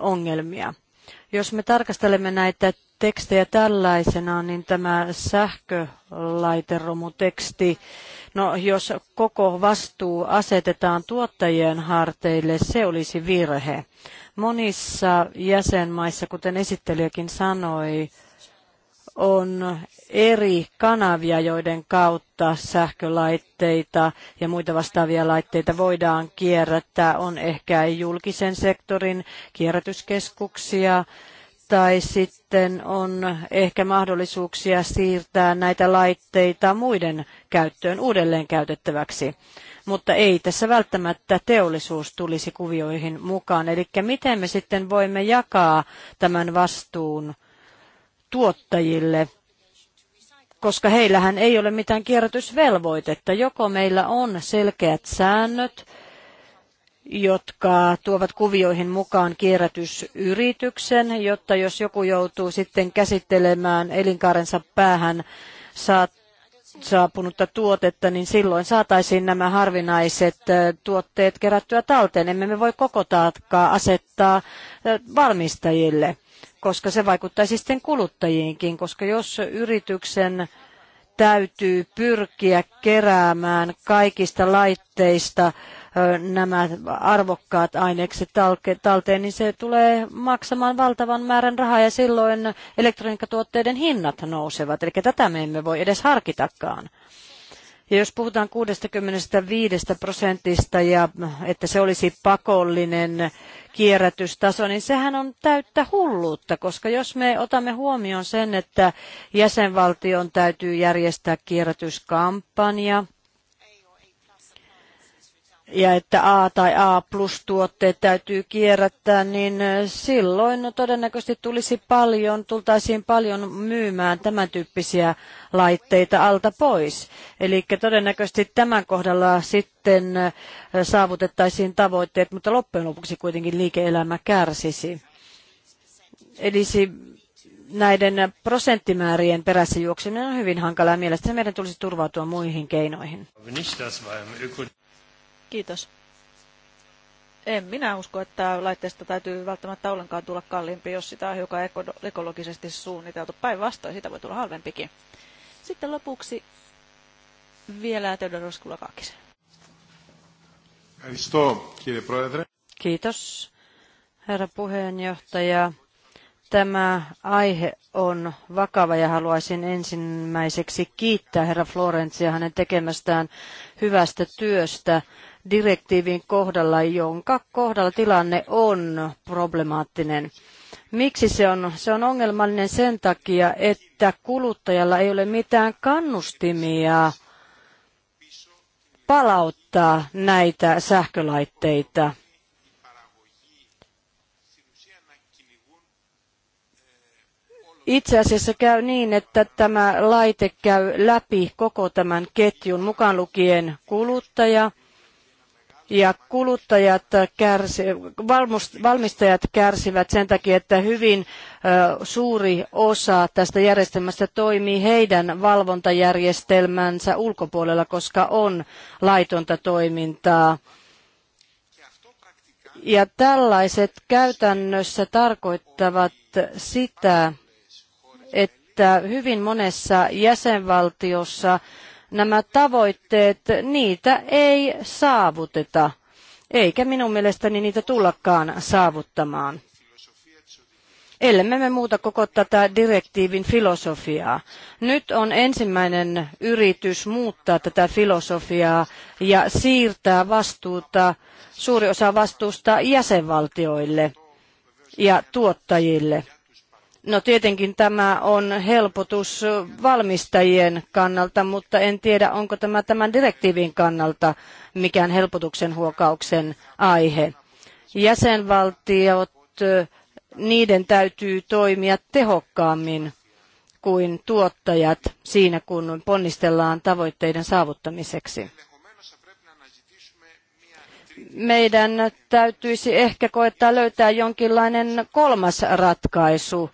ongelmia. Jos me tarkastelemme näitä tekstejä tällaisena, niin tämä sähkölaiteromuteksti teksti No, jos koko vastuu asetetaan tuottajien harteille, se olisi virhe. Monissa jäsenmaissa, kuten esittelijäkin sanoi, on eri kanavia, joiden kautta sähkölaitteita ja muita vastaavia laitteita voidaan kierrättää. On ehkä julkisen sektorin kierrätyskeskuksia, tai sitten on ehkä mahdollisuuksia siirtää näitä laitteita muiden käyttöön uudelleen käytettäväksi. Mutta ei tässä välttämättä teollisuus tulisi kuvioihin mukaan. Eli miten me sitten voimme jakaa tämän vastuun tuottajille, koska heillähän ei ole mitään kierrätysvelvoitetta. Joko meillä on selkeät säännöt, jotka tuovat kuvioihin mukaan kierrätysyrityksen, jotta jos joku joutuu sitten käsittelemään elinkaarensa päähän saapunutta tuotetta, niin silloin saataisiin nämä harvinaiset tuotteet kerättyä talteen. Emme me voi koko taakkaa asettaa valmistajille, koska se vaikuttaisi sitten kuluttajiinkin, koska jos yrityksen täytyy pyrkiä keräämään kaikista laitteista nämä arvokkaat ainekset talteen, niin se tulee maksamaan valtavan määrän rahaa ja silloin elektroniikkatuotteiden hinnat nousevat. Eli tätä me emme voi edes harkitakaan. Ja jos puhutaan 65 prosentista ja että se olisi pakollinen kierrätystaso, niin sehän on täyttä hulluutta, koska jos me otamme huomioon sen, että jäsenvaltion täytyy järjestää kierrätyskampanja, ja että A- tai A-plus-tuotteet täytyy kierrättää, niin silloin no, todennäköisesti tulisi paljon, tultaisiin paljon myymään tämän tyyppisiä laitteita alta pois. Eli todennäköisesti tämän kohdalla sitten saavutettaisiin tavoitteet, mutta loppujen lopuksi kuitenkin liike-elämä kärsisi. Eli näiden prosenttimäärien perässä juokseminen on hyvin hankalaa. Mielestäni meidän tulisi turvautua muihin keinoihin. Kiitos. En minä usko, että laitteesta täytyy välttämättä ollenkaan tulla kalliimpi, jos sitä on hiukan ekologisesti suunniteltu. Päinvastoin sitä voi tulla halvempikin. Sitten lopuksi vielä Teodoros Kulakakis. Kiitos, herra puheenjohtaja. Tämä aihe on vakava ja haluaisin ensimmäiseksi kiittää herra Florencia hänen tekemästään hyvästä työstä direktiivin kohdalla, jonka kohdalla tilanne on problemaattinen. Miksi se on? Se on ongelmallinen sen takia, että kuluttajalla ei ole mitään kannustimia palauttaa näitä sähkölaitteita. Itse asiassa käy niin, että tämä laite käy läpi koko tämän ketjun, mukaan lukien kuluttaja, ja kuluttajat kärsi, valmistajat kärsivät sen takia, että hyvin suuri osa tästä järjestelmästä toimii heidän valvontajärjestelmänsä ulkopuolella, koska on laitonta toimintaa. Ja tällaiset käytännössä tarkoittavat sitä, että hyvin monessa jäsenvaltiossa nämä tavoitteet, niitä ei saavuteta, eikä minun mielestäni niitä tullakaan saavuttamaan. Ellemme me muuta koko tätä direktiivin filosofiaa. Nyt on ensimmäinen yritys muuttaa tätä filosofiaa ja siirtää vastuuta, suuri osa vastuusta jäsenvaltioille ja tuottajille. No tietenkin tämä on helpotus valmistajien kannalta, mutta en tiedä, onko tämä tämän direktiivin kannalta mikään helpotuksen huokauksen aihe. Jäsenvaltiot, niiden täytyy toimia tehokkaammin kuin tuottajat siinä, kun ponnistellaan tavoitteiden saavuttamiseksi. Meidän täytyisi ehkä koettaa löytää jonkinlainen kolmas ratkaisu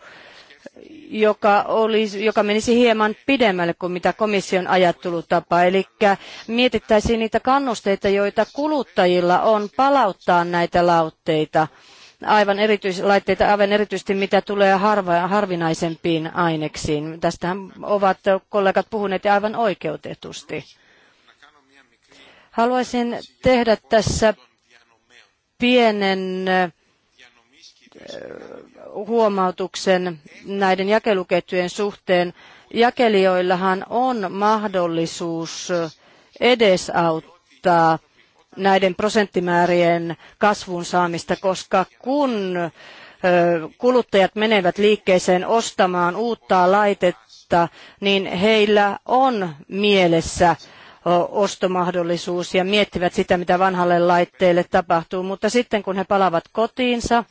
joka, olisi, joka menisi hieman pidemmälle kuin mitä komission ajattelutapa. Eli mietittäisiin niitä kannusteita, joita kuluttajilla on palauttaa näitä lautteita, aivan erityis, laitteita, aivan erityisesti mitä tulee harva, harvinaisempiin aineksiin. Tästähän ovat kollegat puhuneet ja aivan oikeutetusti. Haluaisin tehdä tässä pienen äh, Äh, huomautuksen näiden jakeluketjujen suhteen. Jakelijoillahan on mahdollisuus edesauttaa näiden prosenttimäärien kasvun saamista, koska kun äh, kuluttajat menevät liikkeeseen ostamaan uutta laitetta, niin heillä on mielessä ostomahdollisuus ja miettivät sitä, mitä vanhalle laitteelle tapahtuu. Mutta sitten kun he palavat kotiinsa,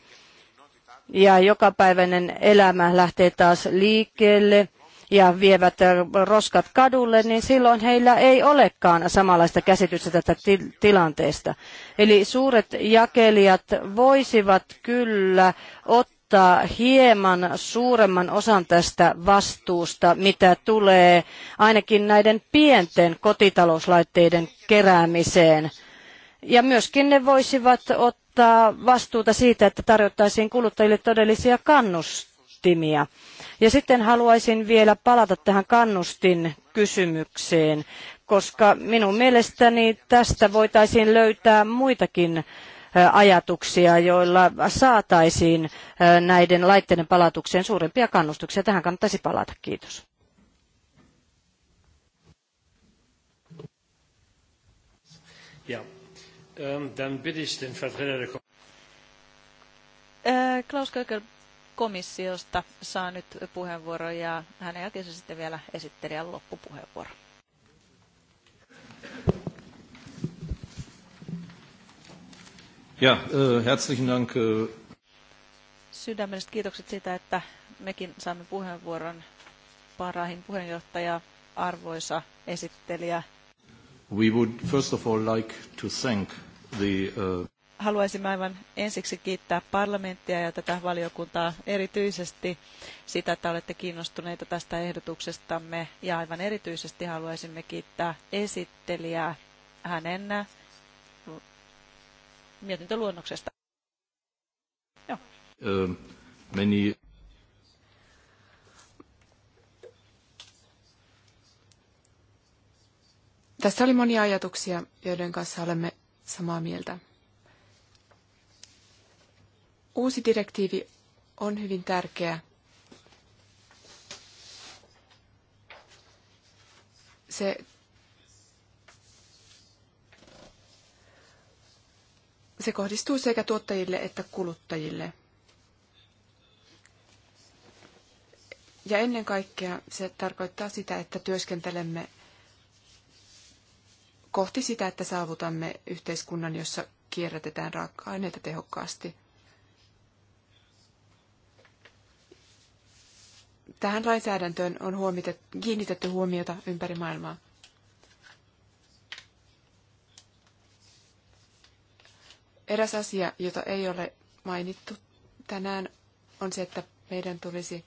ja jokapäiväinen elämä lähtee taas liikkeelle ja vievät roskat kadulle, niin silloin heillä ei olekaan samanlaista käsitystä tästä tilanteesta. Eli suuret jakelijat voisivat kyllä ottaa hieman suuremman osan tästä vastuusta, mitä tulee ainakin näiden pienten kotitalouslaitteiden keräämiseen. Ja myöskin ne voisivat ottaa ottaa vastuuta siitä, että tarjottaisiin kuluttajille todellisia kannustimia. Ja sitten haluaisin vielä palata tähän kannustin kysymykseen, koska minun mielestäni tästä voitaisiin löytää muitakin ajatuksia, joilla saataisiin näiden laitteiden palautukseen suurempia kannustuksia. Tähän kannattaisi palata. Kiitos. Yeah. Ehm, Dann bitte ich den Vertreter der eh, Klaus Kökel komissiosta saa nyt puheenvuoron ja hänen jälkeensä sitten vielä esittelijän loppupuheenvuoro. Ja, äh, herzlichen Dank. Eh. Sydämelliset kiitokset siitä, että mekin saamme puheenvuoron Parahin puheenjohtaja, arvoisa esittelijä. We would first of all like to thank the, uh... Haluaisin aivan ensiksi kiittää parlamenttia ja tätä valiokuntaa erityisesti sitä, että olette kiinnostuneita tästä ehdotuksestamme. Ja aivan erityisesti haluaisimme kiittää esittelijää hänen mietintöluonnoksesta. Joo. Uh, many... Tässä oli monia ajatuksia, joiden kanssa olemme samaa mieltä. Uusi direktiivi on hyvin tärkeä. Se Se kohdistuu sekä tuottajille että kuluttajille. Ja ennen kaikkea se tarkoittaa sitä, että työskentelemme kohti sitä, että saavutamme yhteiskunnan, jossa kierrätetään raaka-aineita tehokkaasti. Tähän lainsäädäntöön on kiinnitetty huomiota ympäri maailmaa. Eräs asia, jota ei ole mainittu tänään, on se, että meidän tulisi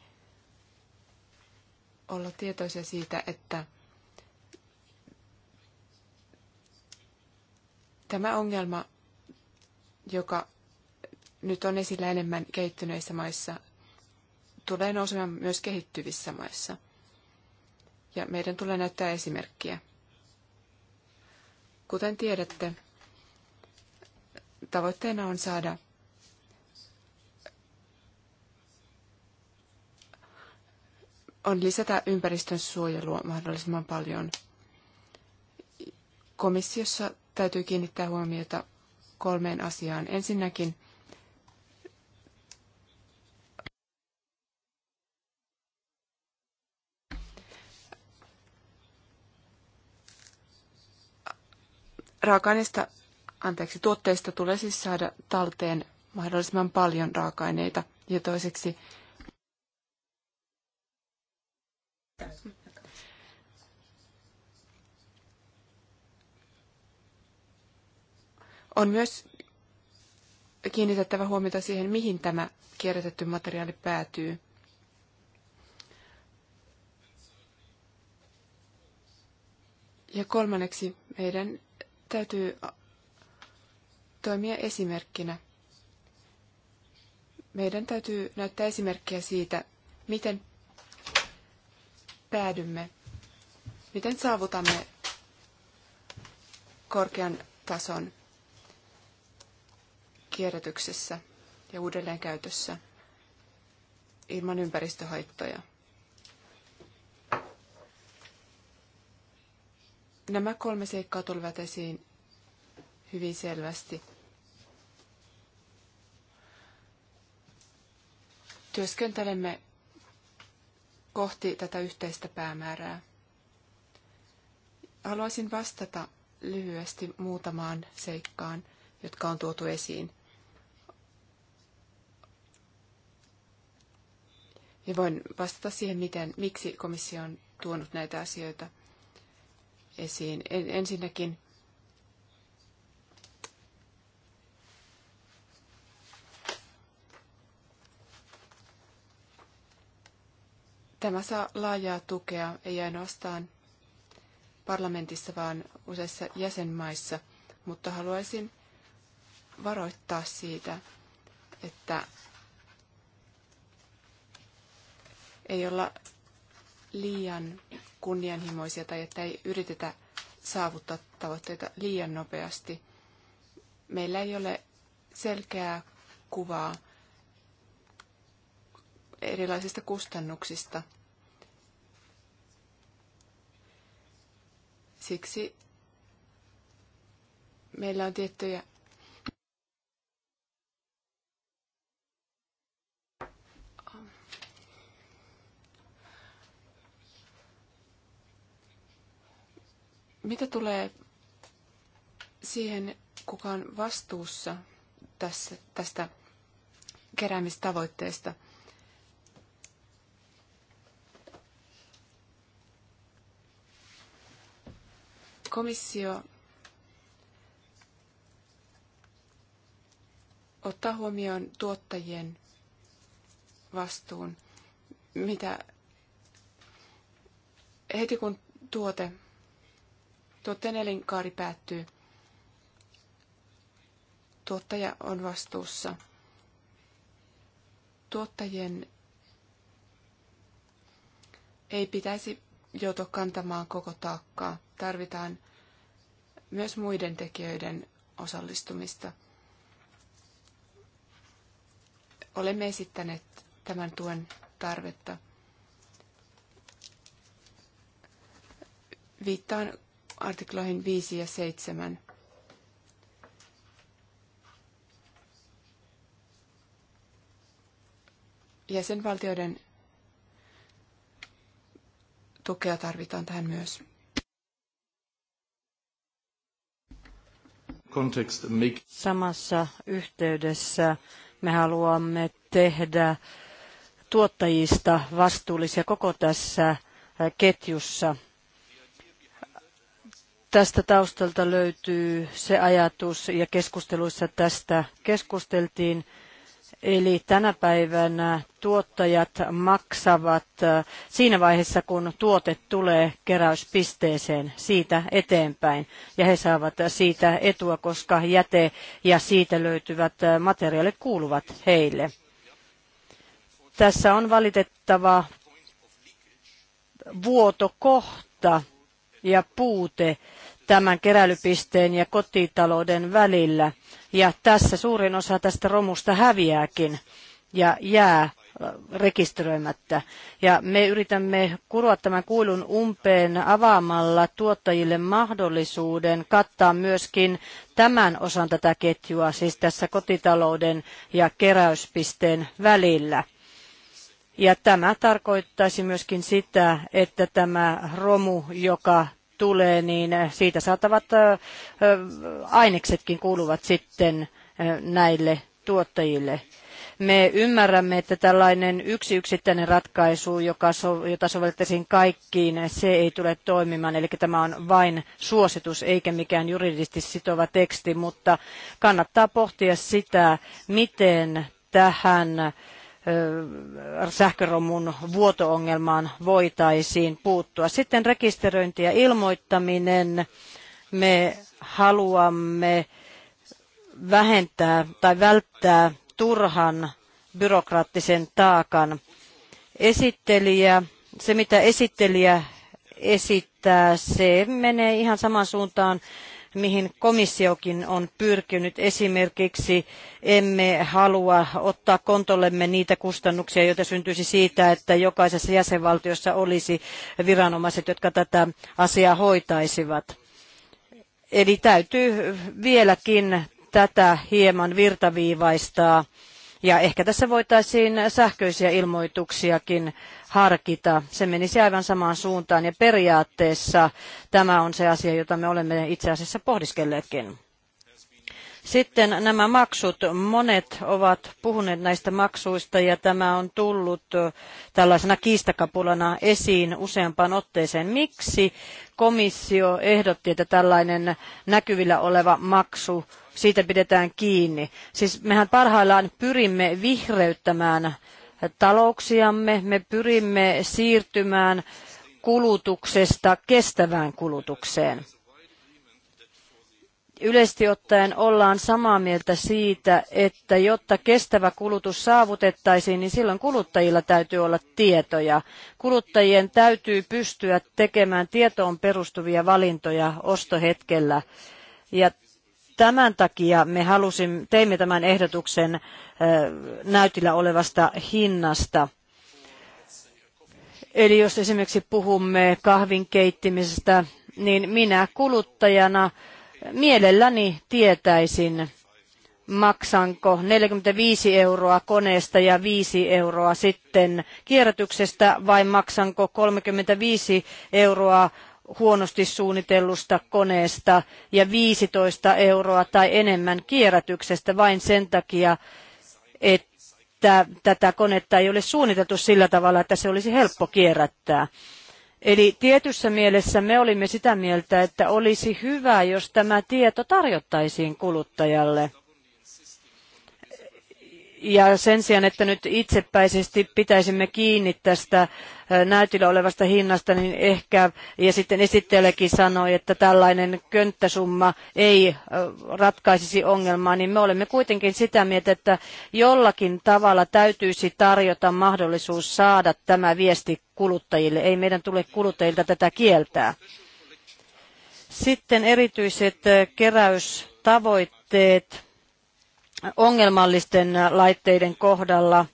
olla tietoisia siitä, että – Tämä ongelma, joka nyt on esillä enemmän kehittyneissä maissa, tulee nousemaan myös kehittyvissä maissa. Ja meidän tulee näyttää esimerkkiä. Kuten tiedätte, tavoitteena on saada on lisätä ympäristön suojelua mahdollisimman paljon. Komissiossa täytyy kiinnittää huomiota kolmeen asiaan. Ensinnäkin raaka-aineista, anteeksi, tuotteista tulee siis saada talteen mahdollisimman paljon raaka-aineita. Ja toiseksi On myös kiinnitettävä huomiota siihen, mihin tämä kierrätetty materiaali päätyy. Ja kolmanneksi meidän täytyy toimia esimerkkinä. Meidän täytyy näyttää esimerkkiä siitä, miten päädymme, miten saavutamme korkean tason kierrätyksessä ja uudelleenkäytössä ilman ympäristöhaittoja. Nämä kolme seikkaa tulevat esiin hyvin selvästi. Työskentelemme kohti tätä yhteistä päämäärää. Haluaisin vastata lyhyesti muutamaan seikkaan, jotka on tuotu esiin. Ja voin vastata siihen, miten, miksi komissio on tuonut näitä asioita esiin. Ensinnäkin Tämä saa laajaa tukea, ei ainoastaan parlamentissa, vaan useissa jäsenmaissa, mutta haluaisin varoittaa siitä, että ei olla liian kunnianhimoisia tai että ei yritetä saavuttaa tavoitteita liian nopeasti. Meillä ei ole selkeää kuvaa erilaisista kustannuksista. Siksi meillä on tiettyjä Mitä tulee siihen, kuka on vastuussa tässä, tästä keräämistavoitteesta, komissio ottaa huomioon tuottajien vastuun, mitä heti kun tuote tuotteen elinkaari päättyy. Tuottaja on vastuussa. Tuottajien ei pitäisi joutua kantamaan koko taakkaa. Tarvitaan myös muiden tekijöiden osallistumista. Olemme esittäneet tämän tuen tarvetta. Viittaan artikloihin 5 ja 7. Jäsenvaltioiden tukea tarvitaan tähän myös. Samassa yhteydessä me haluamme tehdä tuottajista vastuullisia koko tässä äh, ketjussa Tästä taustalta löytyy se ajatus, ja keskusteluissa tästä keskusteltiin, Eli tänä päivänä tuottajat maksavat siinä vaiheessa, kun tuote tulee keräyspisteeseen siitä eteenpäin. Ja he saavat siitä etua, koska jäte ja siitä löytyvät materiaalit kuuluvat heille. Tässä on valitettava vuotokohta, ja puute tämän keräilypisteen ja kotitalouden välillä. Ja tässä suurin osa tästä romusta häviääkin ja jää äh, rekisteröimättä. Ja me yritämme kuroa tämän kuilun umpeen avaamalla tuottajille mahdollisuuden kattaa myöskin tämän osan tätä ketjua, siis tässä kotitalouden ja keräyspisteen välillä. Ja tämä tarkoittaisi myöskin sitä, että tämä romu, joka tulee, niin siitä saatavat aineksetkin kuuluvat sitten näille tuottajille. Me ymmärrämme, että tällainen yksi yksittäinen ratkaisu, joka so, jota sovellettaisiin kaikkiin, se ei tule toimimaan. Eli tämä on vain suositus eikä mikään juridisesti sitova teksti, mutta kannattaa pohtia sitä, miten tähän sähköromun vuotoongelmaan voitaisiin puuttua. Sitten rekisteröinti ja ilmoittaminen. Me haluamme vähentää tai välttää turhan byrokraattisen taakan. Esittelijä, se mitä esittelijä esittää, se menee ihan saman suuntaan mihin komissiokin on pyrkinyt. Esimerkiksi emme halua ottaa kontollemme niitä kustannuksia, joita syntyisi siitä, että jokaisessa jäsenvaltiossa olisi viranomaiset, jotka tätä asiaa hoitaisivat. Eli täytyy vieläkin tätä hieman virtaviivaistaa ja ehkä tässä voitaisiin sähköisiä ilmoituksiakin harkita. Se menisi aivan samaan suuntaan ja periaatteessa tämä on se asia, jota me olemme itse asiassa pohdiskelleetkin. Sitten nämä maksut. Monet ovat puhuneet näistä maksuista ja tämä on tullut tällaisena kiistakapulana esiin useampaan otteeseen. Miksi komissio ehdotti, että tällainen näkyvillä oleva maksu siitä pidetään kiinni. Siis mehän parhaillaan pyrimme vihreyttämään talouksiamme, me pyrimme siirtymään kulutuksesta kestävään kulutukseen. Yleisesti ottaen ollaan samaa mieltä siitä, että jotta kestävä kulutus saavutettaisiin, niin silloin kuluttajilla täytyy olla tietoja. Kuluttajien täytyy pystyä tekemään tietoon perustuvia valintoja ostohetkellä. Ja Tämän takia me halusin, teimme tämän ehdotuksen näytillä olevasta hinnasta. Eli jos esimerkiksi puhumme kahvin keittimisestä, niin minä kuluttajana mielelläni tietäisin, maksanko 45 euroa koneesta ja 5 euroa sitten kierrätyksestä vai maksanko 35 euroa huonosti suunnitellusta koneesta ja 15 euroa tai enemmän kierrätyksestä vain sen takia, että tätä konetta ei ole suunniteltu sillä tavalla, että se olisi helppo kierrättää. Eli tietyssä mielessä me olimme sitä mieltä, että olisi hyvä, jos tämä tieto tarjottaisiin kuluttajalle. Ja sen sijaan, että nyt itsepäisesti pitäisimme kiinni tästä näytillä olevasta hinnasta, niin ehkä, ja sitten esittelijäkin sanoi, että tällainen könttäsumma ei ratkaisisi ongelmaa, niin me olemme kuitenkin sitä mieltä, että jollakin tavalla täytyisi tarjota mahdollisuus saada tämä viesti kuluttajille. Ei meidän tule kuluttajilta tätä kieltää. Sitten erityiset keräystavoitteet ongelmallisten laitteiden kohdalla.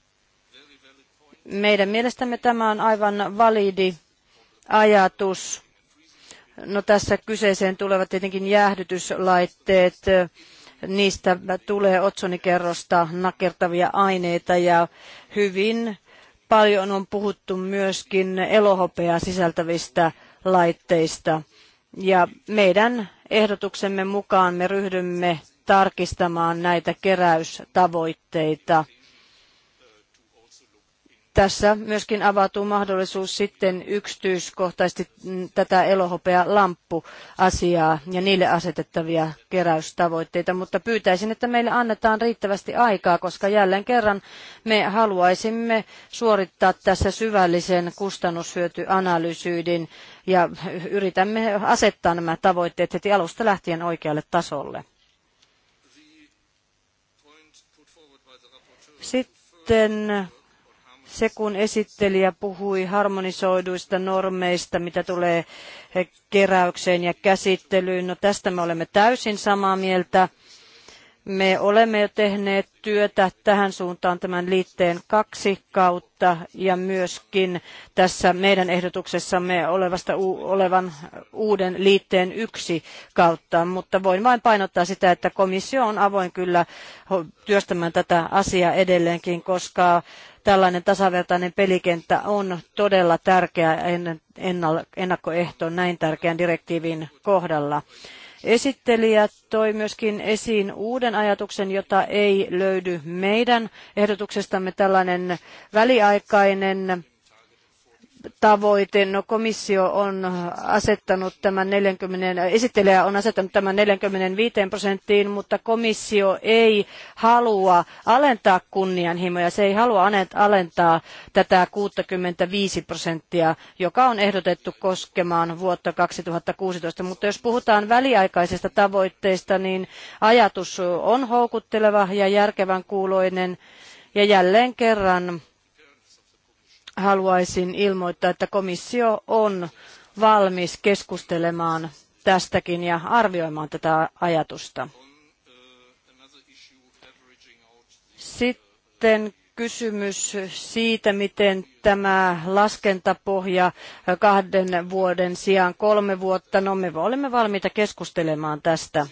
Meidän mielestämme tämä on aivan validi ajatus. No tässä kyseeseen tulevat tietenkin jäähdytyslaitteet. Niistä tulee otsonikerrosta nakertavia aineita ja hyvin paljon on puhuttu myöskin elohopeaa sisältävistä laitteista. Ja meidän ehdotuksemme mukaan me ryhdymme tarkistamaan näitä keräystavoitteita. Tässä myöskin avautuu mahdollisuus sitten yksityiskohtaisesti tätä elohopea lamppuasiaa ja niille asetettavia keräystavoitteita, mutta pyytäisin, että meille annetaan riittävästi aikaa, koska jälleen kerran me haluaisimme suorittaa tässä syvällisen kustannushyötyanalyysyydin ja yritämme asettaa nämä tavoitteet heti alusta lähtien oikealle tasolle. Sitten se, kun esittelijä puhui harmonisoiduista normeista, mitä tulee keräykseen ja käsittelyyn, no tästä me olemme täysin samaa mieltä. Me olemme jo tehneet työtä tähän suuntaan tämän liitteen kaksi kautta ja myöskin tässä meidän ehdotuksessamme olevasta, olevan uuden liitteen yksi kautta, mutta voin vain painottaa sitä, että komissio on avoin kyllä työstämään tätä asiaa edelleenkin, koska tällainen tasavertainen pelikenttä on todella tärkeä ennakkoehto näin tärkeän direktiivin kohdalla. Esittelijä toi myöskin esiin uuden ajatuksen, jota ei löydy meidän ehdotuksestamme tällainen väliaikainen tavoite. No komissio on asettanut tämän 40, esittelijä on asettanut tämän 45 prosenttiin, mutta komissio ei halua alentaa kunnianhimoja. Se ei halua alentaa tätä 65 prosenttia, joka on ehdotettu koskemaan vuotta 2016. Mutta jos puhutaan väliaikaisista tavoitteista, niin ajatus on houkutteleva ja järkevän kuuloinen. Ja jälleen kerran haluaisin ilmoittaa, että komissio on valmis keskustelemaan tästäkin ja arvioimaan tätä ajatusta. Sitten kysymys siitä, miten tämä laskentapohja kahden vuoden sijaan kolme vuotta, no me olemme valmiita keskustelemaan tästä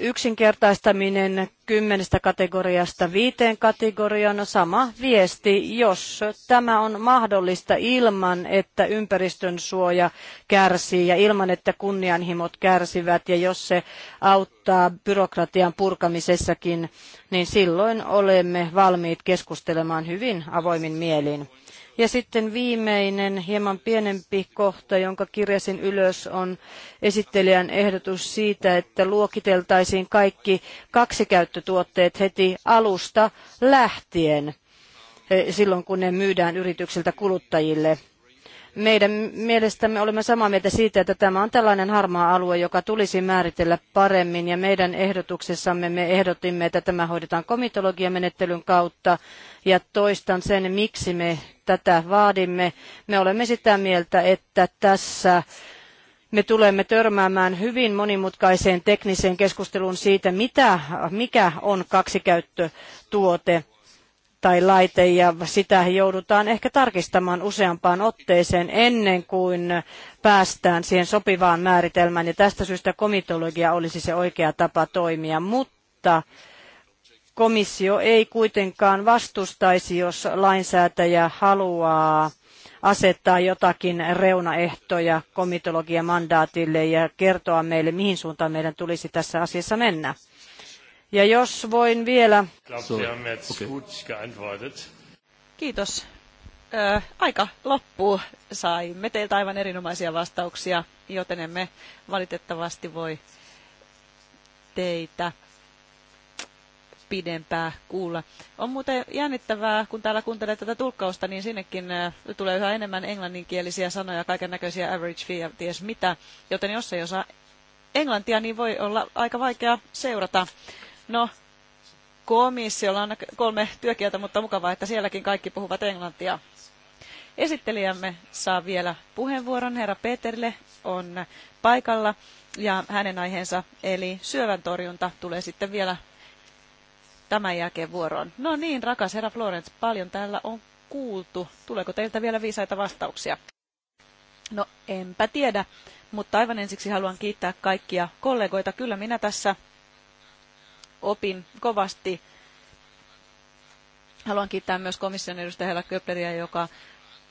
yksinkertaistaminen kymmenestä kategoriasta viiteen kategoriaan on sama viesti, jos tämä on mahdollista ilman, että ympäristön suoja kärsii ja ilman, että kunnianhimot kärsivät ja jos se auttaa byrokratian purkamisessakin, niin silloin olemme valmiit keskustelemaan hyvin avoimin mielin. Ja sitten viimeinen, hieman pienempi kohta, jonka kirjasin ylös, on esittelijän ehdotus siitä, että luokiteltaisiin kaikki kaksikäyttötuotteet heti alusta lähtien eh, silloin, kun ne myydään yrityksiltä kuluttajille. Meidän mielestämme olemme samaa mieltä siitä, että tämä on tällainen harmaa alue, joka tulisi määritellä paremmin ja meidän ehdotuksessamme me ehdotimme, että tämä hoidetaan komitologiamenettelyn kautta ja toistan sen, miksi me tätä vaadimme. Me olemme sitä mieltä, että tässä me tulemme törmäämään hyvin monimutkaiseen tekniseen keskusteluun siitä, mitä, mikä on kaksikäyttötuote tai laite ja sitä joudutaan ehkä tarkistamaan useampaan otteeseen ennen kuin päästään siihen sopivaan määritelmään ja tästä syystä komitologia olisi se oikea tapa toimia, mutta komissio ei kuitenkaan vastustaisi, jos lainsäätäjä haluaa asettaa jotakin reunaehtoja komitologian mandaatille ja kertoa meille, mihin suuntaan meidän tulisi tässä asiassa mennä. Ja jos voin vielä... Kiitos. aika loppuu. Saimme teiltä aivan erinomaisia vastauksia, joten emme valitettavasti voi teitä pidempää kuulla. On muuten jännittävää, kun täällä kuuntelee tätä tulkkausta, niin sinnekin tulee yhä enemmän englanninkielisiä sanoja, kaiken näköisiä average fee ja ties mitä. Joten jos ei osaa englantia, niin voi olla aika vaikea seurata No, komissiolla on kolme työkieltä, mutta mukavaa, että sielläkin kaikki puhuvat englantia. Esittelijämme saa vielä puheenvuoron. Herra Peterle on paikalla ja hänen aiheensa eli syövän torjunta tulee sitten vielä tämän jälkeen vuoroon. No niin, rakas herra Florence, paljon täällä on kuultu. Tuleeko teiltä vielä viisaita vastauksia? No enpä tiedä, mutta aivan ensiksi haluan kiittää kaikkia kollegoita. Kyllä minä tässä opin kovasti. Haluan kiittää myös komission edustaja Hela Köpleriä, joka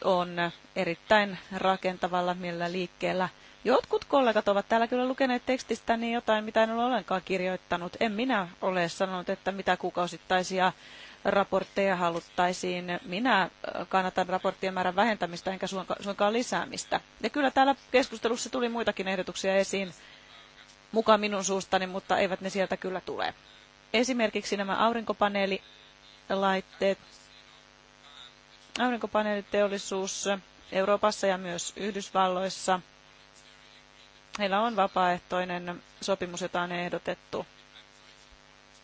on erittäin rakentavalla millä liikkeellä. Jotkut kollegat ovat täällä kyllä lukeneet tekstistä niin jotain, mitä en ole ollenkaan kirjoittanut. En minä ole sanonut, että mitä kuukausittaisia raportteja haluttaisiin. Minä äh, kannatan raporttien määrän vähentämistä enkä suinkaan lisäämistä. Ja kyllä täällä keskustelussa tuli muitakin ehdotuksia esiin muka minun suustani, mutta eivät ne sieltä kyllä tule. Esimerkiksi nämä aurinkopaneelilaitteet, aurinkopaneeliteollisuus Euroopassa ja myös Yhdysvalloissa. Heillä on vapaaehtoinen sopimus, jota on ehdotettu.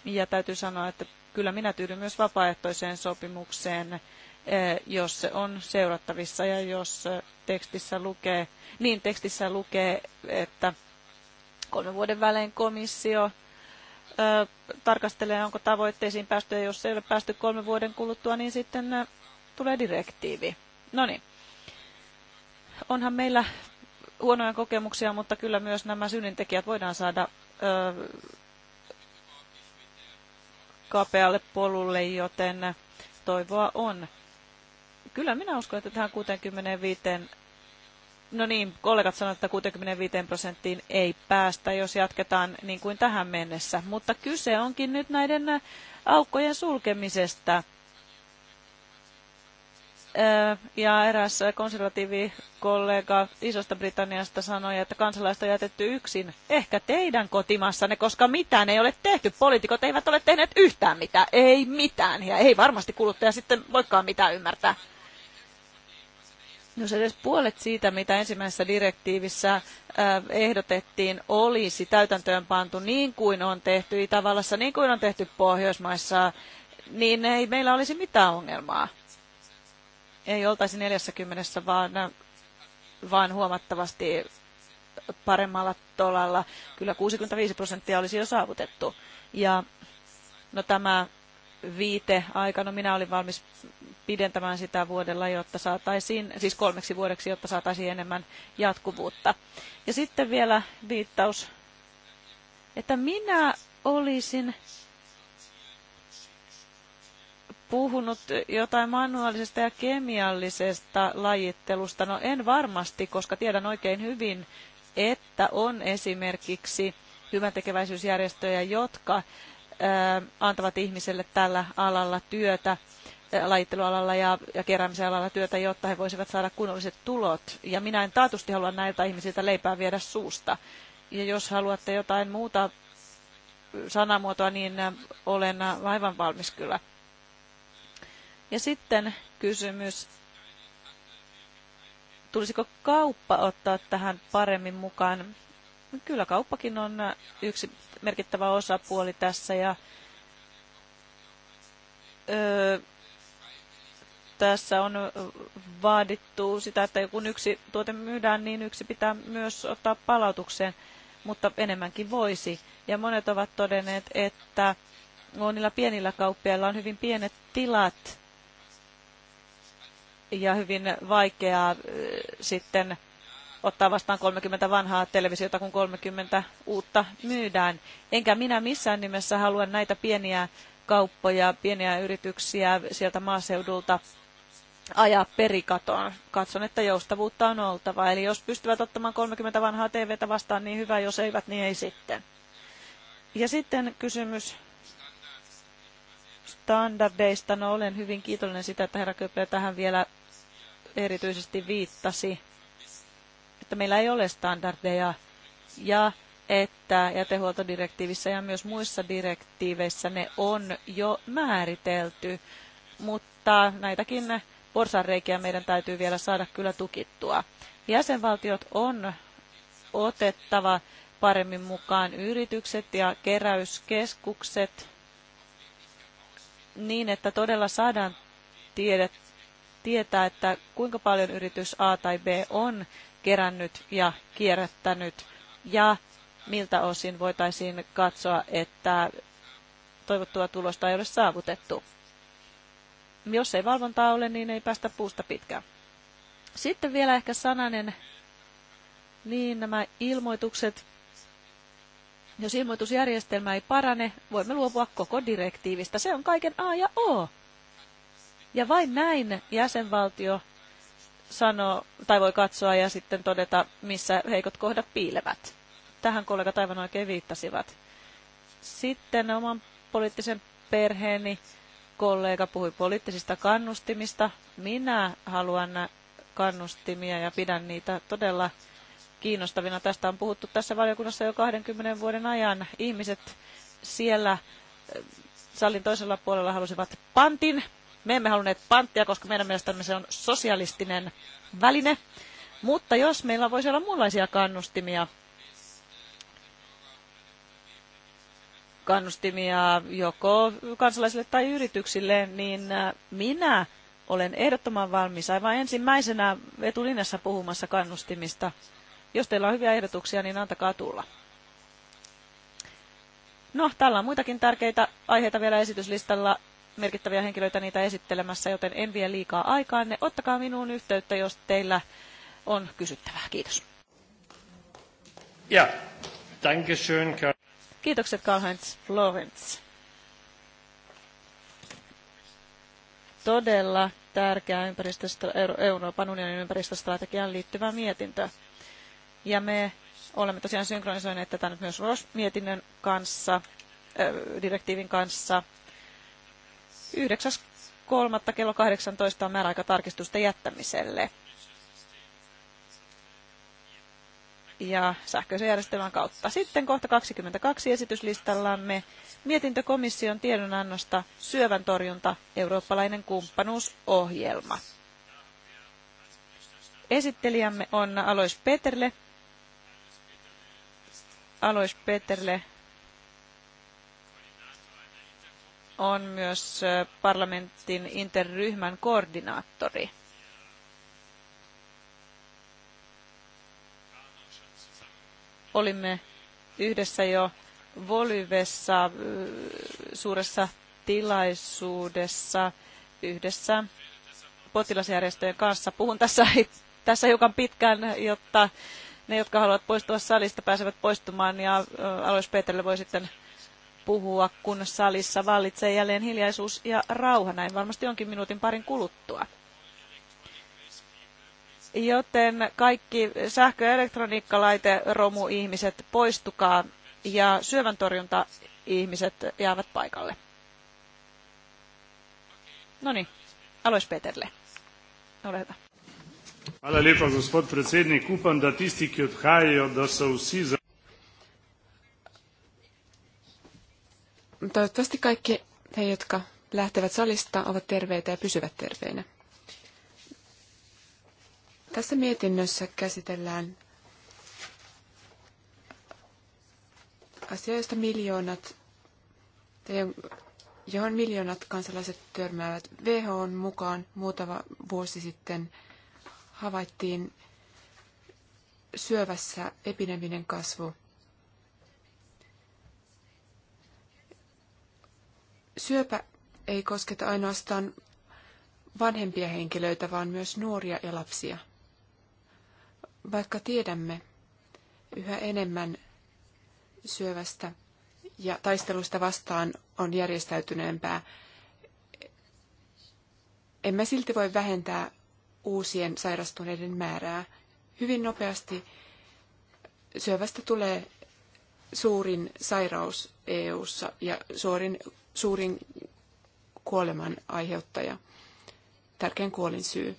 Ja täytyy sanoa, että kyllä minä tyydyn myös vapaaehtoiseen sopimukseen, eh, jos se on seurattavissa ja jos tekstissä lukee, niin tekstissä lukee, että Kolmen vuoden välein komissio tarkastelee, onko tavoitteisiin päästy, ja jos ei ole päästy kolmen vuoden kuluttua, niin sitten tulee direktiivi. No niin. Onhan meillä huonoja kokemuksia, mutta kyllä myös nämä synnintekijät voidaan saada ö, kapealle polulle, joten toivoa on. Kyllä minä uskon, että tähän 65 No niin, kollegat sanoivat, että 65 prosenttiin ei päästä, jos jatketaan niin kuin tähän mennessä. Mutta kyse onkin nyt näiden äh, aukkojen sulkemisesta. Äh, ja eräs konservatiivi kollega Isosta Britanniasta sanoi, että kansalaista on jätetty yksin. Ehkä teidän kotimassanne, koska mitään ei ole tehty. Poliitikot eivät ole tehneet yhtään mitään. Ei mitään. Ja ei varmasti kuluttaja sitten voikaan mitään ymmärtää jos edes puolet siitä, mitä ensimmäisessä direktiivissä äh, ehdotettiin, olisi täytäntöön pantu niin kuin on tehty Itävallassa, niin kuin on tehty Pohjoismaissa, niin ei meillä olisi mitään ongelmaa. Ei oltaisi 40, vaan, vaan huomattavasti paremmalla tolalla. Kyllä 65 prosenttia olisi jo saavutettu. Ja no tämä viite aika, no minä olin valmis pidentämään sitä vuodella, jotta saataisiin, siis kolmeksi vuodeksi, jotta saataisiin enemmän jatkuvuutta. Ja sitten vielä viittaus, että minä olisin puhunut jotain manuaalisesta ja kemiallisesta lajittelusta. No en varmasti, koska tiedän oikein hyvin, että on esimerkiksi hyväntekeväisyysjärjestöjä, jotka antavat ihmiselle tällä alalla työtä lajittelualalla ja, ja keräämisen alalla työtä, jotta he voisivat saada kunnolliset tulot. Ja minä en taatusti halua näiltä ihmisiltä leipää viedä suusta. Ja jos haluatte jotain muuta sanamuotoa, niin äh, olen äh, aivan valmis kyllä. Ja sitten kysymys, tulisiko kauppa ottaa tähän paremmin mukaan? Kyllä kauppakin on äh, yksi merkittävä osapuoli tässä ja öö, tässä on vaadittu sitä, että kun yksi tuote myydään, niin yksi pitää myös ottaa palautukseen, mutta enemmänkin voisi. Ja monet ovat todenneet, että monilla pienillä kauppiailla on hyvin pienet tilat ja hyvin vaikeaa äh, sitten ottaa vastaan 30 vanhaa televisiota, kun 30 uutta myydään. Enkä minä missään nimessä halua näitä pieniä kauppoja, pieniä yrityksiä sieltä maaseudulta ajaa perikatoa. Katson, että joustavuutta on oltava. Eli jos pystyvät ottamaan 30 vanhaa TVtä vastaan, niin hyvä. Jos eivät, niin ei sitten. Ja sitten kysymys standardeista. No olen hyvin kiitollinen sitä, että herra Köpler tähän vielä erityisesti viittasi, että meillä ei ole standardeja ja että jätehuoltodirektiivissä ja myös muissa direktiiveissä ne on jo määritelty, mutta näitäkin porsanreikiä meidän täytyy vielä saada kyllä tukittua. Jäsenvaltiot on otettava paremmin mukaan yritykset ja keräyskeskukset niin, että todella saadaan tiedet, tietää, että kuinka paljon yritys A tai B on kerännyt ja kierrättänyt ja miltä osin voitaisiin katsoa, että toivottua tulosta ei ole saavutettu jos ei valvontaa ole, niin ei päästä puusta pitkään. Sitten vielä ehkä sananen, niin nämä ilmoitukset. Jos ilmoitusjärjestelmä ei parane, voimme luopua koko direktiivistä. Se on kaiken A ja O. Ja vain näin jäsenvaltio sanoo, tai voi katsoa ja sitten todeta, missä heikot kohdat piilevät. Tähän kollegat aivan oikein viittasivat. Sitten oman poliittisen perheeni kollega puhui poliittisista kannustimista. Minä haluan kannustimia ja pidän niitä todella kiinnostavina. Tästä on puhuttu tässä valiokunnassa jo 20 vuoden ajan. Ihmiset siellä eh, salin toisella puolella halusivat pantin. Me emme halunneet panttia, koska meidän mielestämme se on sosialistinen väline. Mutta jos meillä voisi olla muunlaisia kannustimia, kannustimia joko kansalaisille tai yrityksille, niin äh, minä olen ehdottoman valmis aivan ensimmäisenä etulinjassa puhumassa kannustimista. Jos teillä on hyviä ehdotuksia, niin antakaa tulla. No, täällä on muitakin tärkeitä aiheita vielä esityslistalla, merkittäviä henkilöitä niitä esittelemässä, joten en vie liikaa aikaanne. Ottakaa minuun yhteyttä, jos teillä on kysyttävää. Kiitos. Ja, danke schön, Kiitokset Karl-Heinz Florence. Todella tärkeä ympäristöstä, Euroopan unionin ympäristöstrategiaan liittyvä mietintö. Ja me olemme tosiaan synkronisoineet tätä nyt myös ROS-mietinnön kanssa, direktiivin kanssa. 9.3. kello 18 on määräaika tarkistusten jättämiselle. ja sähköisen järjestelmän kautta. Sitten kohta 22 esityslistallamme mietintö komission tiedonannosta syövän torjunta eurooppalainen kumppanuusohjelma. Esittelijämme on Alois Peterle. Alois Peterle on myös parlamentin interryhmän koordinaattori. Olimme yhdessä jo Volyvessa suuressa tilaisuudessa yhdessä potilasjärjestöjen kanssa. Puhun tässä, tässä hiukan pitkään, jotta ne, jotka haluavat poistua salista, pääsevät poistumaan ja Alois Peterille voi sitten puhua, kun salissa vallitsee jälleen hiljaisuus ja rauha. Näin varmasti onkin minuutin parin kuluttua. Joten kaikki sähkö- ja elektroniikkalaite romuihmiset poistukaa ja syöväntorjunta ihmiset jäävät paikalle. No niin, alois Peterle. Ole hyvä. Hvala lepa, gospod predsednik. Upam, da tisti, ki odhajajo, da so vsi za... Toivottavasti kaikki he, jotka lähtevät salista, ovat terveitä ja pysyvät terveinä. Tässä mietinnössä käsitellään asioista miljoonat, johon miljoonat kansalaiset törmäävät. WHOn mukaan muutama vuosi sitten havaittiin syövässä epideminen kasvu. Syöpä ei kosketa ainoastaan vanhempia henkilöitä, vaan myös nuoria ja lapsia. Vaikka tiedämme yhä enemmän syövästä ja taistelusta vastaan on järjestäytyneempää, emme silti voi vähentää uusien sairastuneiden määrää. Hyvin nopeasti syövästä tulee suurin sairaus EU:ssa ja suorin, suurin kuoleman aiheuttaja, tärkein kuolin syy.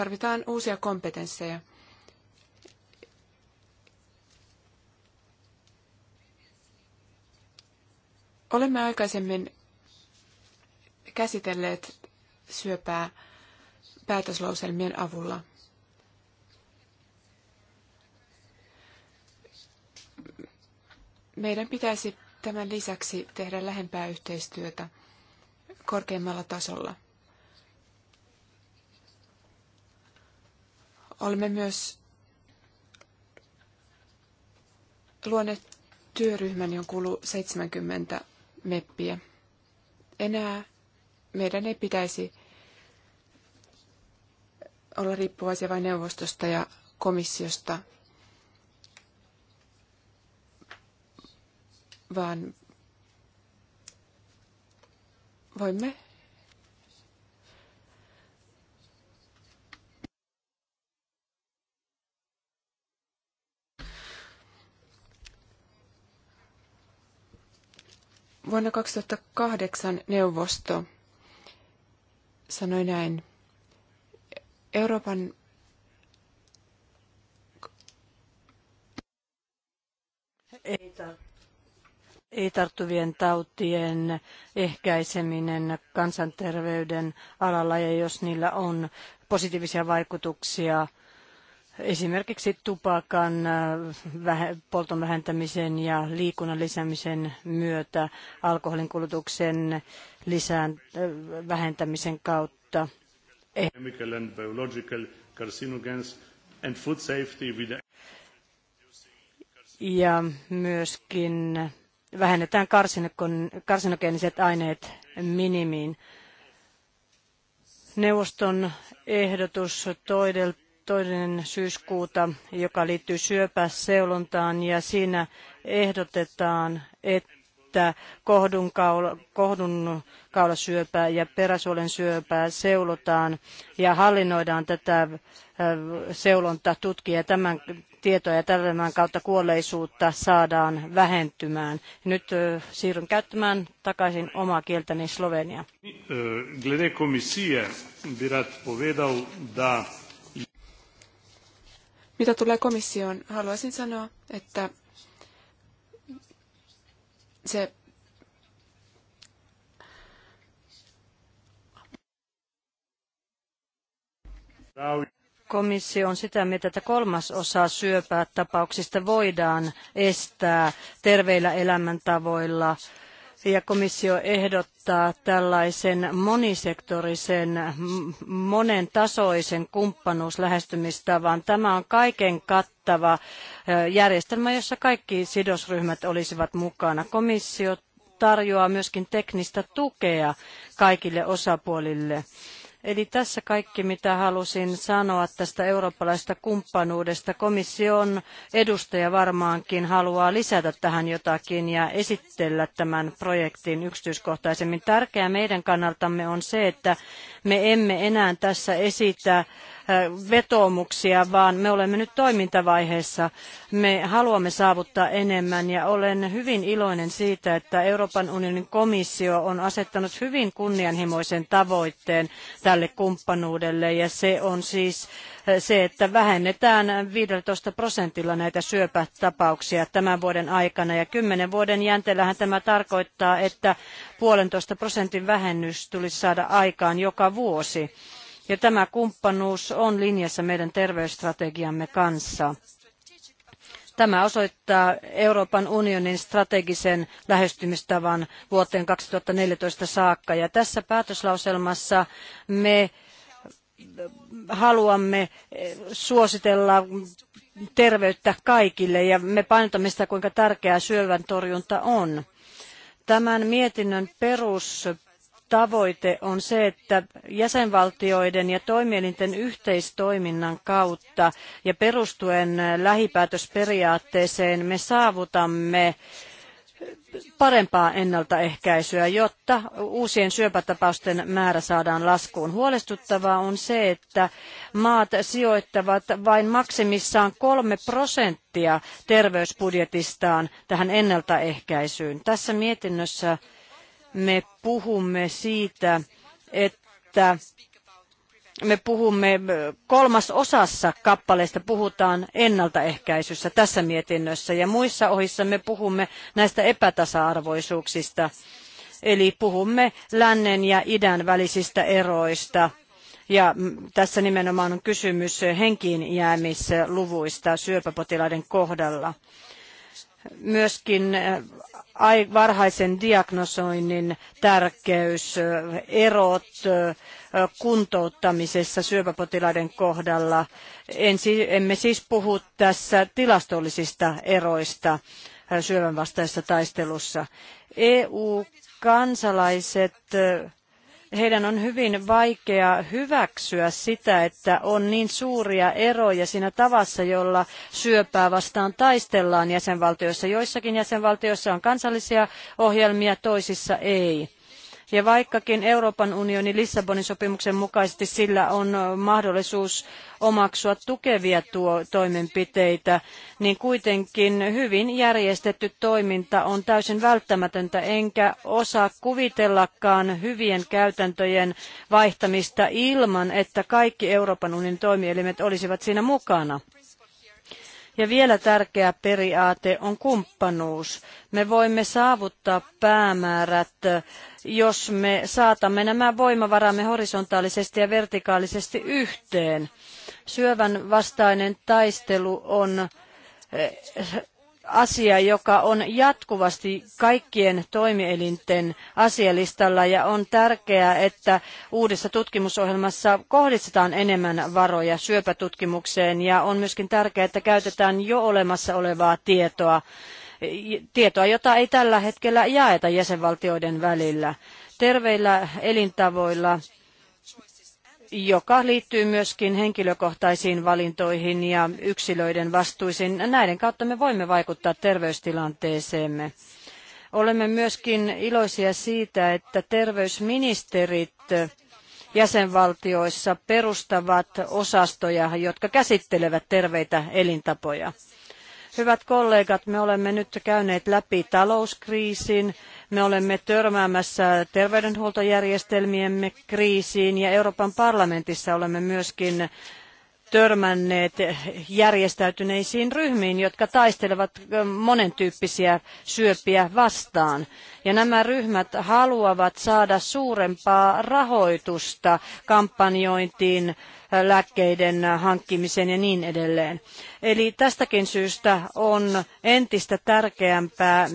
tarvitaan uusia kompetensseja. Olemme aikaisemmin käsitelleet syöpää päätöslauselmien avulla. Meidän pitäisi tämän lisäksi tehdä lähempää yhteistyötä korkeimmalla tasolla – Olemme myös luoneet työryhmän, johon kuuluu 70 meppiä. Enää meidän ei pitäisi olla riippuvaisia vain neuvostosta ja komissiosta, vaan voimme Vuonna 2008 neuvosto sanoi näin. Euroopan ei, tar- ei tarttuvien tautien ehkäiseminen kansanterveyden alalla ja jos niillä on positiivisia vaikutuksia esimerkiksi tupakan äh, polton vähentämisen ja liikunnan lisäämisen myötä, alkoholin kulutuksen lisään, äh, vähentämisen kautta. Eh- ja myöskin vähennetään karsinogeeniset aineet minimiin. Neuvoston ehdotus toidelta toinen syyskuuta, joka liittyy syöpäseulontaan ja siinä ehdotetaan, että kohdunkaula, kohdunkaulasyöpää ja peräsuolen syöpää seulotaan ja hallinnoidaan tätä seulonta tutkia tämän tietoa ja tämän kautta kuolleisuutta saadaan vähentymään. Nyt siirryn käyttämään takaisin omaa kieltäni Slovenia. Glede komisije virat povedal, da mitä tulee komissioon, haluaisin sanoa, että se Komissio on sitä mieltä, että kolmas osa syöpätapauksista voidaan estää terveillä elämäntavoilla ja komissio ehdottaa tällaisen monisektorisen, monen tasoisen kumppanuuslähestymistavan. Tämä on kaiken kattava järjestelmä, jossa kaikki sidosryhmät olisivat mukana. Komissio tarjoaa myöskin teknistä tukea kaikille osapuolille Eli tässä kaikki, mitä halusin sanoa tästä eurooppalaista kumppanuudesta. Komission edustaja varmaankin haluaa lisätä tähän jotakin ja esitellä tämän projektin yksityiskohtaisemmin. Tärkeää meidän kannaltamme on se, että me emme enää tässä esitä vetoomuksia, vaan me olemme nyt toimintavaiheessa. Me haluamme saavuttaa enemmän ja olen hyvin iloinen siitä, että Euroopan unionin komissio on asettanut hyvin kunnianhimoisen tavoitteen tälle kumppanuudelle ja se on siis se, että vähennetään 15 prosentilla näitä syöpätapauksia tämän vuoden aikana. Ja kymmenen vuoden jänteellähän tämä tarkoittaa, että puolentoista prosentin vähennys tulisi saada aikaan joka vuosi. Ja tämä kumppanuus on linjassa meidän terveysstrategiamme kanssa. Tämä osoittaa Euroopan unionin strategisen lähestymistavan vuoteen 2014 saakka. Ja tässä päätöslauselmassa me haluamme suositella terveyttä kaikille ja me painotamme sitä, kuinka tärkeää syövän torjunta on. Tämän mietinnön perus tavoite on se, että jäsenvaltioiden ja toimielinten yhteistoiminnan kautta ja perustuen lähipäätösperiaatteeseen me saavutamme parempaa ennaltaehkäisyä, jotta uusien syöpätapausten määrä saadaan laskuun. Huolestuttavaa on se, että maat sijoittavat vain maksimissaan kolme prosenttia terveysbudjetistaan tähän ennaltaehkäisyyn. Tässä mietinnössä me puhumme siitä, että me puhumme kolmas osassa kappaleista puhutaan ennaltaehkäisyssä tässä mietinnössä ja muissa ohissa me puhumme näistä epätasa-arvoisuuksista. Eli puhumme lännen ja idän välisistä eroista. Ja tässä nimenomaan on kysymys henkiin jäämisluvuista syöpäpotilaiden kohdalla. Myöskin varhaisen diagnosoinnin tärkeys, erot kuntouttamisessa syöpäpotilaiden kohdalla. emme siis puhu tässä tilastollisista eroista syövän vastaisessa taistelussa. EU-kansalaiset heidän on hyvin vaikea hyväksyä sitä, että on niin suuria eroja siinä tavassa, jolla syöpää vastaan taistellaan jäsenvaltioissa. Joissakin jäsenvaltioissa on kansallisia ohjelmia, toisissa ei. Ja vaikkakin Euroopan unionin Lissabonin sopimuksen mukaisesti sillä on mahdollisuus omaksua tukevia tuo toimenpiteitä, niin kuitenkin hyvin järjestetty toiminta on täysin välttämätöntä, enkä osaa kuvitellakaan hyvien käytäntöjen vaihtamista ilman, että kaikki Euroopan unionin toimielimet olisivat siinä mukana. Ja vielä tärkeä periaate on kumppanuus. Me voimme saavuttaa päämäärät, jos me saatamme nämä voimavaramme horisontaalisesti ja vertikaalisesti yhteen. Syövän vastainen taistelu on eh, asia, joka on jatkuvasti kaikkien toimielinten asialistalla ja on tärkeää, että uudessa tutkimusohjelmassa kohdistetaan enemmän varoja syöpätutkimukseen ja on myöskin tärkeää, että käytetään jo olemassa olevaa tietoa, tietoa jota ei tällä hetkellä jaeta jäsenvaltioiden välillä. Terveillä elintavoilla joka liittyy myöskin henkilökohtaisiin valintoihin ja yksilöiden vastuisiin. Näiden kautta me voimme vaikuttaa terveystilanteeseemme. Olemme myöskin iloisia siitä, että terveysministerit jäsenvaltioissa perustavat osastoja, jotka käsittelevät terveitä elintapoja. Hyvät kollegat, me olemme nyt käyneet läpi talouskriisin me olemme törmäämässä terveydenhuoltojärjestelmiemme kriisiin ja Euroopan parlamentissa olemme myöskin törmänneet järjestäytyneisiin ryhmiin, jotka taistelevat monentyyppisiä syöpiä vastaan. Ja nämä ryhmät haluavat saada suurempaa rahoitusta kampanjointiin lääkkeiden hankkimiseen ja niin edelleen. Eli tästäkin syystä on entistä tärkeämpää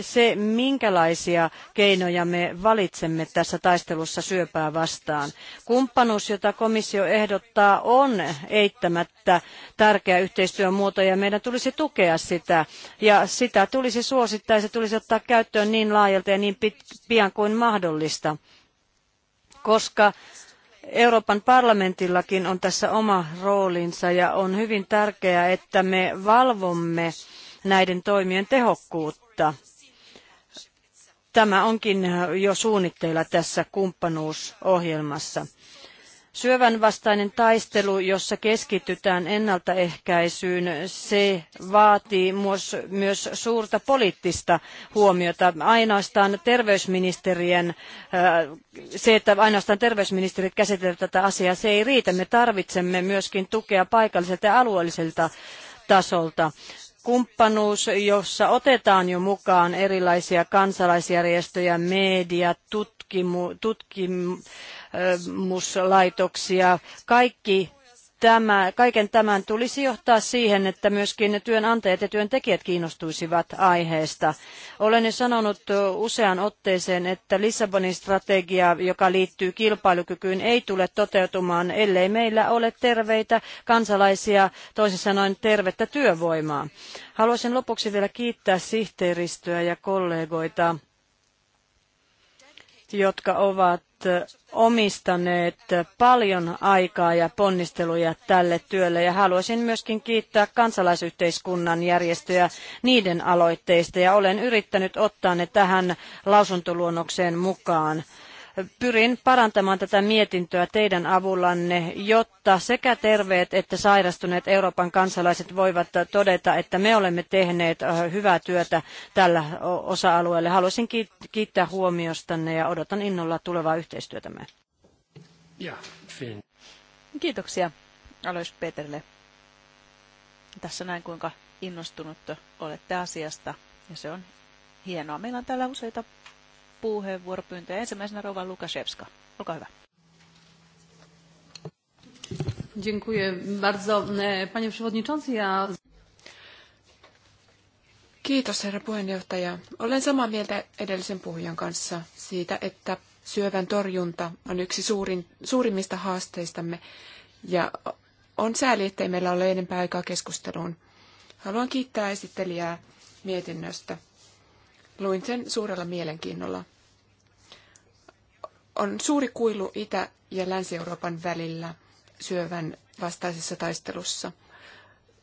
se, minkälaisia keinoja me valitsemme tässä taistelussa syöpää vastaan. Kumppanuus, jota komissio ehdottaa, on eittämättä tärkeä yhteistyömuoto ja meidän tulisi tukea sitä. Ja sitä tulisi suosittaa ja se tulisi ottaa käyttöön niin laajalta ja niin pian kuin mahdollista koska Euroopan parlamentillakin on tässä oma roolinsa ja on hyvin tärkeää, että me valvomme näiden toimien tehokkuutta. Tämä onkin jo suunnitteilla tässä kumppanuusohjelmassa. Syövän vastainen taistelu, jossa keskitytään ennaltaehkäisyyn, se vaatii myös suurta poliittista huomiota. Ainoastaan terveysministerien, äh, se, että ainoastaan terveysministerit käsittelevät tätä asiaa, se ei riitä. Me tarvitsemme myöskin tukea paikalliselta ja alueelliselta tasolta kumppanuus, jossa otetaan jo mukaan erilaisia kansalaisjärjestöjä, media, tutkimu, tutkimuslaitoksia. Kaikki tämä, kaiken tämän tulisi johtaa siihen, että myöskin työnantajat ja työntekijät kiinnostuisivat aiheesta. Olen jo sanonut useaan otteeseen, että Lissabonin strategia, joka liittyy kilpailukykyyn, ei tule toteutumaan, ellei meillä ole terveitä kansalaisia, toisin sanoen tervettä työvoimaa. Haluaisin lopuksi vielä kiittää sihteeristöä ja kollegoita jotka ovat omistaneet paljon aikaa ja ponnisteluja tälle työlle ja haluaisin myöskin kiittää kansalaisyhteiskunnan järjestöjä niiden aloitteista ja olen yrittänyt ottaa ne tähän lausuntoluonnokseen mukaan. Pyrin parantamaan tätä mietintöä teidän avullanne, jotta sekä terveet että sairastuneet Euroopan kansalaiset voivat todeta, että me olemme tehneet äh, hyvää työtä tällä osa-alueella. Haluaisin kiittää huomiostanne ja odotan innolla tulevaa yhteistyötämme. Kiitoksia Alois Peterille. Tässä näin kuinka innostunut olette asiasta ja se on hienoa. Meillä on täällä useita puheenvuoropyyntöjä. Ensimmäisenä Rova Lukashevska. Olkaa hyvä. Dziękuję bardzo, e, panie przewodniczący. Ja... Kiitos, herra puheenjohtaja. Olen samaa mieltä edellisen puhujan kanssa siitä, että syövän torjunta on yksi suurin, suurimmista haasteistamme ja on sääli, ettei meillä ole enempää aikaa keskusteluun. Haluan kiittää esittelijää mietinnöstä. Luin sen suurella mielenkiinnolla. On suuri kuilu Itä- ja Länsi-Euroopan välillä syövän vastaisessa taistelussa.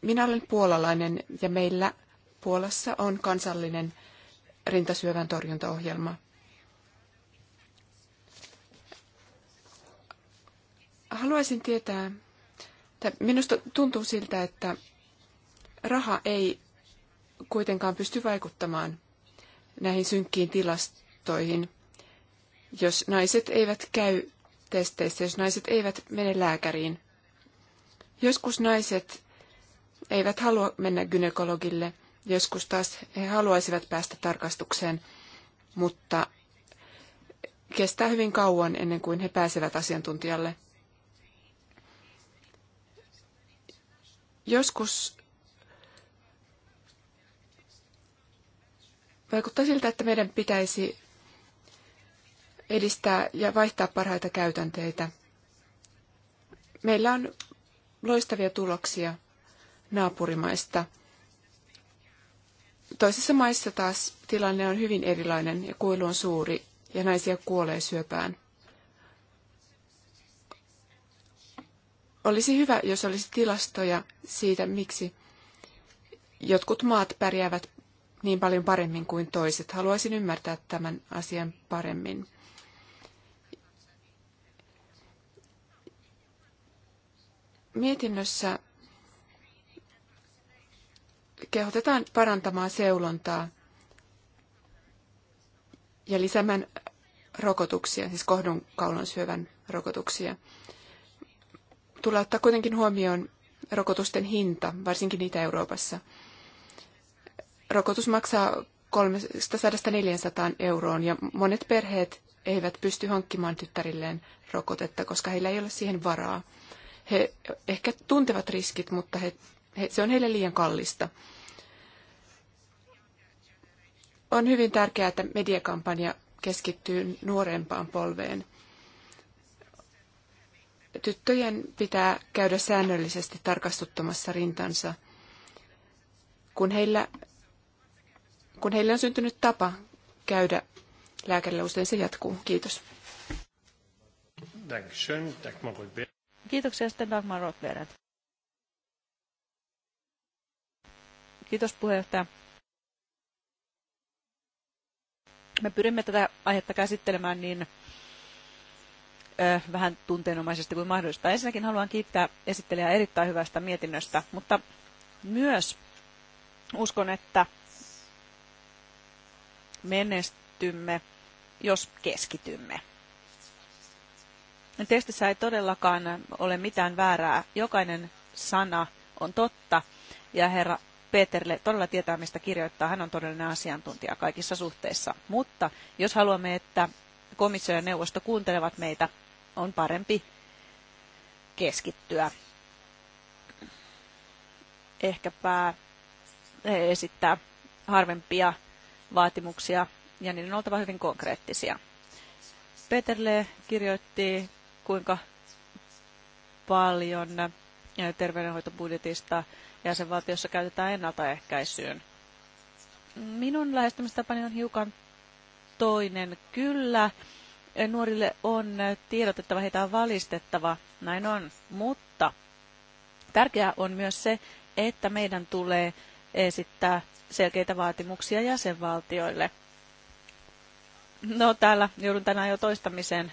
Minä olen puolalainen ja meillä Puolassa on kansallinen rintasyövän torjuntaohjelma. Haluaisin tietää, että minusta tuntuu siltä, että raha ei kuitenkaan pysty vaikuttamaan näihin synkkiin tilastoihin, jos naiset eivät käy testeissä, jos naiset eivät mene lääkäriin. Joskus naiset eivät halua mennä gynekologille, joskus taas he haluaisivat päästä tarkastukseen, mutta kestää hyvin kauan ennen kuin he pääsevät asiantuntijalle. Joskus Vaikuttaa siltä, että meidän pitäisi edistää ja vaihtaa parhaita käytänteitä. Meillä on loistavia tuloksia naapurimaista. Toisissa maissa taas tilanne on hyvin erilainen ja kuilu on suuri ja naisia kuolee syöpään. Olisi hyvä, jos olisi tilastoja siitä, miksi jotkut maat pärjäävät niin paljon paremmin kuin toiset. Haluaisin ymmärtää tämän asian paremmin. Mietinnössä kehotetaan parantamaan seulontaa ja lisäämään rokotuksia, siis kaulon syövän rokotuksia. Tulee ottaa kuitenkin huomioon rokotusten hinta, varsinkin niitä – rokotus maksaa 300-400 euroon ja monet perheet eivät pysty hankkimaan tyttärilleen rokotetta, koska heillä ei ole siihen varaa. He ehkä tuntevat riskit, mutta he, he, se on heille liian kallista. On hyvin tärkeää, että mediakampanja keskittyy nuorempaan polveen. Tyttöjen pitää käydä säännöllisesti tarkastuttamassa rintansa. Kun heillä kun heille on syntynyt tapa käydä lääkärillä, usein se jatkuu. Kiitos. Kiitoksia sitten Dagmar Rothberg. Kiitos puheenjohtaja. Me pyrimme tätä aihetta käsittelemään niin ö, vähän tunteenomaisesti kuin mahdollista. Ensinnäkin haluan kiittää esittelijää erittäin hyvästä mietinnöstä, mutta myös uskon, että menestymme, jos keskitymme. Testissä ei todellakaan ole mitään väärää. Jokainen sana on totta. Ja herra Peterle todella tietää, mistä kirjoittaa. Hän on todellinen asiantuntija kaikissa suhteissa. Mutta jos haluamme, että komissio ja neuvosto kuuntelevat meitä, on parempi keskittyä. Ehkäpä esittää harvempia vaatimuksia ja niiden on oltava hyvin konkreettisia. Peterle kirjoitti, kuinka paljon terveydenhoitobudjetista jäsenvaltiossa käytetään ennaltaehkäisyyn. Minun lähestymistapani on hiukan toinen. Kyllä, nuorille on tiedotettava, heitä on valistettava, näin on, mutta tärkeää on myös se, että meidän tulee esittää selkeitä vaatimuksia jäsenvaltioille. No täällä joudun tänään jo toistamiseen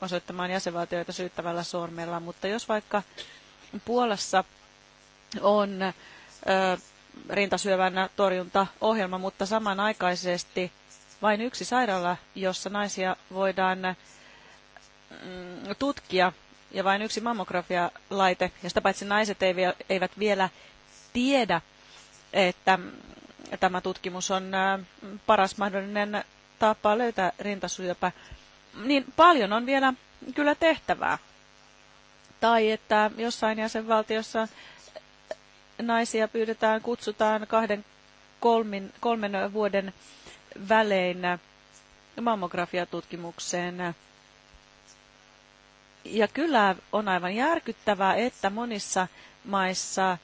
osoittamaan jäsenvaltioita syyttävällä sormella, mutta jos vaikka Puolassa on ö, rintasyövän torjuntaohjelma, mutta samanaikaisesti vain yksi sairaala, jossa naisia voidaan mm, tutkia ja vain yksi mammografialaite, ja sitä paitsi naiset eivät vielä tiedä, että tämä tutkimus on paras mahdollinen tapa löytää rintasyöpä, niin paljon on vielä kyllä tehtävää. Tai että jossain jäsenvaltiossa naisia pyydetään, kutsutaan kahden, kolmin, kolmen vuoden välein mammografiatutkimukseen. Ja kyllä on aivan järkyttävää, että monissa maissa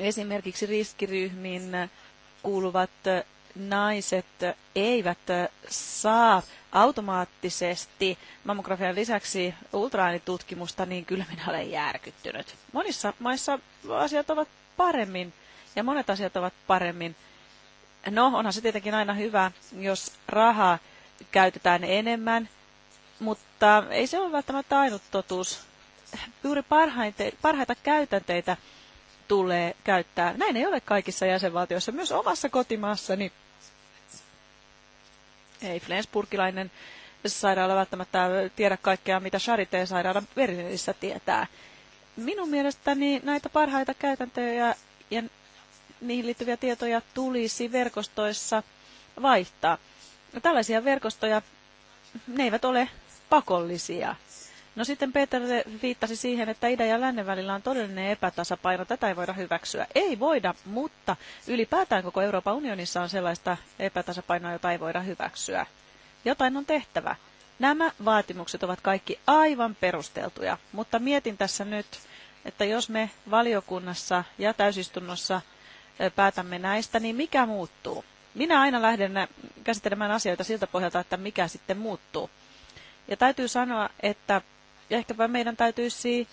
Esimerkiksi riskiryhmiin kuuluvat naiset eivät saa automaattisesti mammografian lisäksi ultraäänitutkimusta, niin kyllä minä olen järkyttynyt. Monissa maissa asiat ovat paremmin ja monet asiat ovat paremmin. No, onhan se tietenkin aina hyvä, jos rahaa käytetään enemmän, mutta ei se ole välttämättä ainut totuus. Juuri parhaita, parhaita käytänteitä tulee käyttää. Näin ei ole kaikissa jäsenvaltioissa, myös omassa kotimaassani. Ei Flensburgilainen sairaala välttämättä tiedä kaikkea, mitä Chariteen sairaala Berliinissä tietää. Minun mielestäni näitä parhaita käytäntöjä ja niihin liittyviä tietoja tulisi verkostoissa vaihtaa. Tällaisia verkostoja, ne eivät ole pakollisia. No sitten Peter viittasi siihen, että idän ja lännen välillä on todellinen epätasapaino. Tätä ei voida hyväksyä. Ei voida, mutta ylipäätään koko Euroopan unionissa on sellaista epätasapainoa, jota ei voida hyväksyä. Jotain on tehtävä. Nämä vaatimukset ovat kaikki aivan perusteltuja, mutta mietin tässä nyt, että jos me valiokunnassa ja täysistunnossa päätämme näistä, niin mikä muuttuu? Minä aina lähden käsittelemään asioita siltä pohjalta, että mikä sitten muuttuu. Ja täytyy sanoa, että ja ehkäpä meidän täytyisi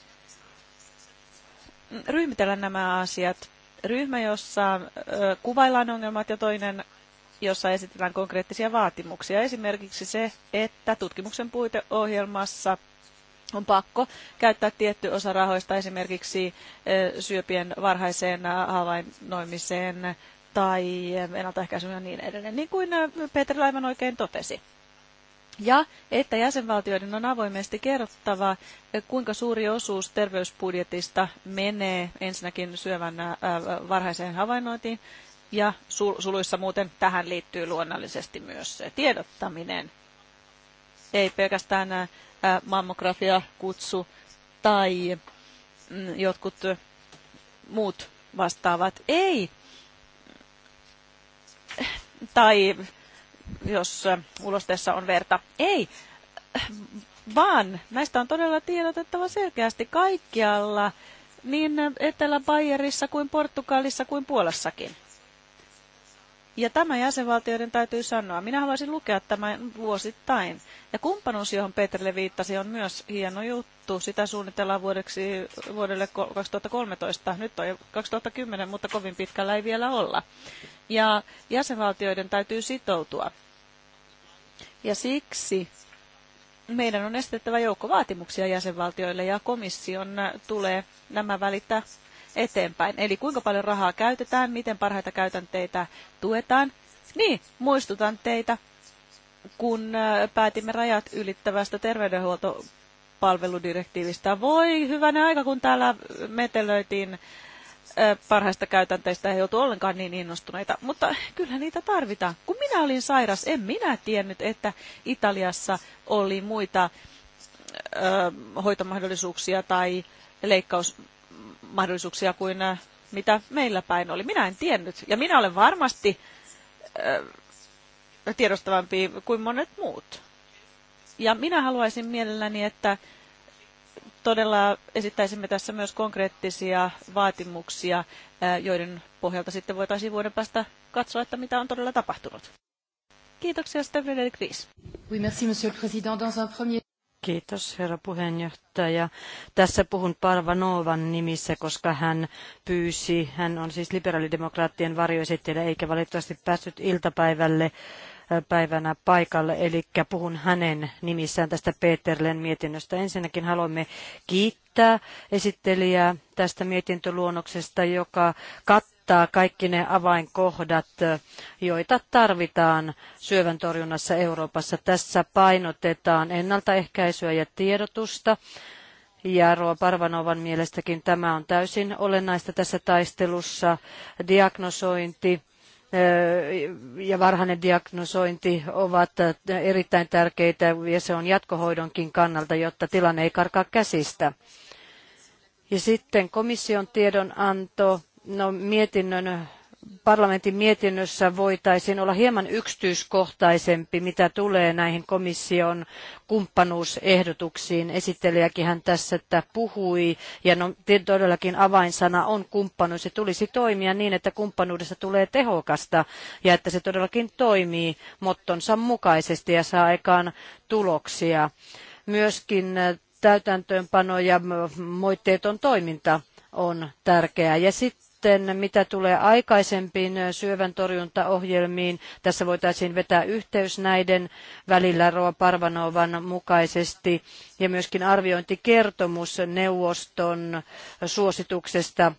ryhmitellä nämä asiat. Ryhmä, jossa kuvaillaan ongelmat ja toinen, jossa esitellään konkreettisia vaatimuksia. Esimerkiksi se, että tutkimuksen puiteohjelmassa on pakko käyttää tietty osa rahoista esimerkiksi syöpien varhaiseen havainnoimiseen tai ennaltaehkäisyyn ja niin edelleen, niin kuin Peter Laivan oikein totesi ja että jäsenvaltioiden on avoimesti kerrottava, eh, kuinka suuri osuus terveysbudjetista menee ensinnäkin syövän eh, varhaiseen havainnointiin ja suluissa muuten tähän liittyy luonnollisesti myös se tiedottaminen. Ei pelkästään eh, mammografia, kutsu tai mm, jotkut muut vastaavat. Ei. Tai jos ulosteessa on verta. Ei, vaan näistä on todella tiedotettava selkeästi kaikkialla, niin Etelä-Bayerissa kuin Portugalissa kuin Puolassakin. Ja tämä jäsenvaltioiden täytyy sanoa. Minä haluaisin lukea tämän vuosittain. Ja kumppanuus, johon Petrille viittasi, on myös hieno juttu. Sitä suunnitellaan vuodeksi, vuodelle 2013. Nyt on 2010, mutta kovin pitkällä ei vielä olla. Ja jäsenvaltioiden täytyy sitoutua. Ja siksi meidän on estettävä joukko vaatimuksia jäsenvaltioille ja komission tulee nämä välittää eteenpäin. Eli kuinka paljon rahaa käytetään, miten parhaita käytänteitä tuetaan. Niin, muistutan teitä, kun äh, päätimme rajat ylittävästä terveydenhuoltopalveludirektiivistä. Voi hyvänä aika, kun täällä metelöitiin äh, parhaista käytänteistä ei joutu ollenkaan niin innostuneita, mutta kyllä niitä tarvitaan. Kun minä olin sairas, en minä tiennyt, että Italiassa oli muita äh, hoitomahdollisuuksia tai leikkaus mahdollisuuksia kuin äh, mitä meillä päin oli. Minä en tiennyt. Ja minä olen varmasti äh, tiedostavampi kuin monet muut. Ja minä haluaisin mielelläni, että todella esittäisimme tässä myös konkreettisia vaatimuksia, äh, joiden pohjalta sitten voitaisiin vuoden päästä katsoa, että mitä on todella tapahtunut. Kiitoksia, Stefan Kriis. Oui, merci, monsieur le président. Dans un premier... Kiitos, herra puheenjohtaja. Tässä puhun Parva Noovan nimissä, koska hän pyysi, hän on siis liberaalidemokraattien varjoesittelijä, eikä valitettavasti päässyt iltapäivälle päivänä paikalle, eli puhun hänen nimissään tästä Peterlen mietinnöstä. Ensinnäkin haluamme kiittää esittelijää tästä mietintöluonnoksesta, joka kattaa kattaa kaikki ne avainkohdat, joita tarvitaan syövän torjunnassa Euroopassa. Tässä painotetaan ennaltaehkäisyä ja tiedotusta. Ja Roa Parvanovan mielestäkin tämä on täysin olennaista tässä taistelussa. Diagnosointi, eh, ja varhainen diagnosointi ovat erittäin tärkeitä ja se on jatkohoidonkin kannalta, jotta tilanne ei karkaa käsistä. Ja sitten komission tiedonanto no, mietinnön parlamentin mietinnössä voitaisiin olla hieman yksityiskohtaisempi, mitä tulee näihin komission kumppanuusehdotuksiin. Esittelijäkin hän tässä että puhui, ja no, todellakin avainsana on kumppanuus, ja tulisi toimia niin, että kumppanuudesta tulee tehokasta, ja että se todellakin toimii mottonsa mukaisesti ja saa aikaan tuloksia. Myöskin äh, täytäntöönpano ja moitteeton toiminta on tärkeää. Ja sitten sitten mitä tulee aikaisempiin syövän torjuntaohjelmiin, tässä voitaisiin vetää yhteys näiden välillä Roa Parvanovan mukaisesti ja myöskin arviointikertomus neuvoston suosituksesta –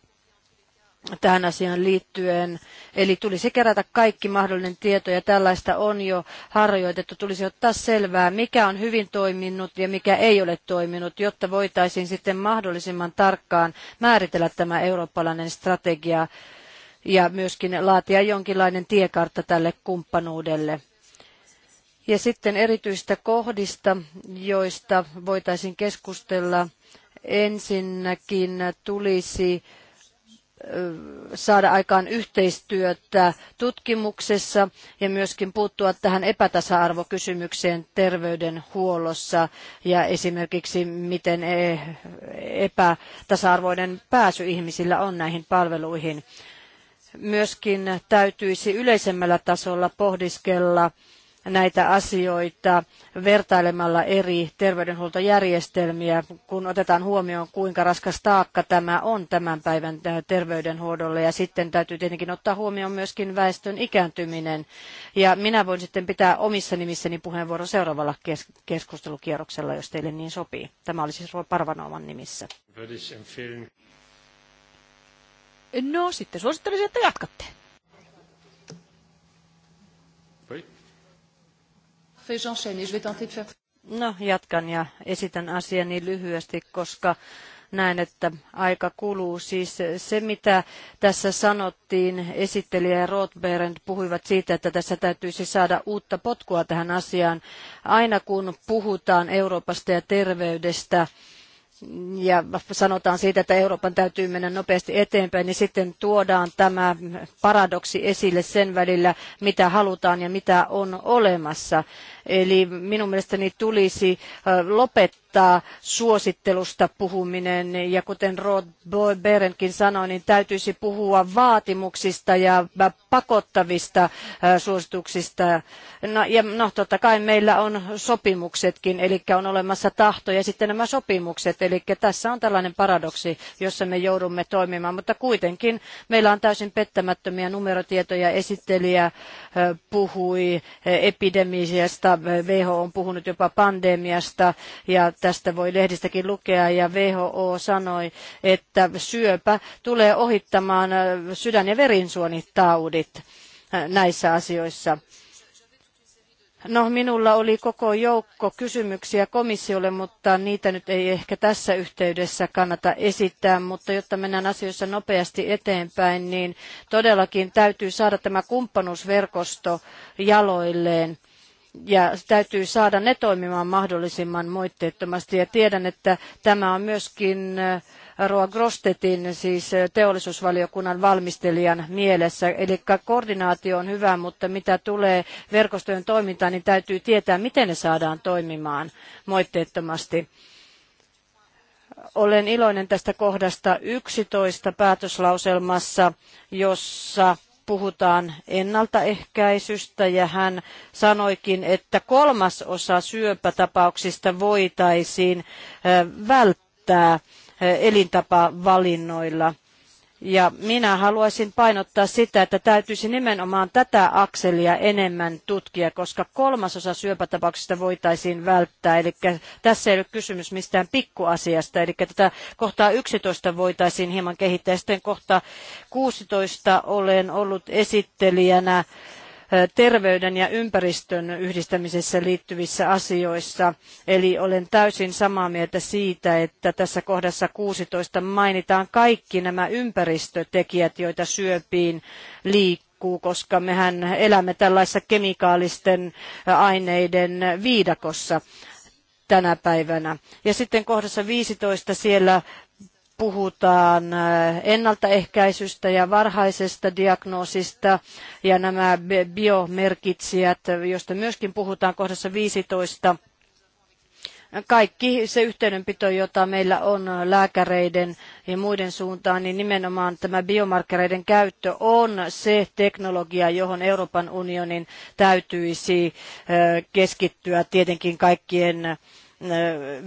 tähän asiaan liittyen. Eli tulisi kerätä kaikki mahdollinen tieto ja tällaista on jo harjoitettu. Tulisi ottaa selvää, mikä on hyvin toiminut ja mikä ei ole toiminut, jotta voitaisiin sitten mahdollisimman tarkkaan määritellä tämä eurooppalainen strategia ja myöskin laatia jonkinlainen tiekartta tälle kumppanuudelle. Ja sitten erityistä kohdista, joista voitaisiin keskustella. Ensinnäkin tulisi saada aikaan yhteistyötä tutkimuksessa ja myöskin puuttua tähän epätasa-arvokysymykseen terveydenhuollossa ja esimerkiksi miten e, epätasa-arvoinen pääsy ihmisillä on näihin palveluihin. Myöskin täytyisi yleisemmällä tasolla pohdiskella näitä asioita vertailemalla eri terveydenhuoltojärjestelmiä, kun otetaan huomioon, kuinka raskas taakka tämä on tämän päivän terveydenhuollolle. Ja sitten täytyy tietenkin ottaa huomioon myöskin väestön ikääntyminen. Ja minä voin sitten pitää omissa nimissäni puheenvuoron seuraavalla kes- keskustelukierroksella, jos teille niin sopii. Tämä oli siis Parvanovan nimissä. No sitten suosittelisin, että jatkatte. No, jatkan ja esitän asiani lyhyesti, koska näen, että aika kuluu. Siis se, mitä tässä sanottiin, esittelijä ja Rothberg puhuivat siitä, että tässä täytyisi saada uutta potkua tähän asiaan. Aina kun puhutaan Euroopasta ja terveydestä, ja sanotaan siitä, että Euroopan täytyy mennä nopeasti eteenpäin, niin sitten tuodaan tämä paradoksi esille sen välillä, mitä halutaan ja mitä on olemassa. Eli minun mielestäni tulisi lopettaa suosittelusta puhuminen ja kuten Rod Berenkin sanoi, niin täytyisi puhua vaatimuksista ja pakottavista suosituksista. No, ja no totta kai meillä on sopimuksetkin, eli on olemassa tahto ja sitten nämä sopimukset, eli tässä on tällainen paradoksi, jossa me joudumme toimimaan, mutta kuitenkin meillä on täysin pettämättömiä numerotietoja. Esittelijä puhui epidemiasta WHO on puhunut jopa pandemiasta ja tästä voi lehdistäkin lukea ja WHO sanoi, että syöpä tulee ohittamaan äh, sydän- ja verisuonitaudit äh, näissä asioissa. No, minulla oli koko joukko kysymyksiä komissiolle, mutta niitä nyt ei ehkä tässä yhteydessä kannata esittää, mutta jotta mennään asioissa nopeasti eteenpäin, niin todellakin täytyy saada tämä kumppanuusverkosto jaloilleen ja täytyy saada ne toimimaan mahdollisimman moitteettomasti. Ja tiedän, että tämä on myöskin äh, Roa Grostetin, siis äh, teollisuusvaliokunnan valmistelijan mielessä. Eli koordinaatio on hyvä, mutta mitä tulee verkostojen toimintaan, niin täytyy tietää, miten ne saadaan toimimaan moitteettomasti. Olen iloinen tästä kohdasta 11 päätöslauselmassa, jossa puhutaan ennaltaehkäisystä ja hän sanoikin, että kolmas osa syöpätapauksista voitaisiin välttää elintapavalinnoilla. Ja minä haluaisin painottaa sitä, että täytyisi nimenomaan tätä akselia enemmän tutkia, koska kolmasosa syöpätapauksista voitaisiin välttää. Eli tässä ei ole kysymys mistään pikkuasiasta. Eli tätä kohtaa 11 voitaisiin hieman kehittää. Sitten kohta 16 olen ollut esittelijänä terveyden ja ympäristön yhdistämisessä liittyvissä asioissa. Eli olen täysin samaa mieltä siitä, että tässä kohdassa 16 mainitaan kaikki nämä ympäristötekijät, joita syöpiin liikkuu koska mehän elämme tällaisessa kemikaalisten aineiden viidakossa tänä päivänä. Ja sitten kohdassa 15 siellä puhutaan äh, ennaltaehkäisystä ja varhaisesta diagnoosista ja nämä biomerkitsijät, joista myöskin puhutaan kohdassa 15. Kaikki se yhteydenpito, jota meillä on lääkäreiden ja muiden suuntaan, niin nimenomaan tämä biomarkkereiden käyttö on se teknologia, johon Euroopan unionin täytyisi äh, keskittyä tietenkin kaikkien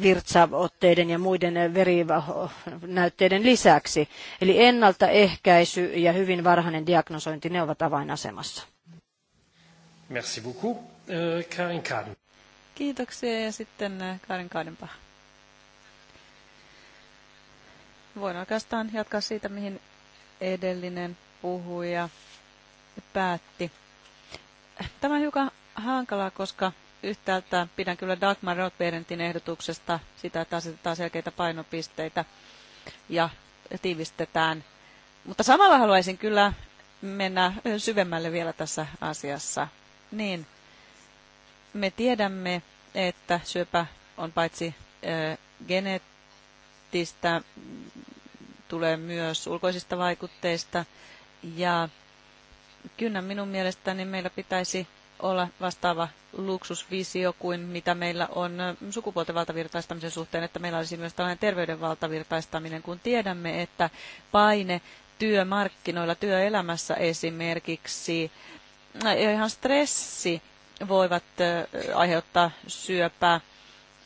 virtsaotteiden ja muiden verinäytteiden lisäksi. Eli ennaltaehkäisy ja hyvin varhainen diagnosointi, ne ovat avainasemassa. Merci beaucoup. Karin Kaden. Kiitoksia ja sitten Karin Kadenpa. Voin oikeastaan jatkaa siitä, mihin edellinen puhuja päätti. Tämä on hiukan hankalaa, koska yhtäältä pidän kyllä Dagmar Rothbergentin ehdotuksesta sitä, että asetetaan selkeitä painopisteitä ja tiivistetään. Mutta samalla haluaisin kyllä mennä syvemmälle vielä tässä asiassa. Niin, me tiedämme, että syöpä on paitsi geneettistä, tulee myös ulkoisista vaikutteista. Ja kyllä minun mielestäni meillä pitäisi olla vastaava luksusvisio kuin mitä meillä on sukupuolten valtavirtaistamisen suhteen, että meillä olisi myös tällainen terveyden valtavirtaistaminen, kun tiedämme, että paine työmarkkinoilla, työelämässä esimerkiksi, ja no, ihan stressi voivat aiheuttaa syöpää,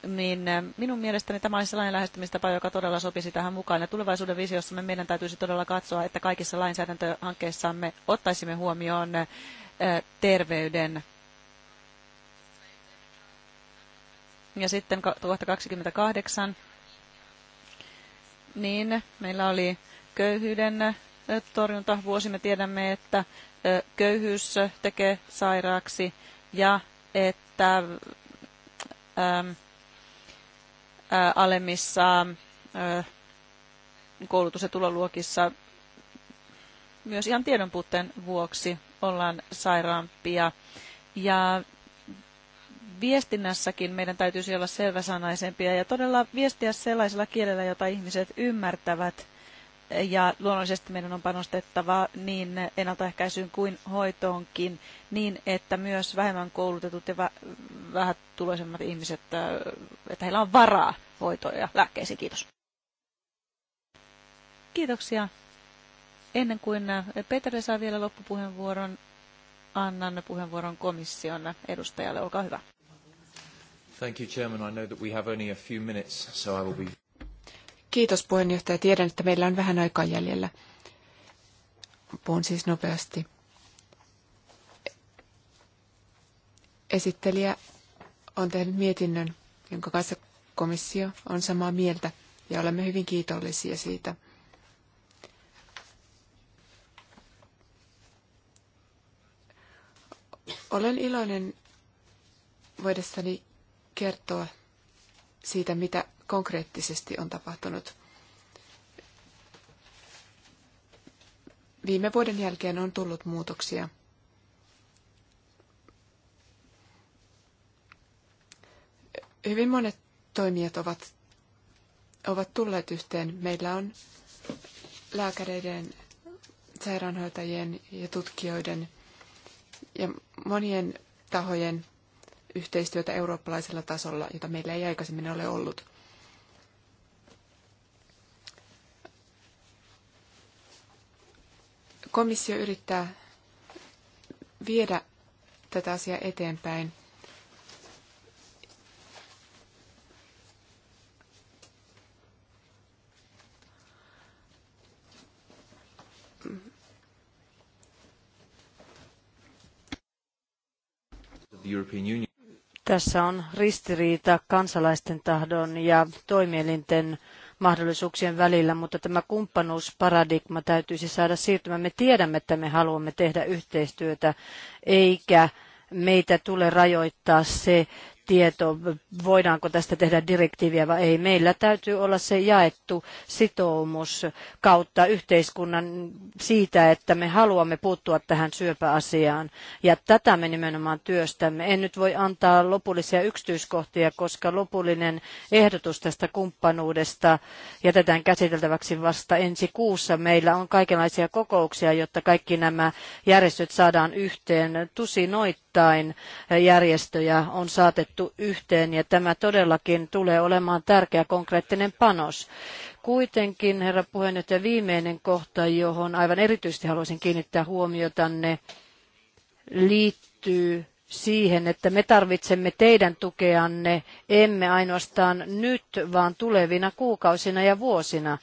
niin minun mielestäni tämä olisi sellainen lähestymistapa, joka todella sopisi tähän mukaan. Ja tulevaisuuden visiossa meidän täytyisi todella katsoa, että kaikissa lainsäädäntöhankkeissamme ottaisimme huomioon terveyden. Ja sitten 1028, niin meillä oli köyhyyden torjunta vuosi. Me tiedämme, että köyhyys tekee sairaaksi ja että alemmissa koulutus- ja tuloluokissa myös ihan tiedonpuutteen vuoksi ollaan sairaampia. Ja viestinnässäkin meidän täytyisi olla selväsanaisempia ja todella viestiä sellaisella kielellä, jota ihmiset ymmärtävät. Ja luonnollisesti meidän on panostettava niin ennaltaehkäisyyn kuin hoitoonkin, niin että myös vähemmän koulutetut ja tuloisemmat ihmiset, että heillä on varaa hoitoon ja lääkkeisiin. Kiitos. Kiitoksia Ennen kuin äh, Petteri saa vielä loppupuheenvuoron, annan puheenvuoron komission edustajalle. Olkaa hyvä. Thank you, Chairman. I know that we have only a few minutes, so I will be... Kiitos puheenjohtaja. Tiedän, että meillä on vähän aikaa jäljellä. Puhun siis nopeasti. Esittelijä on tehnyt mietinnön, jonka kanssa komissio on samaa mieltä, ja olemme hyvin kiitollisia siitä – Olen iloinen voidessani kertoa siitä, mitä konkreettisesti on tapahtunut. Viime vuoden jälkeen on tullut muutoksia. Hyvin monet toimijat ovat, ovat tulleet yhteen. Meillä on lääkäreiden, sairaanhoitajien ja tutkijoiden – ja monien tahojen yhteistyötä eurooppalaisella tasolla, jota meillä ei aikaisemmin ole ollut. Komissio yrittää viedä tätä asiaa eteenpäin Tässä on ristiriita kansalaisten tahdon ja toimielinten mahdollisuuksien välillä, mutta tämä kumppanuusparadigma täytyisi saada siirtymään. Me tiedämme, että me haluamme tehdä yhteistyötä, eikä meitä tule rajoittaa se tieto, voidaanko tästä tehdä direktiiviä vai ei. Meillä täytyy olla se jaettu sitoumus kautta yhteiskunnan siitä, että me haluamme puuttua tähän syöpäasiaan. Ja tätä me nimenomaan työstämme. En nyt voi antaa lopullisia yksityiskohtia, koska lopullinen ehdotus tästä kumppanuudesta jätetään käsiteltäväksi vasta ensi kuussa. Meillä on kaikenlaisia kokouksia, jotta kaikki nämä järjestöt saadaan yhteen. Tusinoittain järjestöjä on saatettu koottu yhteen ja tämä todellakin tulee olemaan tärkeä konkreettinen panos. Kuitenkin, herra puheenjohtaja, viimeinen kohta, johon aivan erityisesti haluaisin kiinnittää huomiotanne, liittyy siihen, että me tarvitsemme teidän tukeanne, emme ainoastaan nyt, vaan tulevina kuukausina ja vuosina.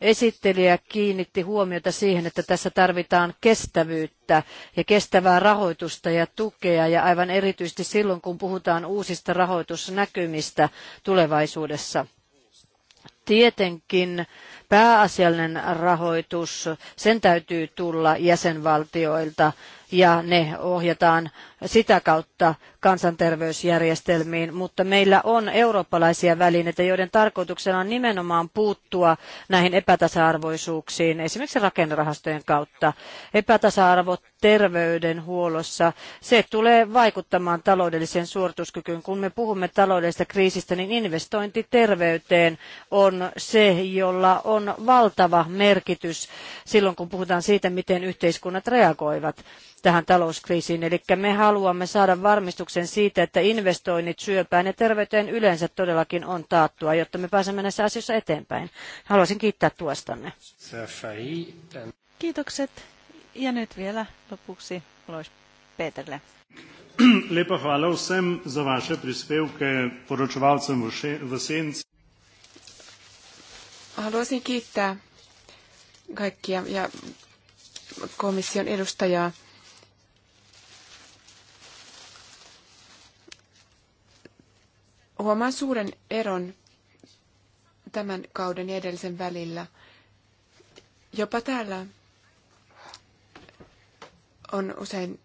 Esittelijä kiinnitti huomiota siihen, että tässä tarvitaan kestävyyttä ja kestävää rahoitusta ja tukea ja aivan erityisesti silloin, kun puhutaan uusista rahoitusnäkymistä tulevaisuudessa tietenkin pääasiallinen rahoitus, sen täytyy tulla jäsenvaltioilta ja ne ohjataan sitä kautta kansanterveysjärjestelmiin, mutta meillä on eurooppalaisia välineitä, joiden tarkoituksena on nimenomaan puuttua näihin epätasa-arvoisuuksiin, esimerkiksi rakennerahastojen kautta. epätasa arvo terveydenhuollossa, se tulee vaikuttamaan taloudelliseen suorituskykyyn. Kun me puhumme taloudellisesta kriisistä, niin investointi terveyteen on se, jolla on valtava merkitys silloin, kun puhutaan siitä, miten yhteiskunnat reagoivat tähän talouskriisiin. Eli me haluamme saada varmistuksen siitä, että investoinnit syöpään ja terveyteen yleensä todellakin on taattua, jotta me pääsemme näissä asioissa eteenpäin. Haluaisin kiittää tuestanne. Kiitokset. Ja nyt vielä lopuksi Lois Peterle. Lepa hvala vsem za vaše prispevke, poročevalcem v senci. Haluaisin kiittää kaikkia ja komission edustajaa Huomaan suuren eron tämän kauden ja edellisen välillä. Jopa täällä on usein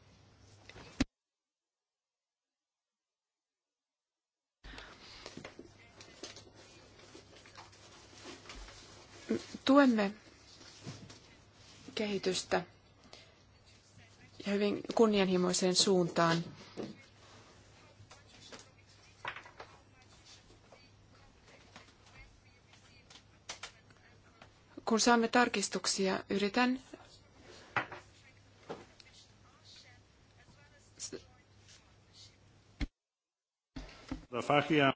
tuemme kehitystä ja hyvin kunnianhimoiseen suuntaan. kun saamme tarkistuksia, yritän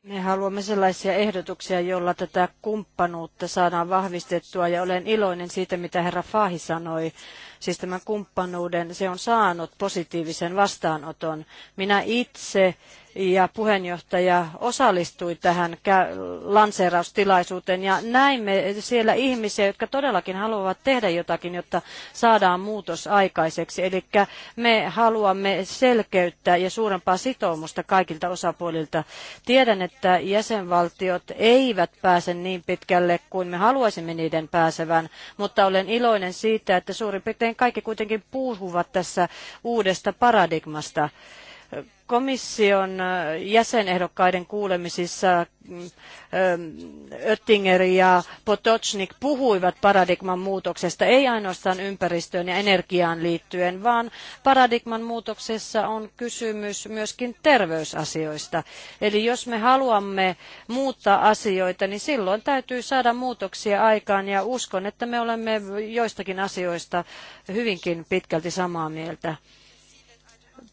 Me haluamme sellaisia ehdotuksia, joilla tätä kumppanuutta saadaan vahvistettua ja olen iloinen siitä, mitä herra Fahi sanoi siis tämän kumppanuuden, se on saanut positiivisen vastaanoton. Minä itse ja puheenjohtaja osallistui tähän lanseeraustilaisuuteen ja näimme siellä ihmisiä, jotka todellakin haluavat tehdä jotakin, jotta saadaan muutos aikaiseksi. Eli me haluamme selkeyttä ja suurempaa sitoumusta kaikilta osapuolilta. Tiedän, että jäsenvaltiot eivät pääse niin pitkälle kuin me haluaisimme niiden pääsevän, mutta olen iloinen siitä, että suurin piirtein Usein kaikki kuitenkin puhuvat tässä uudesta paradigmasta komission jäsenehdokkaiden kuulemisissa mm, Oettinger ja Potocnik puhuivat paradigman muutoksesta, ei ainoastaan ympäristöön ja energiaan liittyen, vaan paradigman muutoksessa on kysymys myöskin terveysasioista. Eli jos me haluamme muuttaa asioita, niin silloin täytyy saada muutoksia aikaan ja uskon, että me olemme joistakin asioista hyvinkin pitkälti samaa mieltä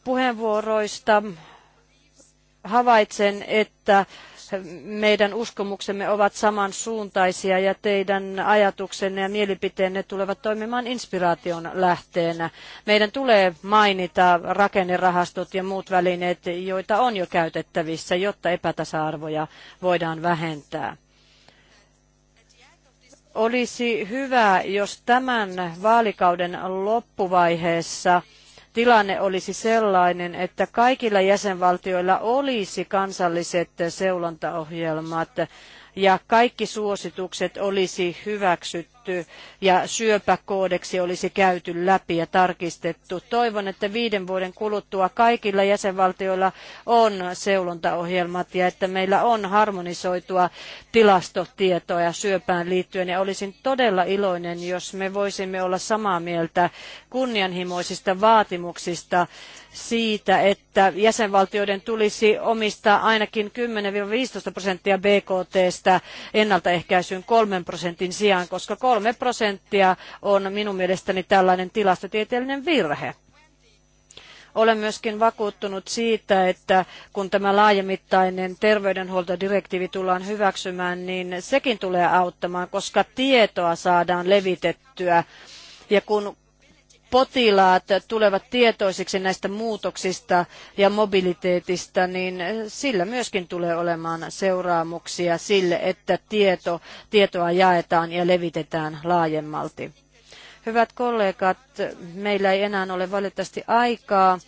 puheenvuoroista havaitsen, että meidän uskomuksemme ovat samansuuntaisia ja teidän ajatuksenne ja mielipiteenne tulevat toimimaan inspiraation lähteenä. Meidän tulee mainita rakennerahastot ja muut välineet, joita on jo käytettävissä, jotta epätasa-arvoja voidaan vähentää. Olisi hyvä, jos tämän vaalikauden loppuvaiheessa – tilanne olisi sellainen, että kaikilla jäsenvaltioilla olisi kansalliset seulontaohjelmat ja kaikki suositukset olisi hyväksytty tehty ja syöpäkoodeksi olisi käyty läpi ja tarkistettu. Toivon, että viiden vuoden kuluttua kaikilla jäsenvaltioilla on seulontaohjelmat ja että meillä on harmonisoitua tilastotietoa syöpään liittyen. Ja olisin todella iloinen, jos me voisimme olla samaa mieltä kunnianhimoisista vaatimuksista siitä, että jäsenvaltioiden tulisi omistaa ainakin 10-15 prosenttia BKTstä ennaltaehkäisyyn kolmen prosentin sijaan, koska Kolme prosenttia on minun mielestäni tällainen tilastotieteellinen virhe. Olen myöskin vakuuttunut siitä, että kun tämä laajamittainen terveydenhuoltodirektiivi tullaan hyväksymään, niin sekin tulee auttamaan, koska tietoa saadaan levitettyä. Ja kun potilaat tulevat tietoisiksi näistä muutoksista ja mobiliteetista, niin sillä myöskin tulee olemaan seuraamuksia sille, että tieto, tietoa jaetaan ja levitetään laajemmalti. Hyvät kollegat, meillä ei enää ole valitettavasti aikaa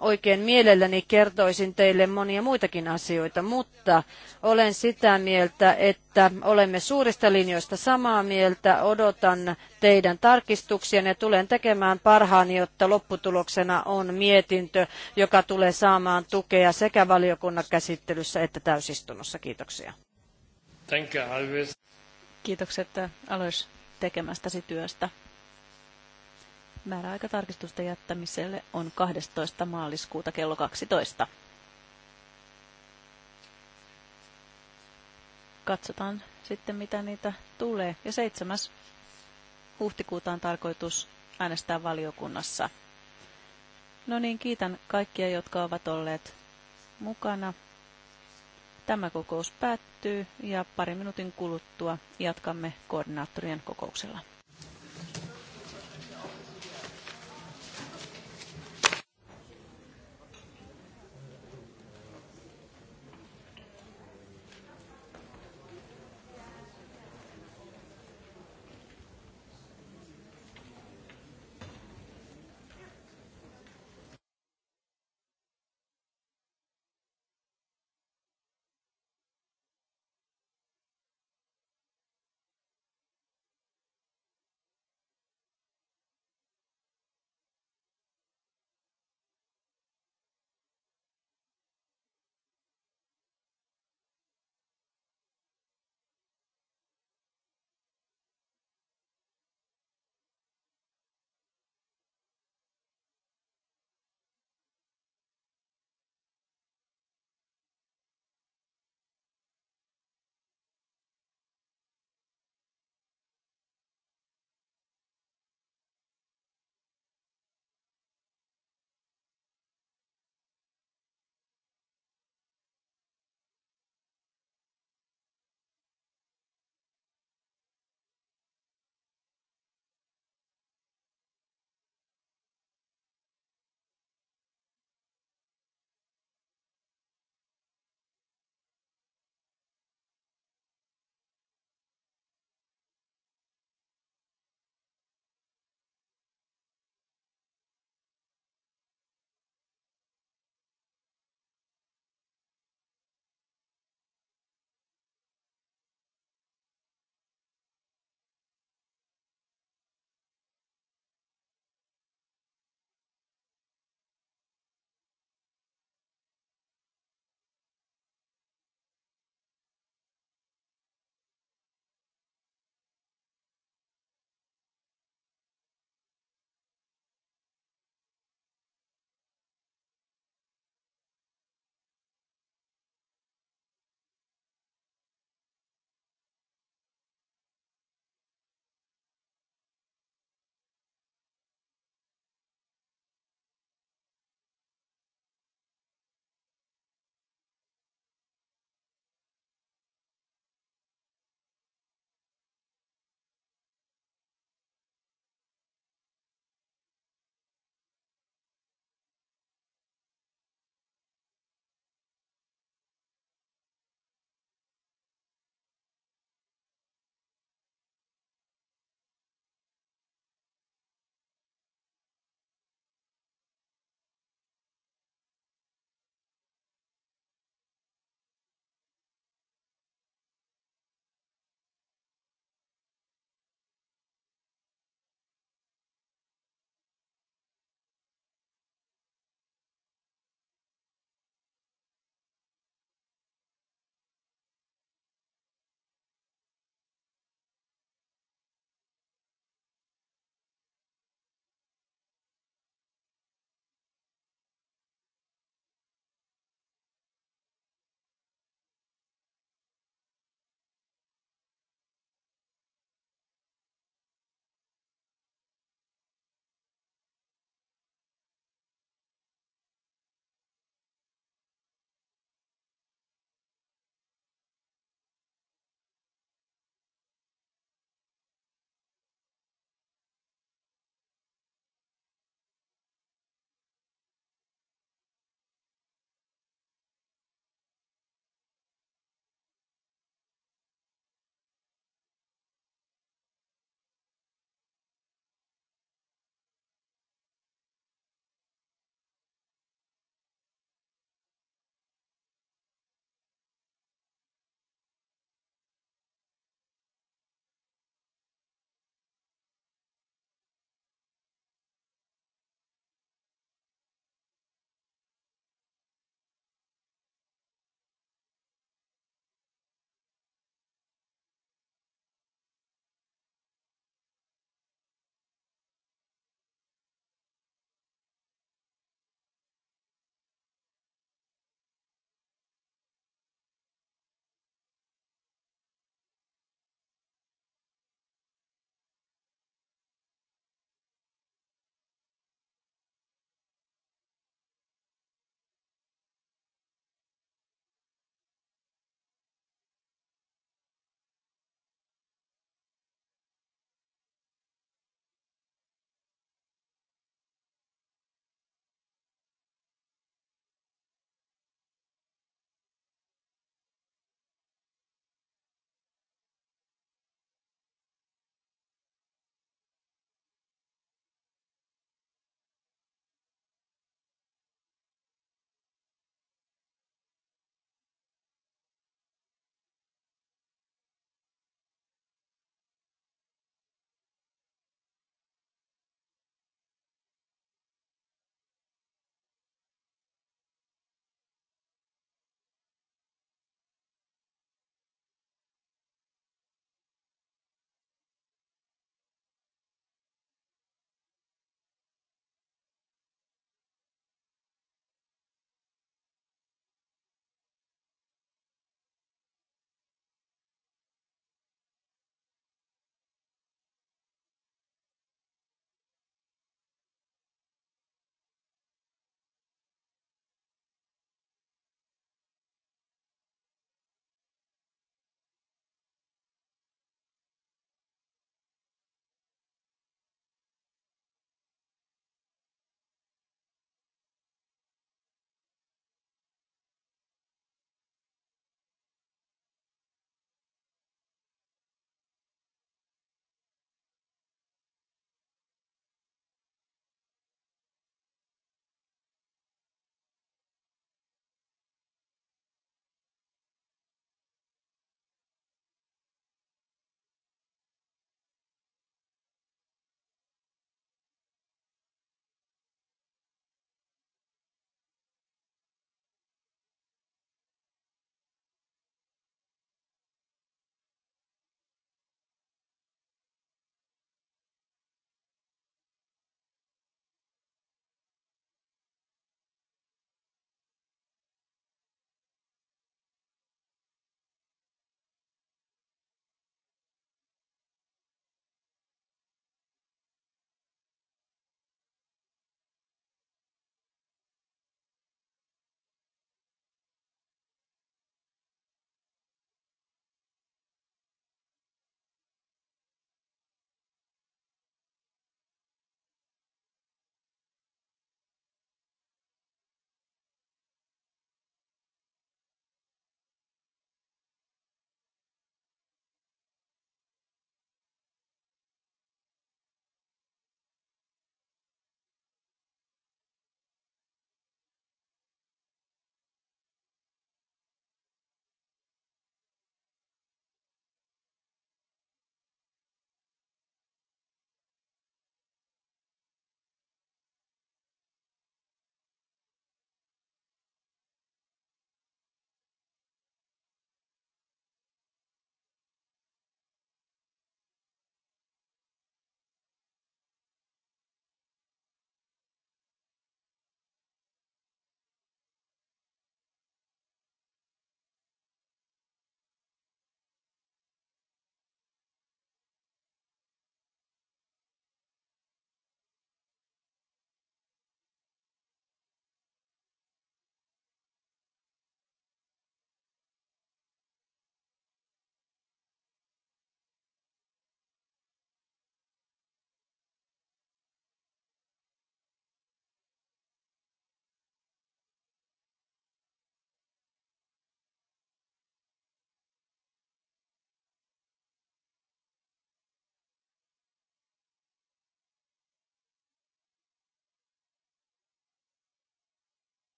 oikein mielelläni kertoisin teille monia muitakin asioita, mutta olen sitä mieltä, että olemme suurista linjoista samaa mieltä. Odotan teidän tarkistuksianne ja tulen tekemään parhaani, jotta lopputuloksena on mietintö, joka tulee saamaan tukea sekä valiokunnan käsittelyssä että täysistunnossa. Kiitoksia. Kiitokset Alois tekemästäsi työstä. Määräaika tarkistusten jättämiselle on 12. maaliskuuta kello 12. Katsotaan sitten, mitä niitä tulee. Ja 7. huhtikuuta on tarkoitus äänestää valiokunnassa. No niin, kiitän kaikkia, jotka ovat olleet mukana. Tämä kokous päättyy ja pari minuutin kuluttua jatkamme koordinaattorien kokouksella.